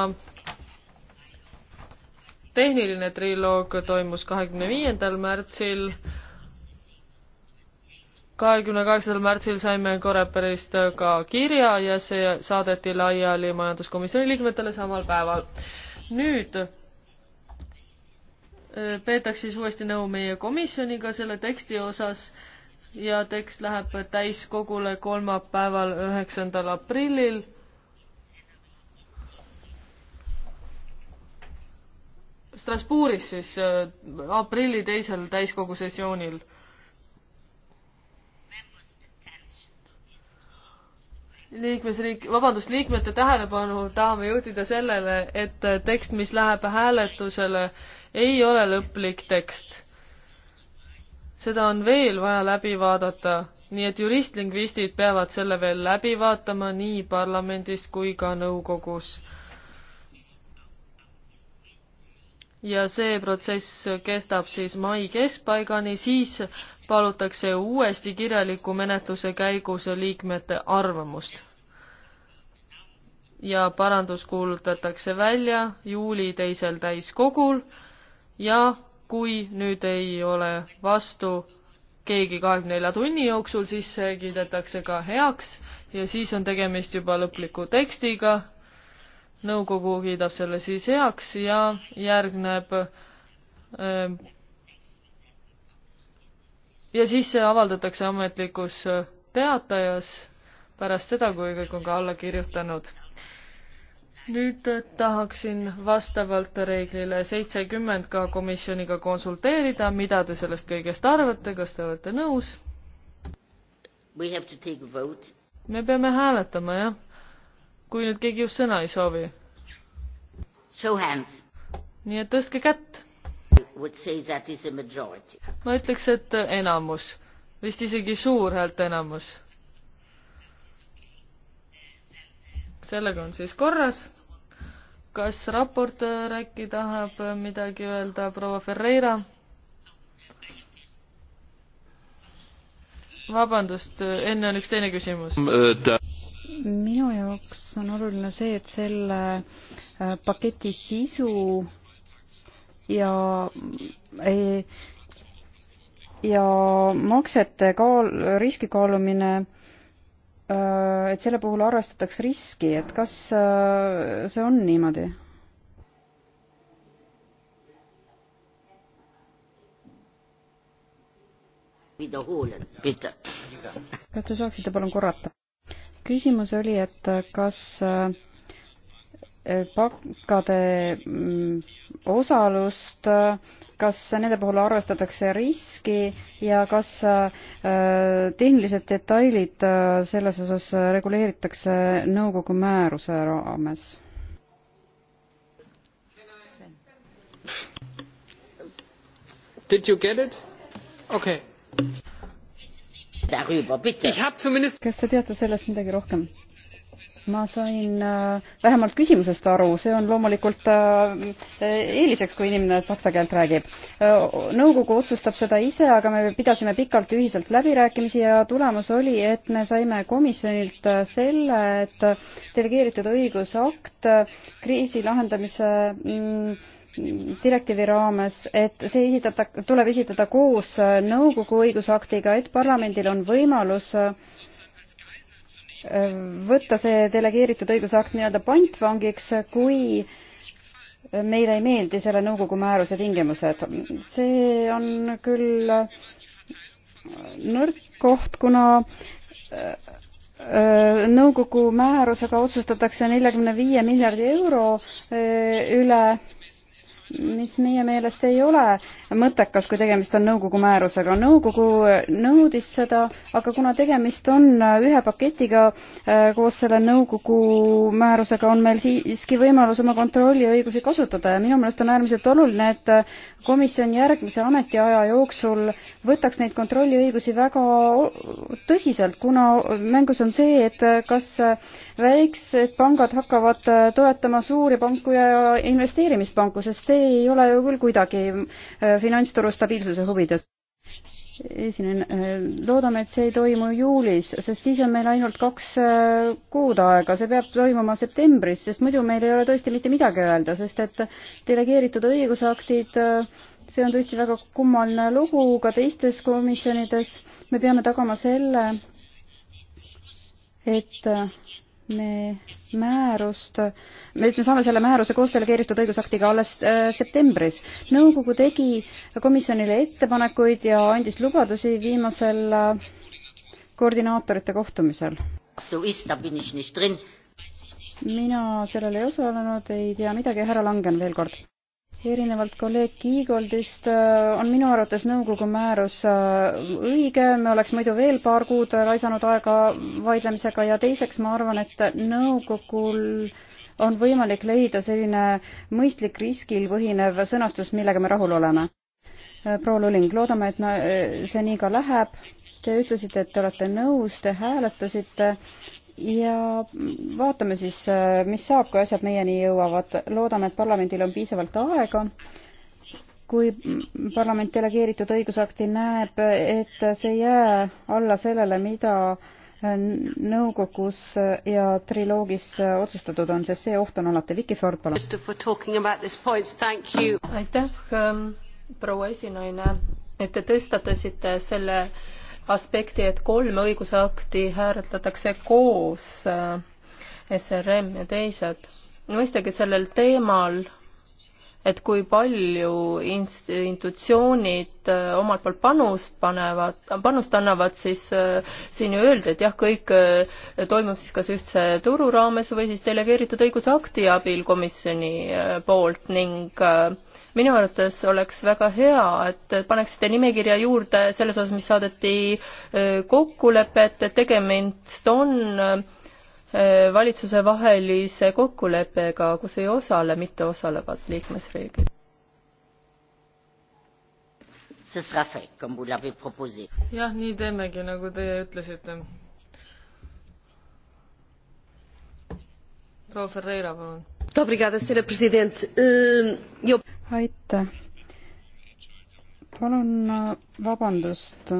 tehniline triloog toimus kahekümne viiendal märtsil kahekümne kaheksandal märtsil saime Koreperist ka kirja ja see saadeti laiali majanduskomisjoni liikmetele samal päeval. nüüd eh, peetakse siis uuesti nõu meie komisjoniga selle teksti osas ja tekst läheb täiskogule kolmapäeval, üheksandal aprillil. Strasbourgis siis eh, aprilli teisel täiskogu sessioonil liikmesriik, vabandust, liikmete tähelepanu tahame juhtida sellele, et tekst, mis läheb hääletusele, ei ole lõplik tekst. seda on veel vaja läbi vaadata, nii et juristlingvistid peavad selle veel läbi vaatama nii parlamendis kui ka nõukogus ja see protsess kestab siis mai keskpaigani, siis palutakse uuesti kirjaliku menetluse käigus liikmete arvamust. ja parandus kuulutatakse välja juuli teisel täiskogul ja kui nüüd ei ole vastu keegi kahekümne nelja tunni jooksul, siis see kiidetakse ka heaks ja siis on tegemist juba lõpliku tekstiga nõukogu kiidab selle siis heaks ja järgneb ähm, ja siis see avaldatakse ametlikus äh, teatajas pärast seda, kui kõik on ka alla kirjutanud. nüüd äh, tahaksin vastavalt reeglile seitsekümmend ka komisjoniga konsulteerida, mida te sellest kõigest arvate, kas te olete nõus? me peame hääletama, jah kui nüüd keegi just sõna ei soovi. nii et tõstke kätt. ma ütleks, et enamus, vist isegi suur häälteenamus. sellega on siis korras. kas raportöör äkki äh, tahab äh, midagi öelda, proua Ferreira? vabandust, äh, enne on üks teine küsimus. Ähm, minu jaoks on oluline see, et selle äh, paketi sisu ja ja maksete kaal, riski kaalumine, äh, et selle puhul arvestatakse riski, et kas äh, see on niimoodi? kas te saaksite palun korrata? küsimus oli, et kas eh, pankade mm, osalust, kas nende puhul arvestatakse riski ja kas eh, tehnilised detailid eh, selles osas reguleeritakse nõukogu määruse raames? Did you get it? Okay kas te teate sellest midagi rohkem? ma sain äh, vähemalt küsimusest aru, see on loomulikult äh, äh, eeliseks, kui inimene saksa keelt räägib. nõukogu otsustab seda ise, aga me pidasime pikalt ühiselt läbirääkimisi ja tulemus oli, et me saime komisjonilt selle, et delegeeritud õigusakt kriisi lahendamise mm, direktiivi raames, et see esitada, tuleb esitada koos äh, nõukogu õigusaktiga, et parlamendil on võimalus äh, võtta see delegeeritud õigusakt nii-öelda pantvangiks, kui meile ei meeldi selle nõukogu määruse tingimused. see on küll äh, nõrk koht, kuna nõukogu määrusega otsustatakse neljakümne viie miljardi euro üle mis meie meelest ei ole mõttekas, kui tegemist on nõukogu määrusega. nõukogu äh, nõudis seda, aga kuna tegemist on äh, ühe paketiga äh, koos selle nõukogu määrusega, on meil siiski võimalus oma kontrolliõigusi kasutada ja minu meelest on äärmiselt oluline, et komisjon järgmise ametiaja jooksul võtaks neid kontrolliõigusi väga tõsiselt, kuna mängus on see, et kas väiksed pangad hakkavad äh, toetama suuri panku ja investeerimispanku, sest see ei ole ju küll kuidagi äh, finantsturu stabiilsuse huvides esinen, äh, loodame, et see ei toimu juulis, sest siis on meil ainult kaks kuud aega, see peab toimuma septembris, sest muidu meil ei ole tõesti mitte midagi öelda, sest et delegeeritud õigusaktid, see on tõesti väga kummaline lugu ka teistes komisjonides, me peame tagama selle, et me määrust, et me saame selle määruse koos delegeeritud õigusaktiga alles äh, septembris. nõukogu tegi komisjonile ettepanekuid ja andis lubadusi viimasel äh, koordinaatorite kohtumisel. mina sellel ei osalenud, ei tea midagi, härra Langen veel kord erinevalt kolleeg Kiigoldist äh, on minu arvates nõukogu määrus äh, õige, me oleks muidu veel paar kuud raisanud aega vaidlemisega ja teiseks ma arvan, et nõukogul on võimalik leida selline mõistlik riskil põhinev sõnastus, millega me rahul oleme. Äh, proua Luling, loodame, et me, see nii ka läheb. Te ütlesite, et te olete nõus, te hääletasite ja vaatame siis, mis saab, kui asjad meieni jõuavad. loodame, et parlamendil on piisavalt aega. kui parlament delegeeritud õigusakti näeb, et see ei jää alla sellele, mida nõukogus ja triloogis otsustatud on, sest see oht on alati. Vicky Ford, palun. aitäh, ähm, proua esinaine, et te tõstatasite selle aspekti, et kolm õigusakti hääletatakse koos, äh, SRM ja teised. mõistagi sellel teemal, et kui palju institutsioonid äh, omalt poolt panust panevad, panust annavad, siis äh, siin ju öeldi, et jah, kõik toimub siis kas ühtse turu raames või siis delegeeritud õigusakti abil komisjoni poolt ning äh, minu arvates oleks väga hea, et paneksite nimekirja juurde selles osas, mis saadeti kokkulepet, et tegemist on valitsusevahelise kokkuleppega, kus ei osale mitteosalevad liikmesriigid. jah, nii teemegi, nagu teie ütlesite. proua Ferreira, palun aitäh. palun äh, vabandust.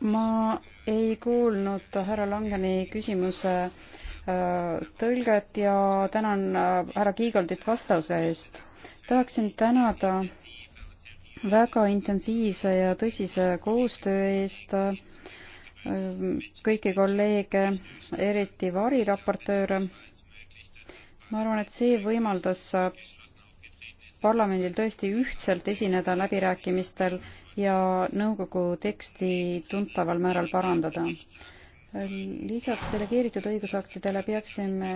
ma ei kuulnud härra Langeni küsimuse äh, tõlget ja tänan äh, härra Kiigoldit vastuse eest. tahaksin tänada väga intensiivse ja tõsise koostöö eest kõiki kolleege, eriti variraportööre ma arvan, et see võimaldas äh, parlamendil tõesti ühtselt esineda läbirääkimistel ja nõukogu teksti tuntaval määral parandada. Äh, lisaks delegeeritud õigusaktidele peaksime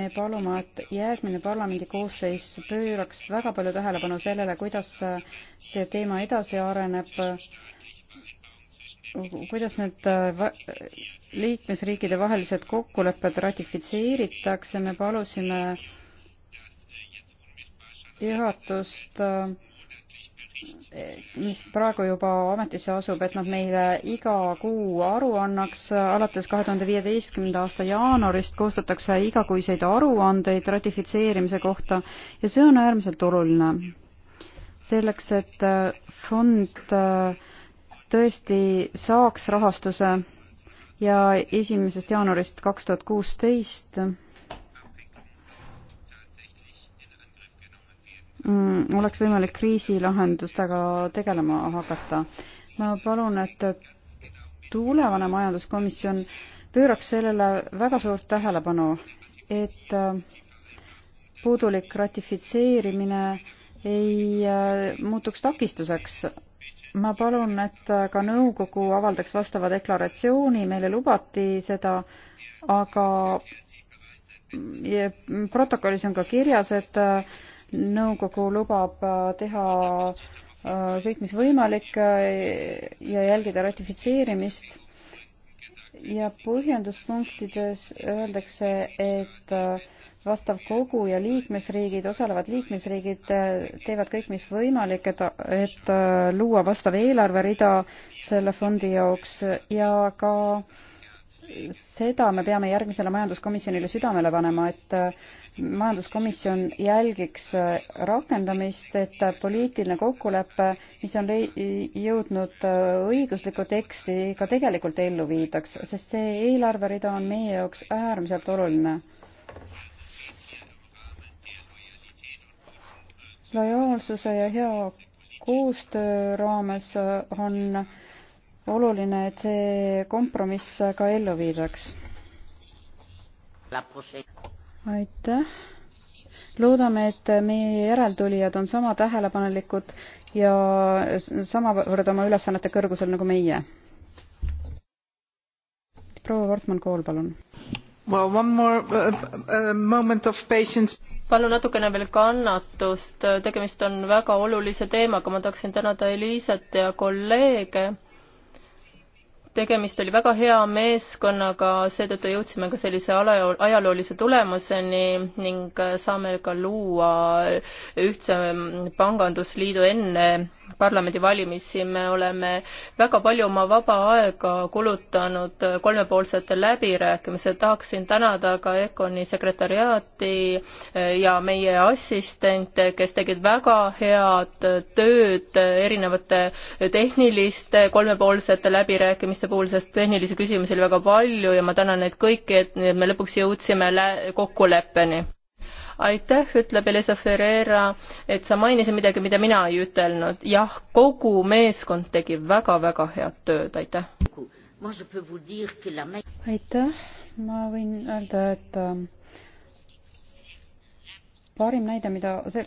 me paluma, et järgmine parlamendi koosseis pööraks väga palju tähelepanu sellele, kuidas äh, see teema edasi areneb Mhm. kuidas need äh, liikmesriikide vahelised kokkulepped ratifitseeritakse, me palusime juhatust, äh, mis praegu juba ametisse asub, et nad meile iga kuu aru annaks, alates kahe tuhande viieteistkümnenda aasta jaanuarist koostatakse igakuiseid aruandeid ratifitseerimise kohta ja see on äärmiselt oluline. selleks, et äh, fond äh, tõesti saaks rahastuse ja esimesest jaanuarist kaks tuhat kuusteist mm, oleks võimalik kriisilahendustega tegelema hakata. ma palun, et tulevane majanduskomisjon pööraks sellele väga suurt tähelepanu, et äh, puudulik ratifitseerimine ei äh, muutuks takistuseks ma palun, et ka nõukogu avaldaks vastava deklaratsiooni, meile lubati seda, aga protokollis on ka kirjas, et nõukogu lubab teha äh, kõik, mis võimalik äh, ja jälgida ratifitseerimist. ja põhjenduspunktides öeldakse, et äh, vastav kogu ja liikmesriigid, osalevad liikmesriigid äh, teevad kõik, mis võimalik, et, et äh, luua vastav eelarverida selle fondi jaoks ja ka seda me peame järgmisele majanduskomisjonile südamele panema, et äh, majanduskomisjon jälgiks rakendamist, et poliitiline kokkulepe, mis on jõudnud õiguslikku teksti, ka tegelikult ellu viidaks, sest see eelarverida on meie jaoks äärmiselt oluline lojaalsuse ja hea koostöö raames on oluline, et see kompromiss ka ellu viidaks. aitäh. loodame, et meie järeltulijad on sama tähelepanelikud ja samavõrd oma ülesannete kõrgusel nagu meie. proua Wortmann-Kool, palun. Well, one more uh, uh, moment of patience palun natukene veel kannatust, tegemist on väga olulise teemaga, ma tahaksin tänada Eliisat ja kolleege tegemist oli väga hea meeskonnaga, seetõttu jõudsime ka sellise ala, ajaloolise tulemuseni ning saame ka luua ühtse pangandusliidu enne parlamendivalimisi. me oleme väga palju oma vaba aega kulutanud kolmepoolsete läbirääkimised. tahaksin tänada ka EKONi sekretariaati ja meie assistente, kes tegid väga head tööd erinevate tehniliste kolmepoolsete läbirääkimiste valimiste puhul, sest tehnilisi küsimusi oli väga palju ja ma tänan neid kõiki, et me lõpuks jõudsime kokkuleppeni. aitäh, ütleb Elisa Ferreira, et sa mainisid midagi, mida mina ei ütelnud. jah, kogu meeskond tegi väga-väga head tööd, aitäh. aitäh, ma võin öelda, et ähm, parim näide, mida see,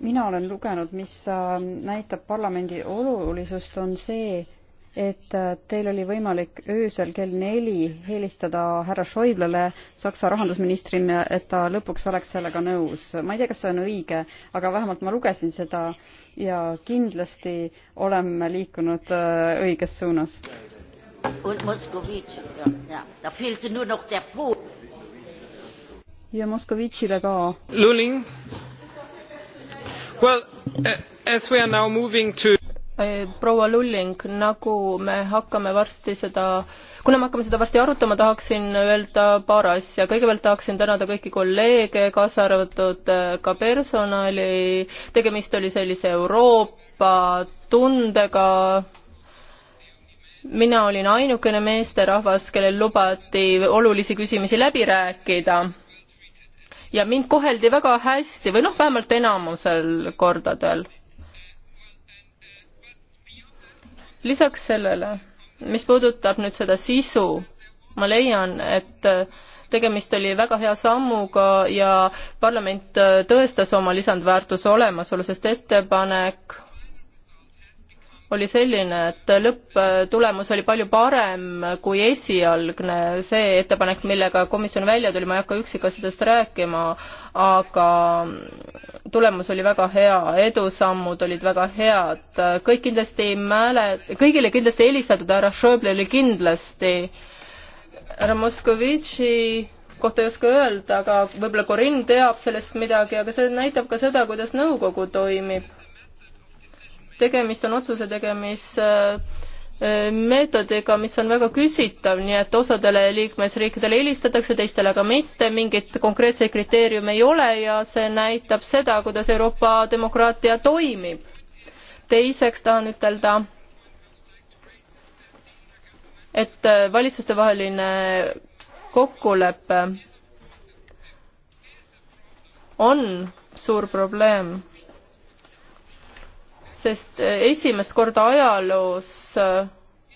mina olen lugenud, mis ähm, näitab parlamendi olulisust, on see, et äh, teil oli võimalik öösel kell neli helistada härra Schäublele, Saksa rahandusministrile, et ta lõpuks oleks sellega nõus. ma ei tea, kas see on õige, aga vähemalt ma lugesin seda ja kindlasti oleme liikunud äh, õiges suunas. ja Moskovitšile ka. Luling. Well, as we are now moving to Eh, proua Lulling, nagu me hakkame varsti seda, kuna me hakkame seda varsti arutama, tahaksin öelda paar asja. kõigepealt tahaksin tänada kõiki kolleege, kaasa arvatud eh, ka personali. tegemist oli sellise Euroopa tundega. mina olin ainukene meesterahvas, kellel lubati olulisi küsimusi läbi rääkida ja mind koheldi väga hästi või noh, vähemalt enamusel kordadel lisaks sellele, mis puudutab nüüd seda sisu, ma leian, et äh, tegemist oli väga hea sammuga ja parlament äh, tõestas oma lisandväärtuse olemasolu, sest ettepanek oli selline, et lõpptulemus oli palju parem kui esialgne, see ettepanek, millega komisjon välja tuli, ma ei hakka üksikasjadest rääkima, aga tulemus oli väga hea, edusammud olid väga head, kõik kindlasti mäle-, kõigile kindlasti helistatud, härra Schäuble oli kindlasti, härra Moskovitši kohta ei oska öelda, aga võib-olla Corinne teab sellest midagi, aga see näitab ka seda, kuidas nõukogu toimib tegemist on otsuse tegemis äh, äh, meetodiga, mis on väga küsitav, nii et osadele liikmesriikidele helistatakse, teistele aga mitte, mingit konkreetseid kriteeriume ei ole ja see näitab seda, kuidas Euroopa demokraatia toimib. teiseks tahan ütelda, et äh, valitsustevaheline kokkulepe on suur probleem sest eh, esimest korda ajaloos eh,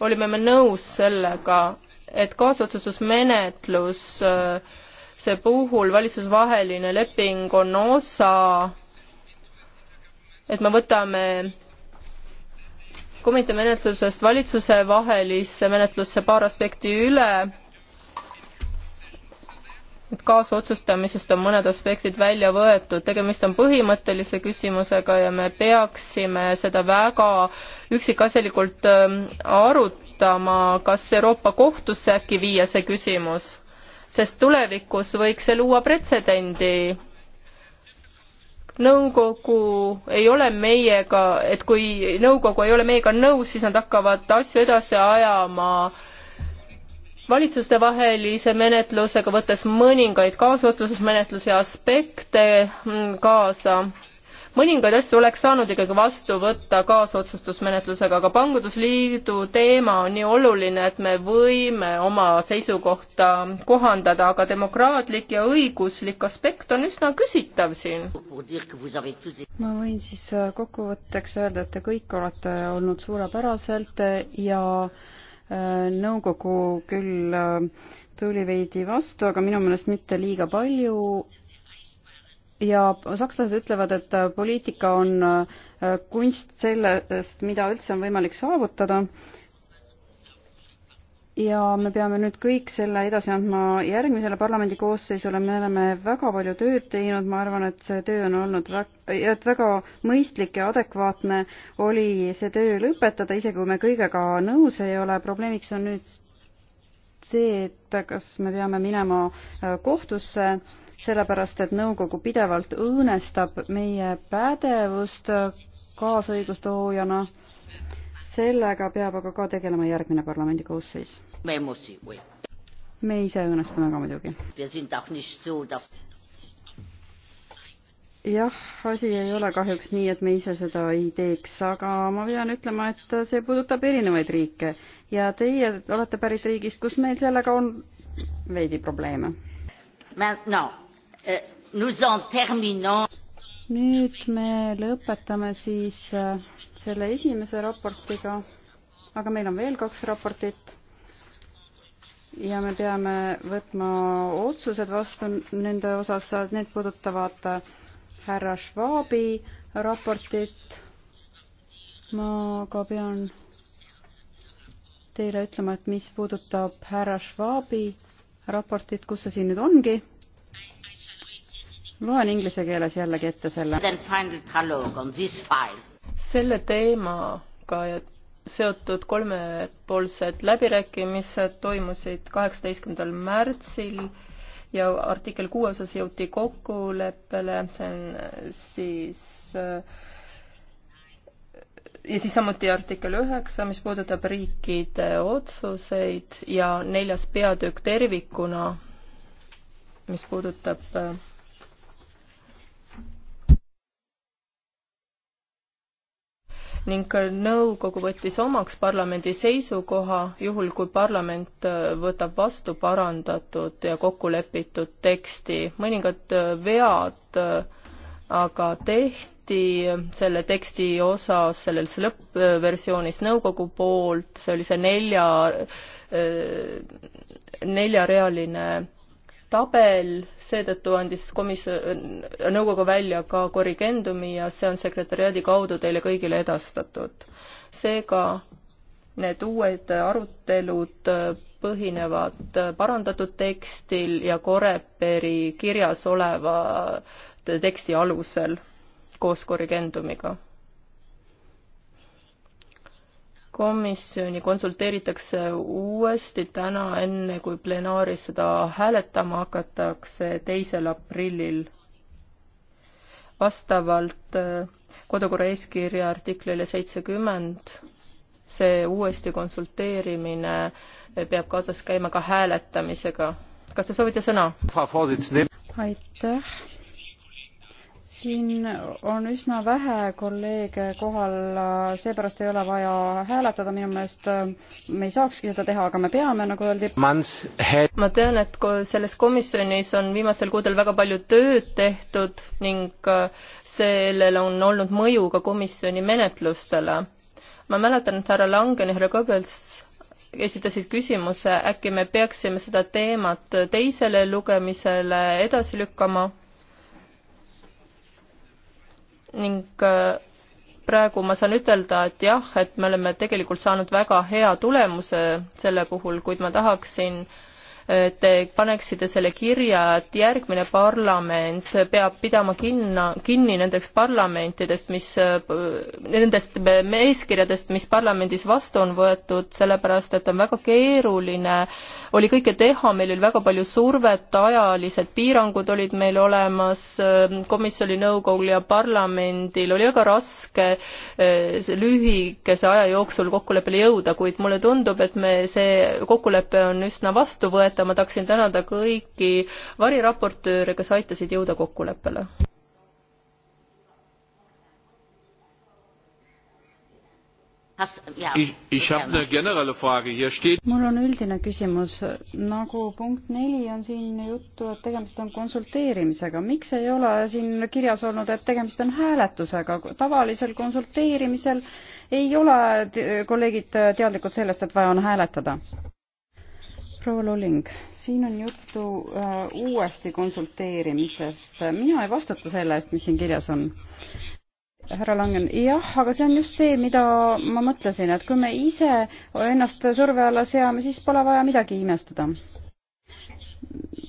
olime me nõus sellega, et kaasotsustusmenetlus eh, see puhul valitsusvaheline leping on osa, et me võtame komitee menetlusest valitsuse vahelisse menetlusse paar aspekti üle et kaasotsustamisest on mõned aspektid välja võetud, tegemist on põhimõttelise küsimusega ja me peaksime seda väga üksikasjalikult ähm, arutama, kas Euroopa Kohtusse äkki viia see küsimus, sest tulevikus võiks see luua pretsedendi. nõukogu ei ole meiega, et kui nõukogu ei ole meiega nõus, siis nad hakkavad asju edasi ajama valitsustevahelise menetlusega, võttes mõningaid kaasotsusmenetluse aspekte mm, kaasa. mõningaid asju oleks saanud ikkagi vastu võtta kaasotsustusmenetlusega, aga Pangandusliidu teema on nii oluline, et me võime oma seisukohta kohandada, aga demokraatlik ja õiguslik aspekt on üsna küsitav siin. ma võin siis kokkuvõtteks öelda, et te kõik olete olnud suurepäraselt ja nõukogu küll äh, tuli veidi vastu, aga minu meelest mitte liiga palju. ja sakslased ütlevad, et äh, poliitika on äh, kunst sellest, mida üldse on võimalik saavutada ja me peame nüüd kõik selle edasi andma järgmisele parlamendikoosseisule, me oleme väga palju tööd teinud, ma arvan, et see töö on olnud väga, et väga mõistlik ja adekvaatne oli see töö lõpetada, isegi kui me kõigega nõus ei ole, probleemiks on nüüd see, et kas me peame minema äh, kohtusse, sellepärast et nõukogu pidevalt õõnestab meie pädevust äh, kaasõigusloojana sellega peab aga ka tegelema järgmine parlamendi koosseis me ise õõnestame ka muidugi. jah, asi ei ole kahjuks nii, et me ise seda ei teeks, aga ma pean ütlema, et see puudutab erinevaid riike ja teie olete pärit riigist, kus meil sellega on veidi probleeme. Euh, nüüd me lõpetame siis äh, selle esimese raportiga, aga meil on veel kaks raportit ja me peame võtma otsused vastu nende osas, need puudutavad härra Schwabi raportit. ma ka pean teile ütlema, et mis puudutab härra Schwabi raportit, kus see siin nüüd ongi? loen inglise keeles jällegi ette selle. selle teemaga ja seotud kolmepoolsed läbirääkimised toimusid kaheksateistkümnendal märtsil ja artikkel kuue osas jõuti kokkuleppele, see on äh, siis äh, ja siis samuti artikkel üheksa, mis puudutab riikide otsuseid ja neljas peatükk tervikuna, mis puudutab äh, ning nõukogu võttis omaks parlamendi seisukoha, juhul kui parlament äh, võtab vastu parandatud ja kokkulepitud teksti. mõningad äh, vead äh, aga tehti selle teksti osas, selles lõppversioonis nõukogu poolt, see oli see nelja, neljarealine tabel, seetõttu andis komisjon, nõukogu välja ka korrigendumi ja see on sekretäriaadi kaudu teile kõigile edastatud. seega need uued arutelud põhinevad parandatud tekstil ja Coreperi kirjas oleva teksti alusel koos korrigendumiga komisjoni konsulteeritakse uuesti täna, enne kui plenaaris seda hääletama hakatakse teisel aprillil. vastavalt äh, kodukorra eeskirja artiklile seitsekümmend see uuesti konsulteerimine äh, peab kaasas käima ka hääletamisega. kas te soovite sõna? aitäh, siin on üsna vähe kolleege kohal, seepärast ei ole vaja hääletada, minu meelest me ei saakski seda teha, aga me peame, nagu öeldi. ma tean, et selles komisjonis on viimastel kuudel väga palju tööd tehtud ning äh, sellel on olnud mõju ka komisjoni menetlustele. ma mäletan, et härra Langen ja härra Goebbels esitasid küsimuse, äkki me peaksime seda teemat teisele lugemisele edasi lükkama ning äh, praegu ma saan ütelda, et jah, et me oleme tegelikult saanud väga hea tulemuse selle puhul, kuid ma tahaksin äh, te paneksite selle kirja, et järgmine parlament peab pidama kinna, kinni nendeks parlamentidest, mis, nendest eeskirjadest, mis parlamendis vastu on võetud, sellepärast et on väga keeruline, oli kõike teha, meil oli väga palju survet, ajalised piirangud olid meil olemas, komisjoni, nõukogul ja parlamendil oli väga raske lühikese aja jooksul kokkuleppele jõuda, kuid mulle tundub, et me, see kokkulepe on üsna vastuvõetav, juhataja, ma tahaksin tänada kõiki variraportööre, kes aitasid jõuda kokkuleppele. mul on üldine küsimus, nagu punkt neli on siin juttu, et tegemist on konsulteerimisega, miks ei ole siin kirjas olnud, et tegemist on hääletusega, tavalisel konsulteerimisel ei ole eh, kolleegid teadlikud sellest, et vaja on hääletada? proua Luling, siin on juttu äh, uuesti konsulteerimisest. mina ei vastuta selle eest, mis siin kirjas on. härra Langen, jah, aga see on just see, mida ma mõtlesin, et kui me ise ennast surve alla seame, siis pole vaja midagi imestada.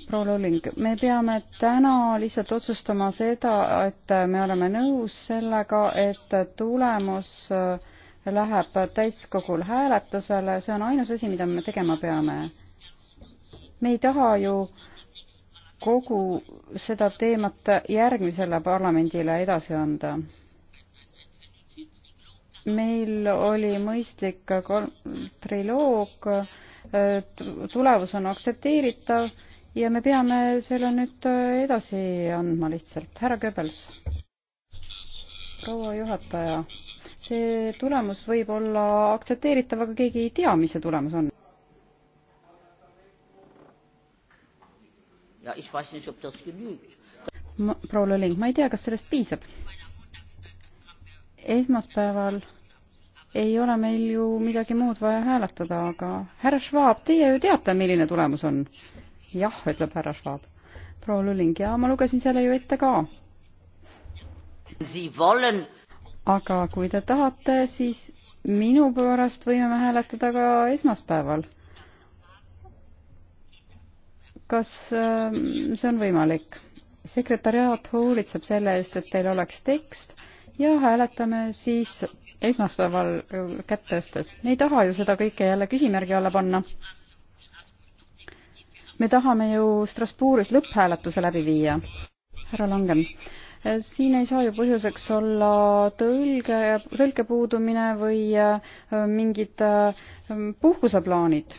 proua Luling, me peame täna lihtsalt otsustama seda, et me oleme nõus sellega, et tulemus äh, läheb täiskogul hääletusele, see on ainus asi, mida me tegema peame me ei taha ju kogu seda teemat järgmisele parlamendile edasi anda. meil oli mõistlik triloog, tulemus on aktsepteeritav ja me peame selle nüüd edasi andma lihtsalt. härra Goebbels, proua juhataja, see tulemus võib olla aktsepteeritav, aga keegi ei tea, mis see tulemus on proua Lulling, ma ei tea, kas sellest piisab. esmaspäeval ei ole meil ju midagi muud vaja hääletada, aga härra Schwab, teie ju teate, milline tulemus on? jah, ütleb härra Schwab. proua Lulling, ja ma lugesin selle ju ette ka. aga kui te tahate, siis minu pärast võime hääletada ka esmaspäeval kas ähm, see on võimalik? sekretäriaat hoolitseb selle eest, et teil oleks tekst ja hääletame siis esmaspäeval äh, kätt tõstes. me ei taha ju seda kõike jälle küsimärgi alla panna. me tahame ju Strasbourgis lõpphääletuse läbi viia. härra Langen, äh, siin ei saa ju põhjuseks olla tõlge, tõlke puudumine või äh, mingid puhkuseplaanid.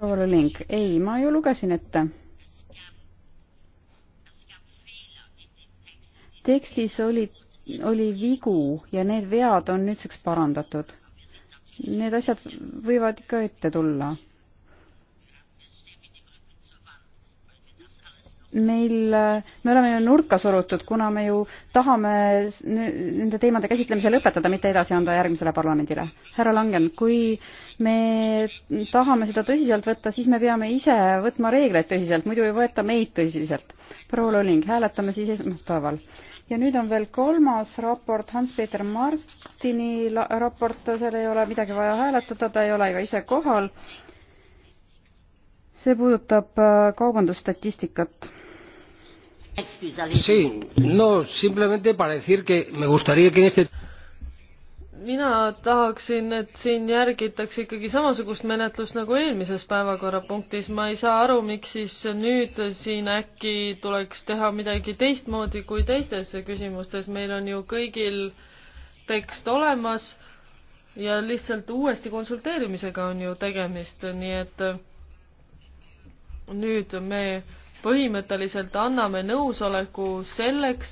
proua Lulling, ei, ma ju lugesin ette tekstis oli, oli vigu ja need vead on nüüdseks parandatud. Need asjad võivad ikka ette tulla meil, me oleme ju nurka surutud, kuna me ju tahame nende teemade käsitlemise lõpetada, mitte edasi anda järgmisele parlamendile. härra Langen, kui me tahame seda tõsiselt võtta, siis me peame ise võtma reegleid tõsiselt, muidu ei võeta meid tõsiselt. proua Loling, hääletame siis esmaspäeval. ja nüüd on veel kolmas raport, Hans-Peter Martini raport, seal ei ole midagi vaja hääletada, ta ei ole ka ise kohal see puudutab äh, kaubandusstatistikat Sí, no, simplemente para decir que me gustaría que en este mina tahaksin, et siin järgitakse ikkagi samasugust menetlust nagu eelmises päevakorrapunktis. ma ei saa aru, miks siis nüüd siin äkki tuleks teha midagi teistmoodi kui teistes küsimustes. meil on ju kõigil tekst olemas ja lihtsalt uuesti konsulteerimisega on ju tegemist, nii et nüüd me äh, põhimõtteliselt anname nõusoleku selleks,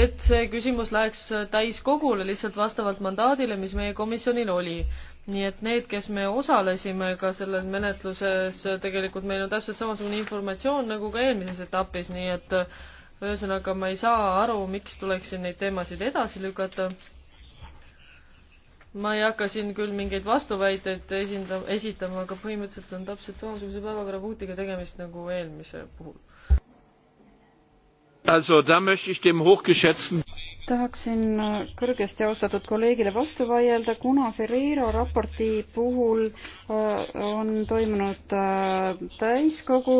et see küsimus läheks täiskogule lihtsalt vastavalt mandaadile, mis meie komisjonil oli. nii et need, kes me osalesime ka selles menetluses, tegelikult meil on täpselt samasugune informatsioon nagu ka eelmises etapis, nii et ühesõnaga ma ei saa aru, miks tuleks siin neid teemasid edasi lükata ma ei hakka siin küll mingeid vastuväiteid esinda-, esitama, aga põhimõtteliselt on täpselt samasuguse päevakorrapunktiga tegemist nagu eelmise puhul. tahaksin äh, kõrgesti austatud kolleegile vastu vaielda, kuna Ferreira raporti puhul äh, on toimunud äh, täiskogu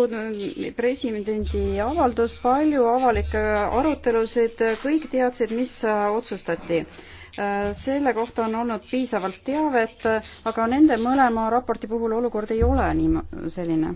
presidendi avaldus, palju avalikke arutelusid, kõik teadsid, mis otsustati Äh, selle kohta on olnud piisavalt teavet, aga nende mõlema raporti puhul olukord ei ole nii selline.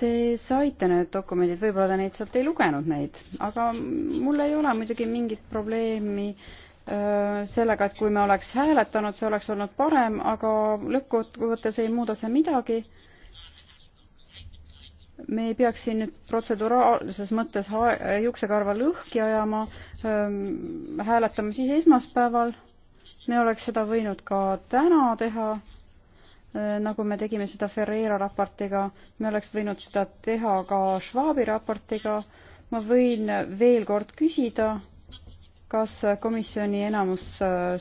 Te saite need dokumendid, võib-olla te neid sealt ei lugenud neid, aga mul ei ole muidugi mingit probleemi äh, sellega, et kui me oleks hääletanud, see oleks olnud parem, aga lõppkokkuvõttes ei muuda see midagi me ei peaks siin nüüd protseduraalses mõttes äh, juuksekarva lõhki ajama, hääletame siis esmaspäeval. me oleks seda võinud ka täna teha, nagu me tegime seda Ferreira raportiga, me oleks võinud seda teha ka Schwabi raportiga. ma võin veel kord küsida, kas komisjoni enamus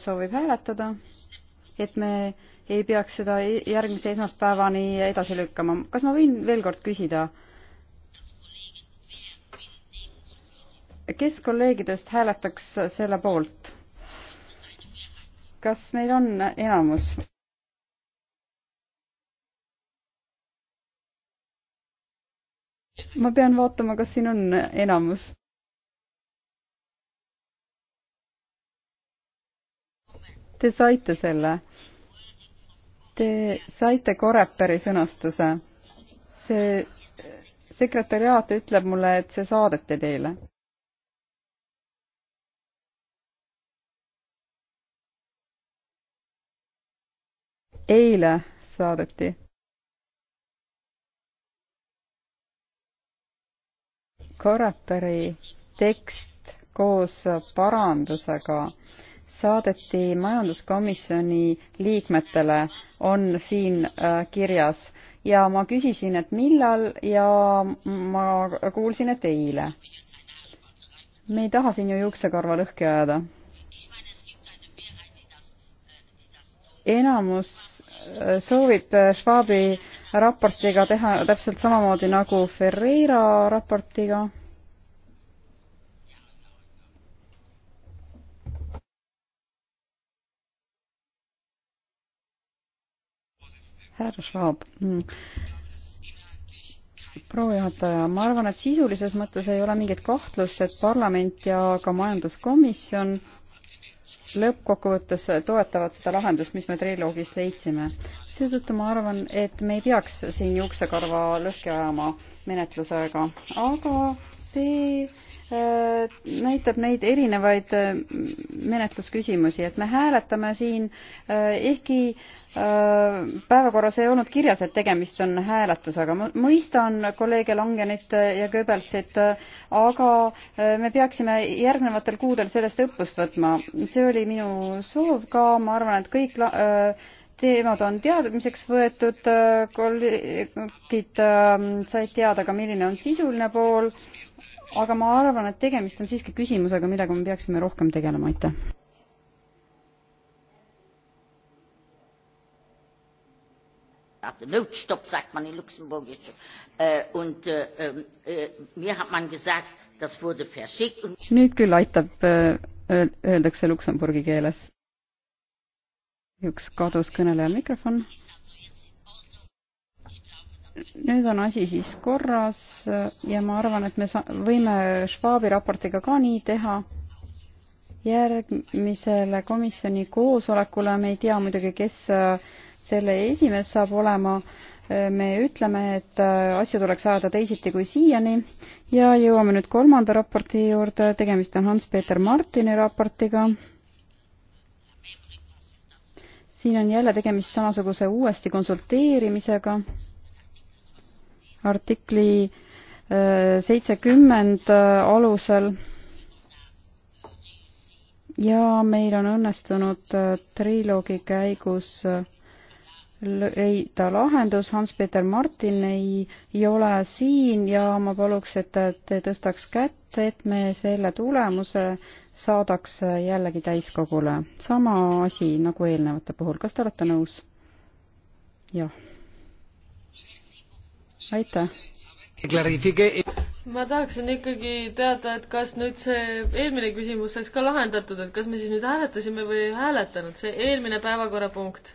soovib hääletada, et me ei peaks seda e-, järgmise esmaspäevani edasi lükkama. kas ma võin veel kord küsida? kes kolleegidest hääletaks selle poolt? kas meil on enamus? ma pean vaatama, kas siin on enamus. Te saite selle Te saite Koreperi sõnastuse. see sekretäriaat ütleb mulle, et see saadeti teile. eile saadeti. Koreperi tekst koos parandusega saadeti majanduskomisjoni liikmetele, on siin äh, kirjas ja ma küsisin, et millal ja ma kuulsin, et eile. me ei taha siin ju juuksekarva lõhki ajada. enamus äh, soovib äh, Schwabi raportiga teha täpselt samamoodi nagu Ferreira raportiga härra Švaab hmm. proua juhataja, ma arvan, et sisulises mõttes ei ole mingit kahtlust, et parlament ja ka majanduskomisjon lõppkokkuvõttes toetavad seda lahendust, mis me triloogis leidsime. seetõttu ma arvan, et me ei peaks siin juuksekarva lõhki ajama menetlusega, aga see näitab neid erinevaid äh, menetlusküsimusi, et me hääletame siin, äh, ehkki äh, päevakorras ei olnud kirjas, et tegemist on hääletusega. ma mõistan kolleege Langenit ja Goebbelsit, aga me peaksime järgnevatel kuudel sellest õppust võtma. see oli minu soov ka, ma arvan, et kõik teemad on teadmiseks võetud, kolleegid said teada ka, milline on sisuline pool aga ma arvan, et tegemist on siiski küsimusega, millega me peaksime rohkem tegelema, aitäh. nach dem Notstopp sagt man in Luxemburg jetzt schon. Äh, und äh, ähm, äh, mir hat man gesagt, das wurde verschickt. Und Nüüd küll aitab, äh, äh, öeldakse Luxemburgi keeles. üks kadus kõnelejal mikrofon nüüd on asi siis korras ja ma arvan, et me võime Schwabi raportiga ka nii teha. järgmisele komisjoni koosolekule, me ei tea muidugi, kes äh, selle esimees saab olema, äh, me ütleme, et äh, asju tuleks ajada teisiti kui siiani ja jõuame nüüd kolmanda raporti juurde, tegemist on Hans-Peter Martini raportiga siin on jälle tegemist samasuguse uuesti konsulteerimisega artikli äh, seitsekümmend äh, alusel. ja meil on õnnestunud äh, triloogi käigus leida lahendus, Hans-Peter Martin ei, ei ole siin ja ma paluks, et te tõstaks kätt, et me selle tulemuse saadaks jällegi täiskogule. sama asi nagu eelnevate puhul, kas te olete nõus? jah aitäh! ma tahaksin ikkagi teada, et kas nüüd see eelmine küsimus saaks ka lahendatud, et kas me siis nüüd hääletasime või ei hääletanud, see eelmine päevakorrapunkt.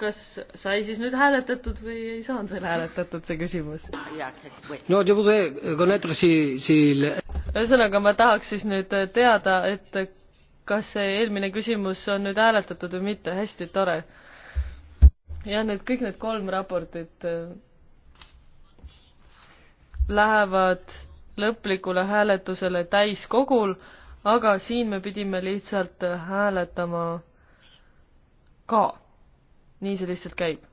kas sai siis nüüd hääletatud või ei saanud veel hääletatud, see küsimus? ühesõnaga, ma tahaks siis nüüd teada, et kas see eelmine küsimus on nüüd hääletatud või mitte, hästi tore. ja nüüd kõik need kolm raportit lähevad lõplikule hääletusele täiskogul, aga siin me pidime lihtsalt hääletama ka. nii see lihtsalt käib.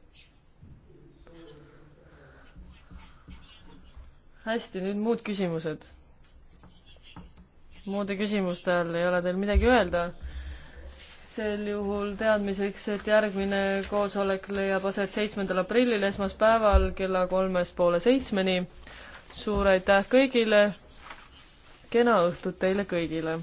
hästi, nüüd muud küsimused. muude küsimuste all ei ole teil midagi öelda? sel juhul teadmiseks, et järgmine koosolek leiab aset seitsmendal aprillil esmaspäeval kella kolmest poole seitsmeni suur aitäh kõigile, kena õhtut teile kõigile!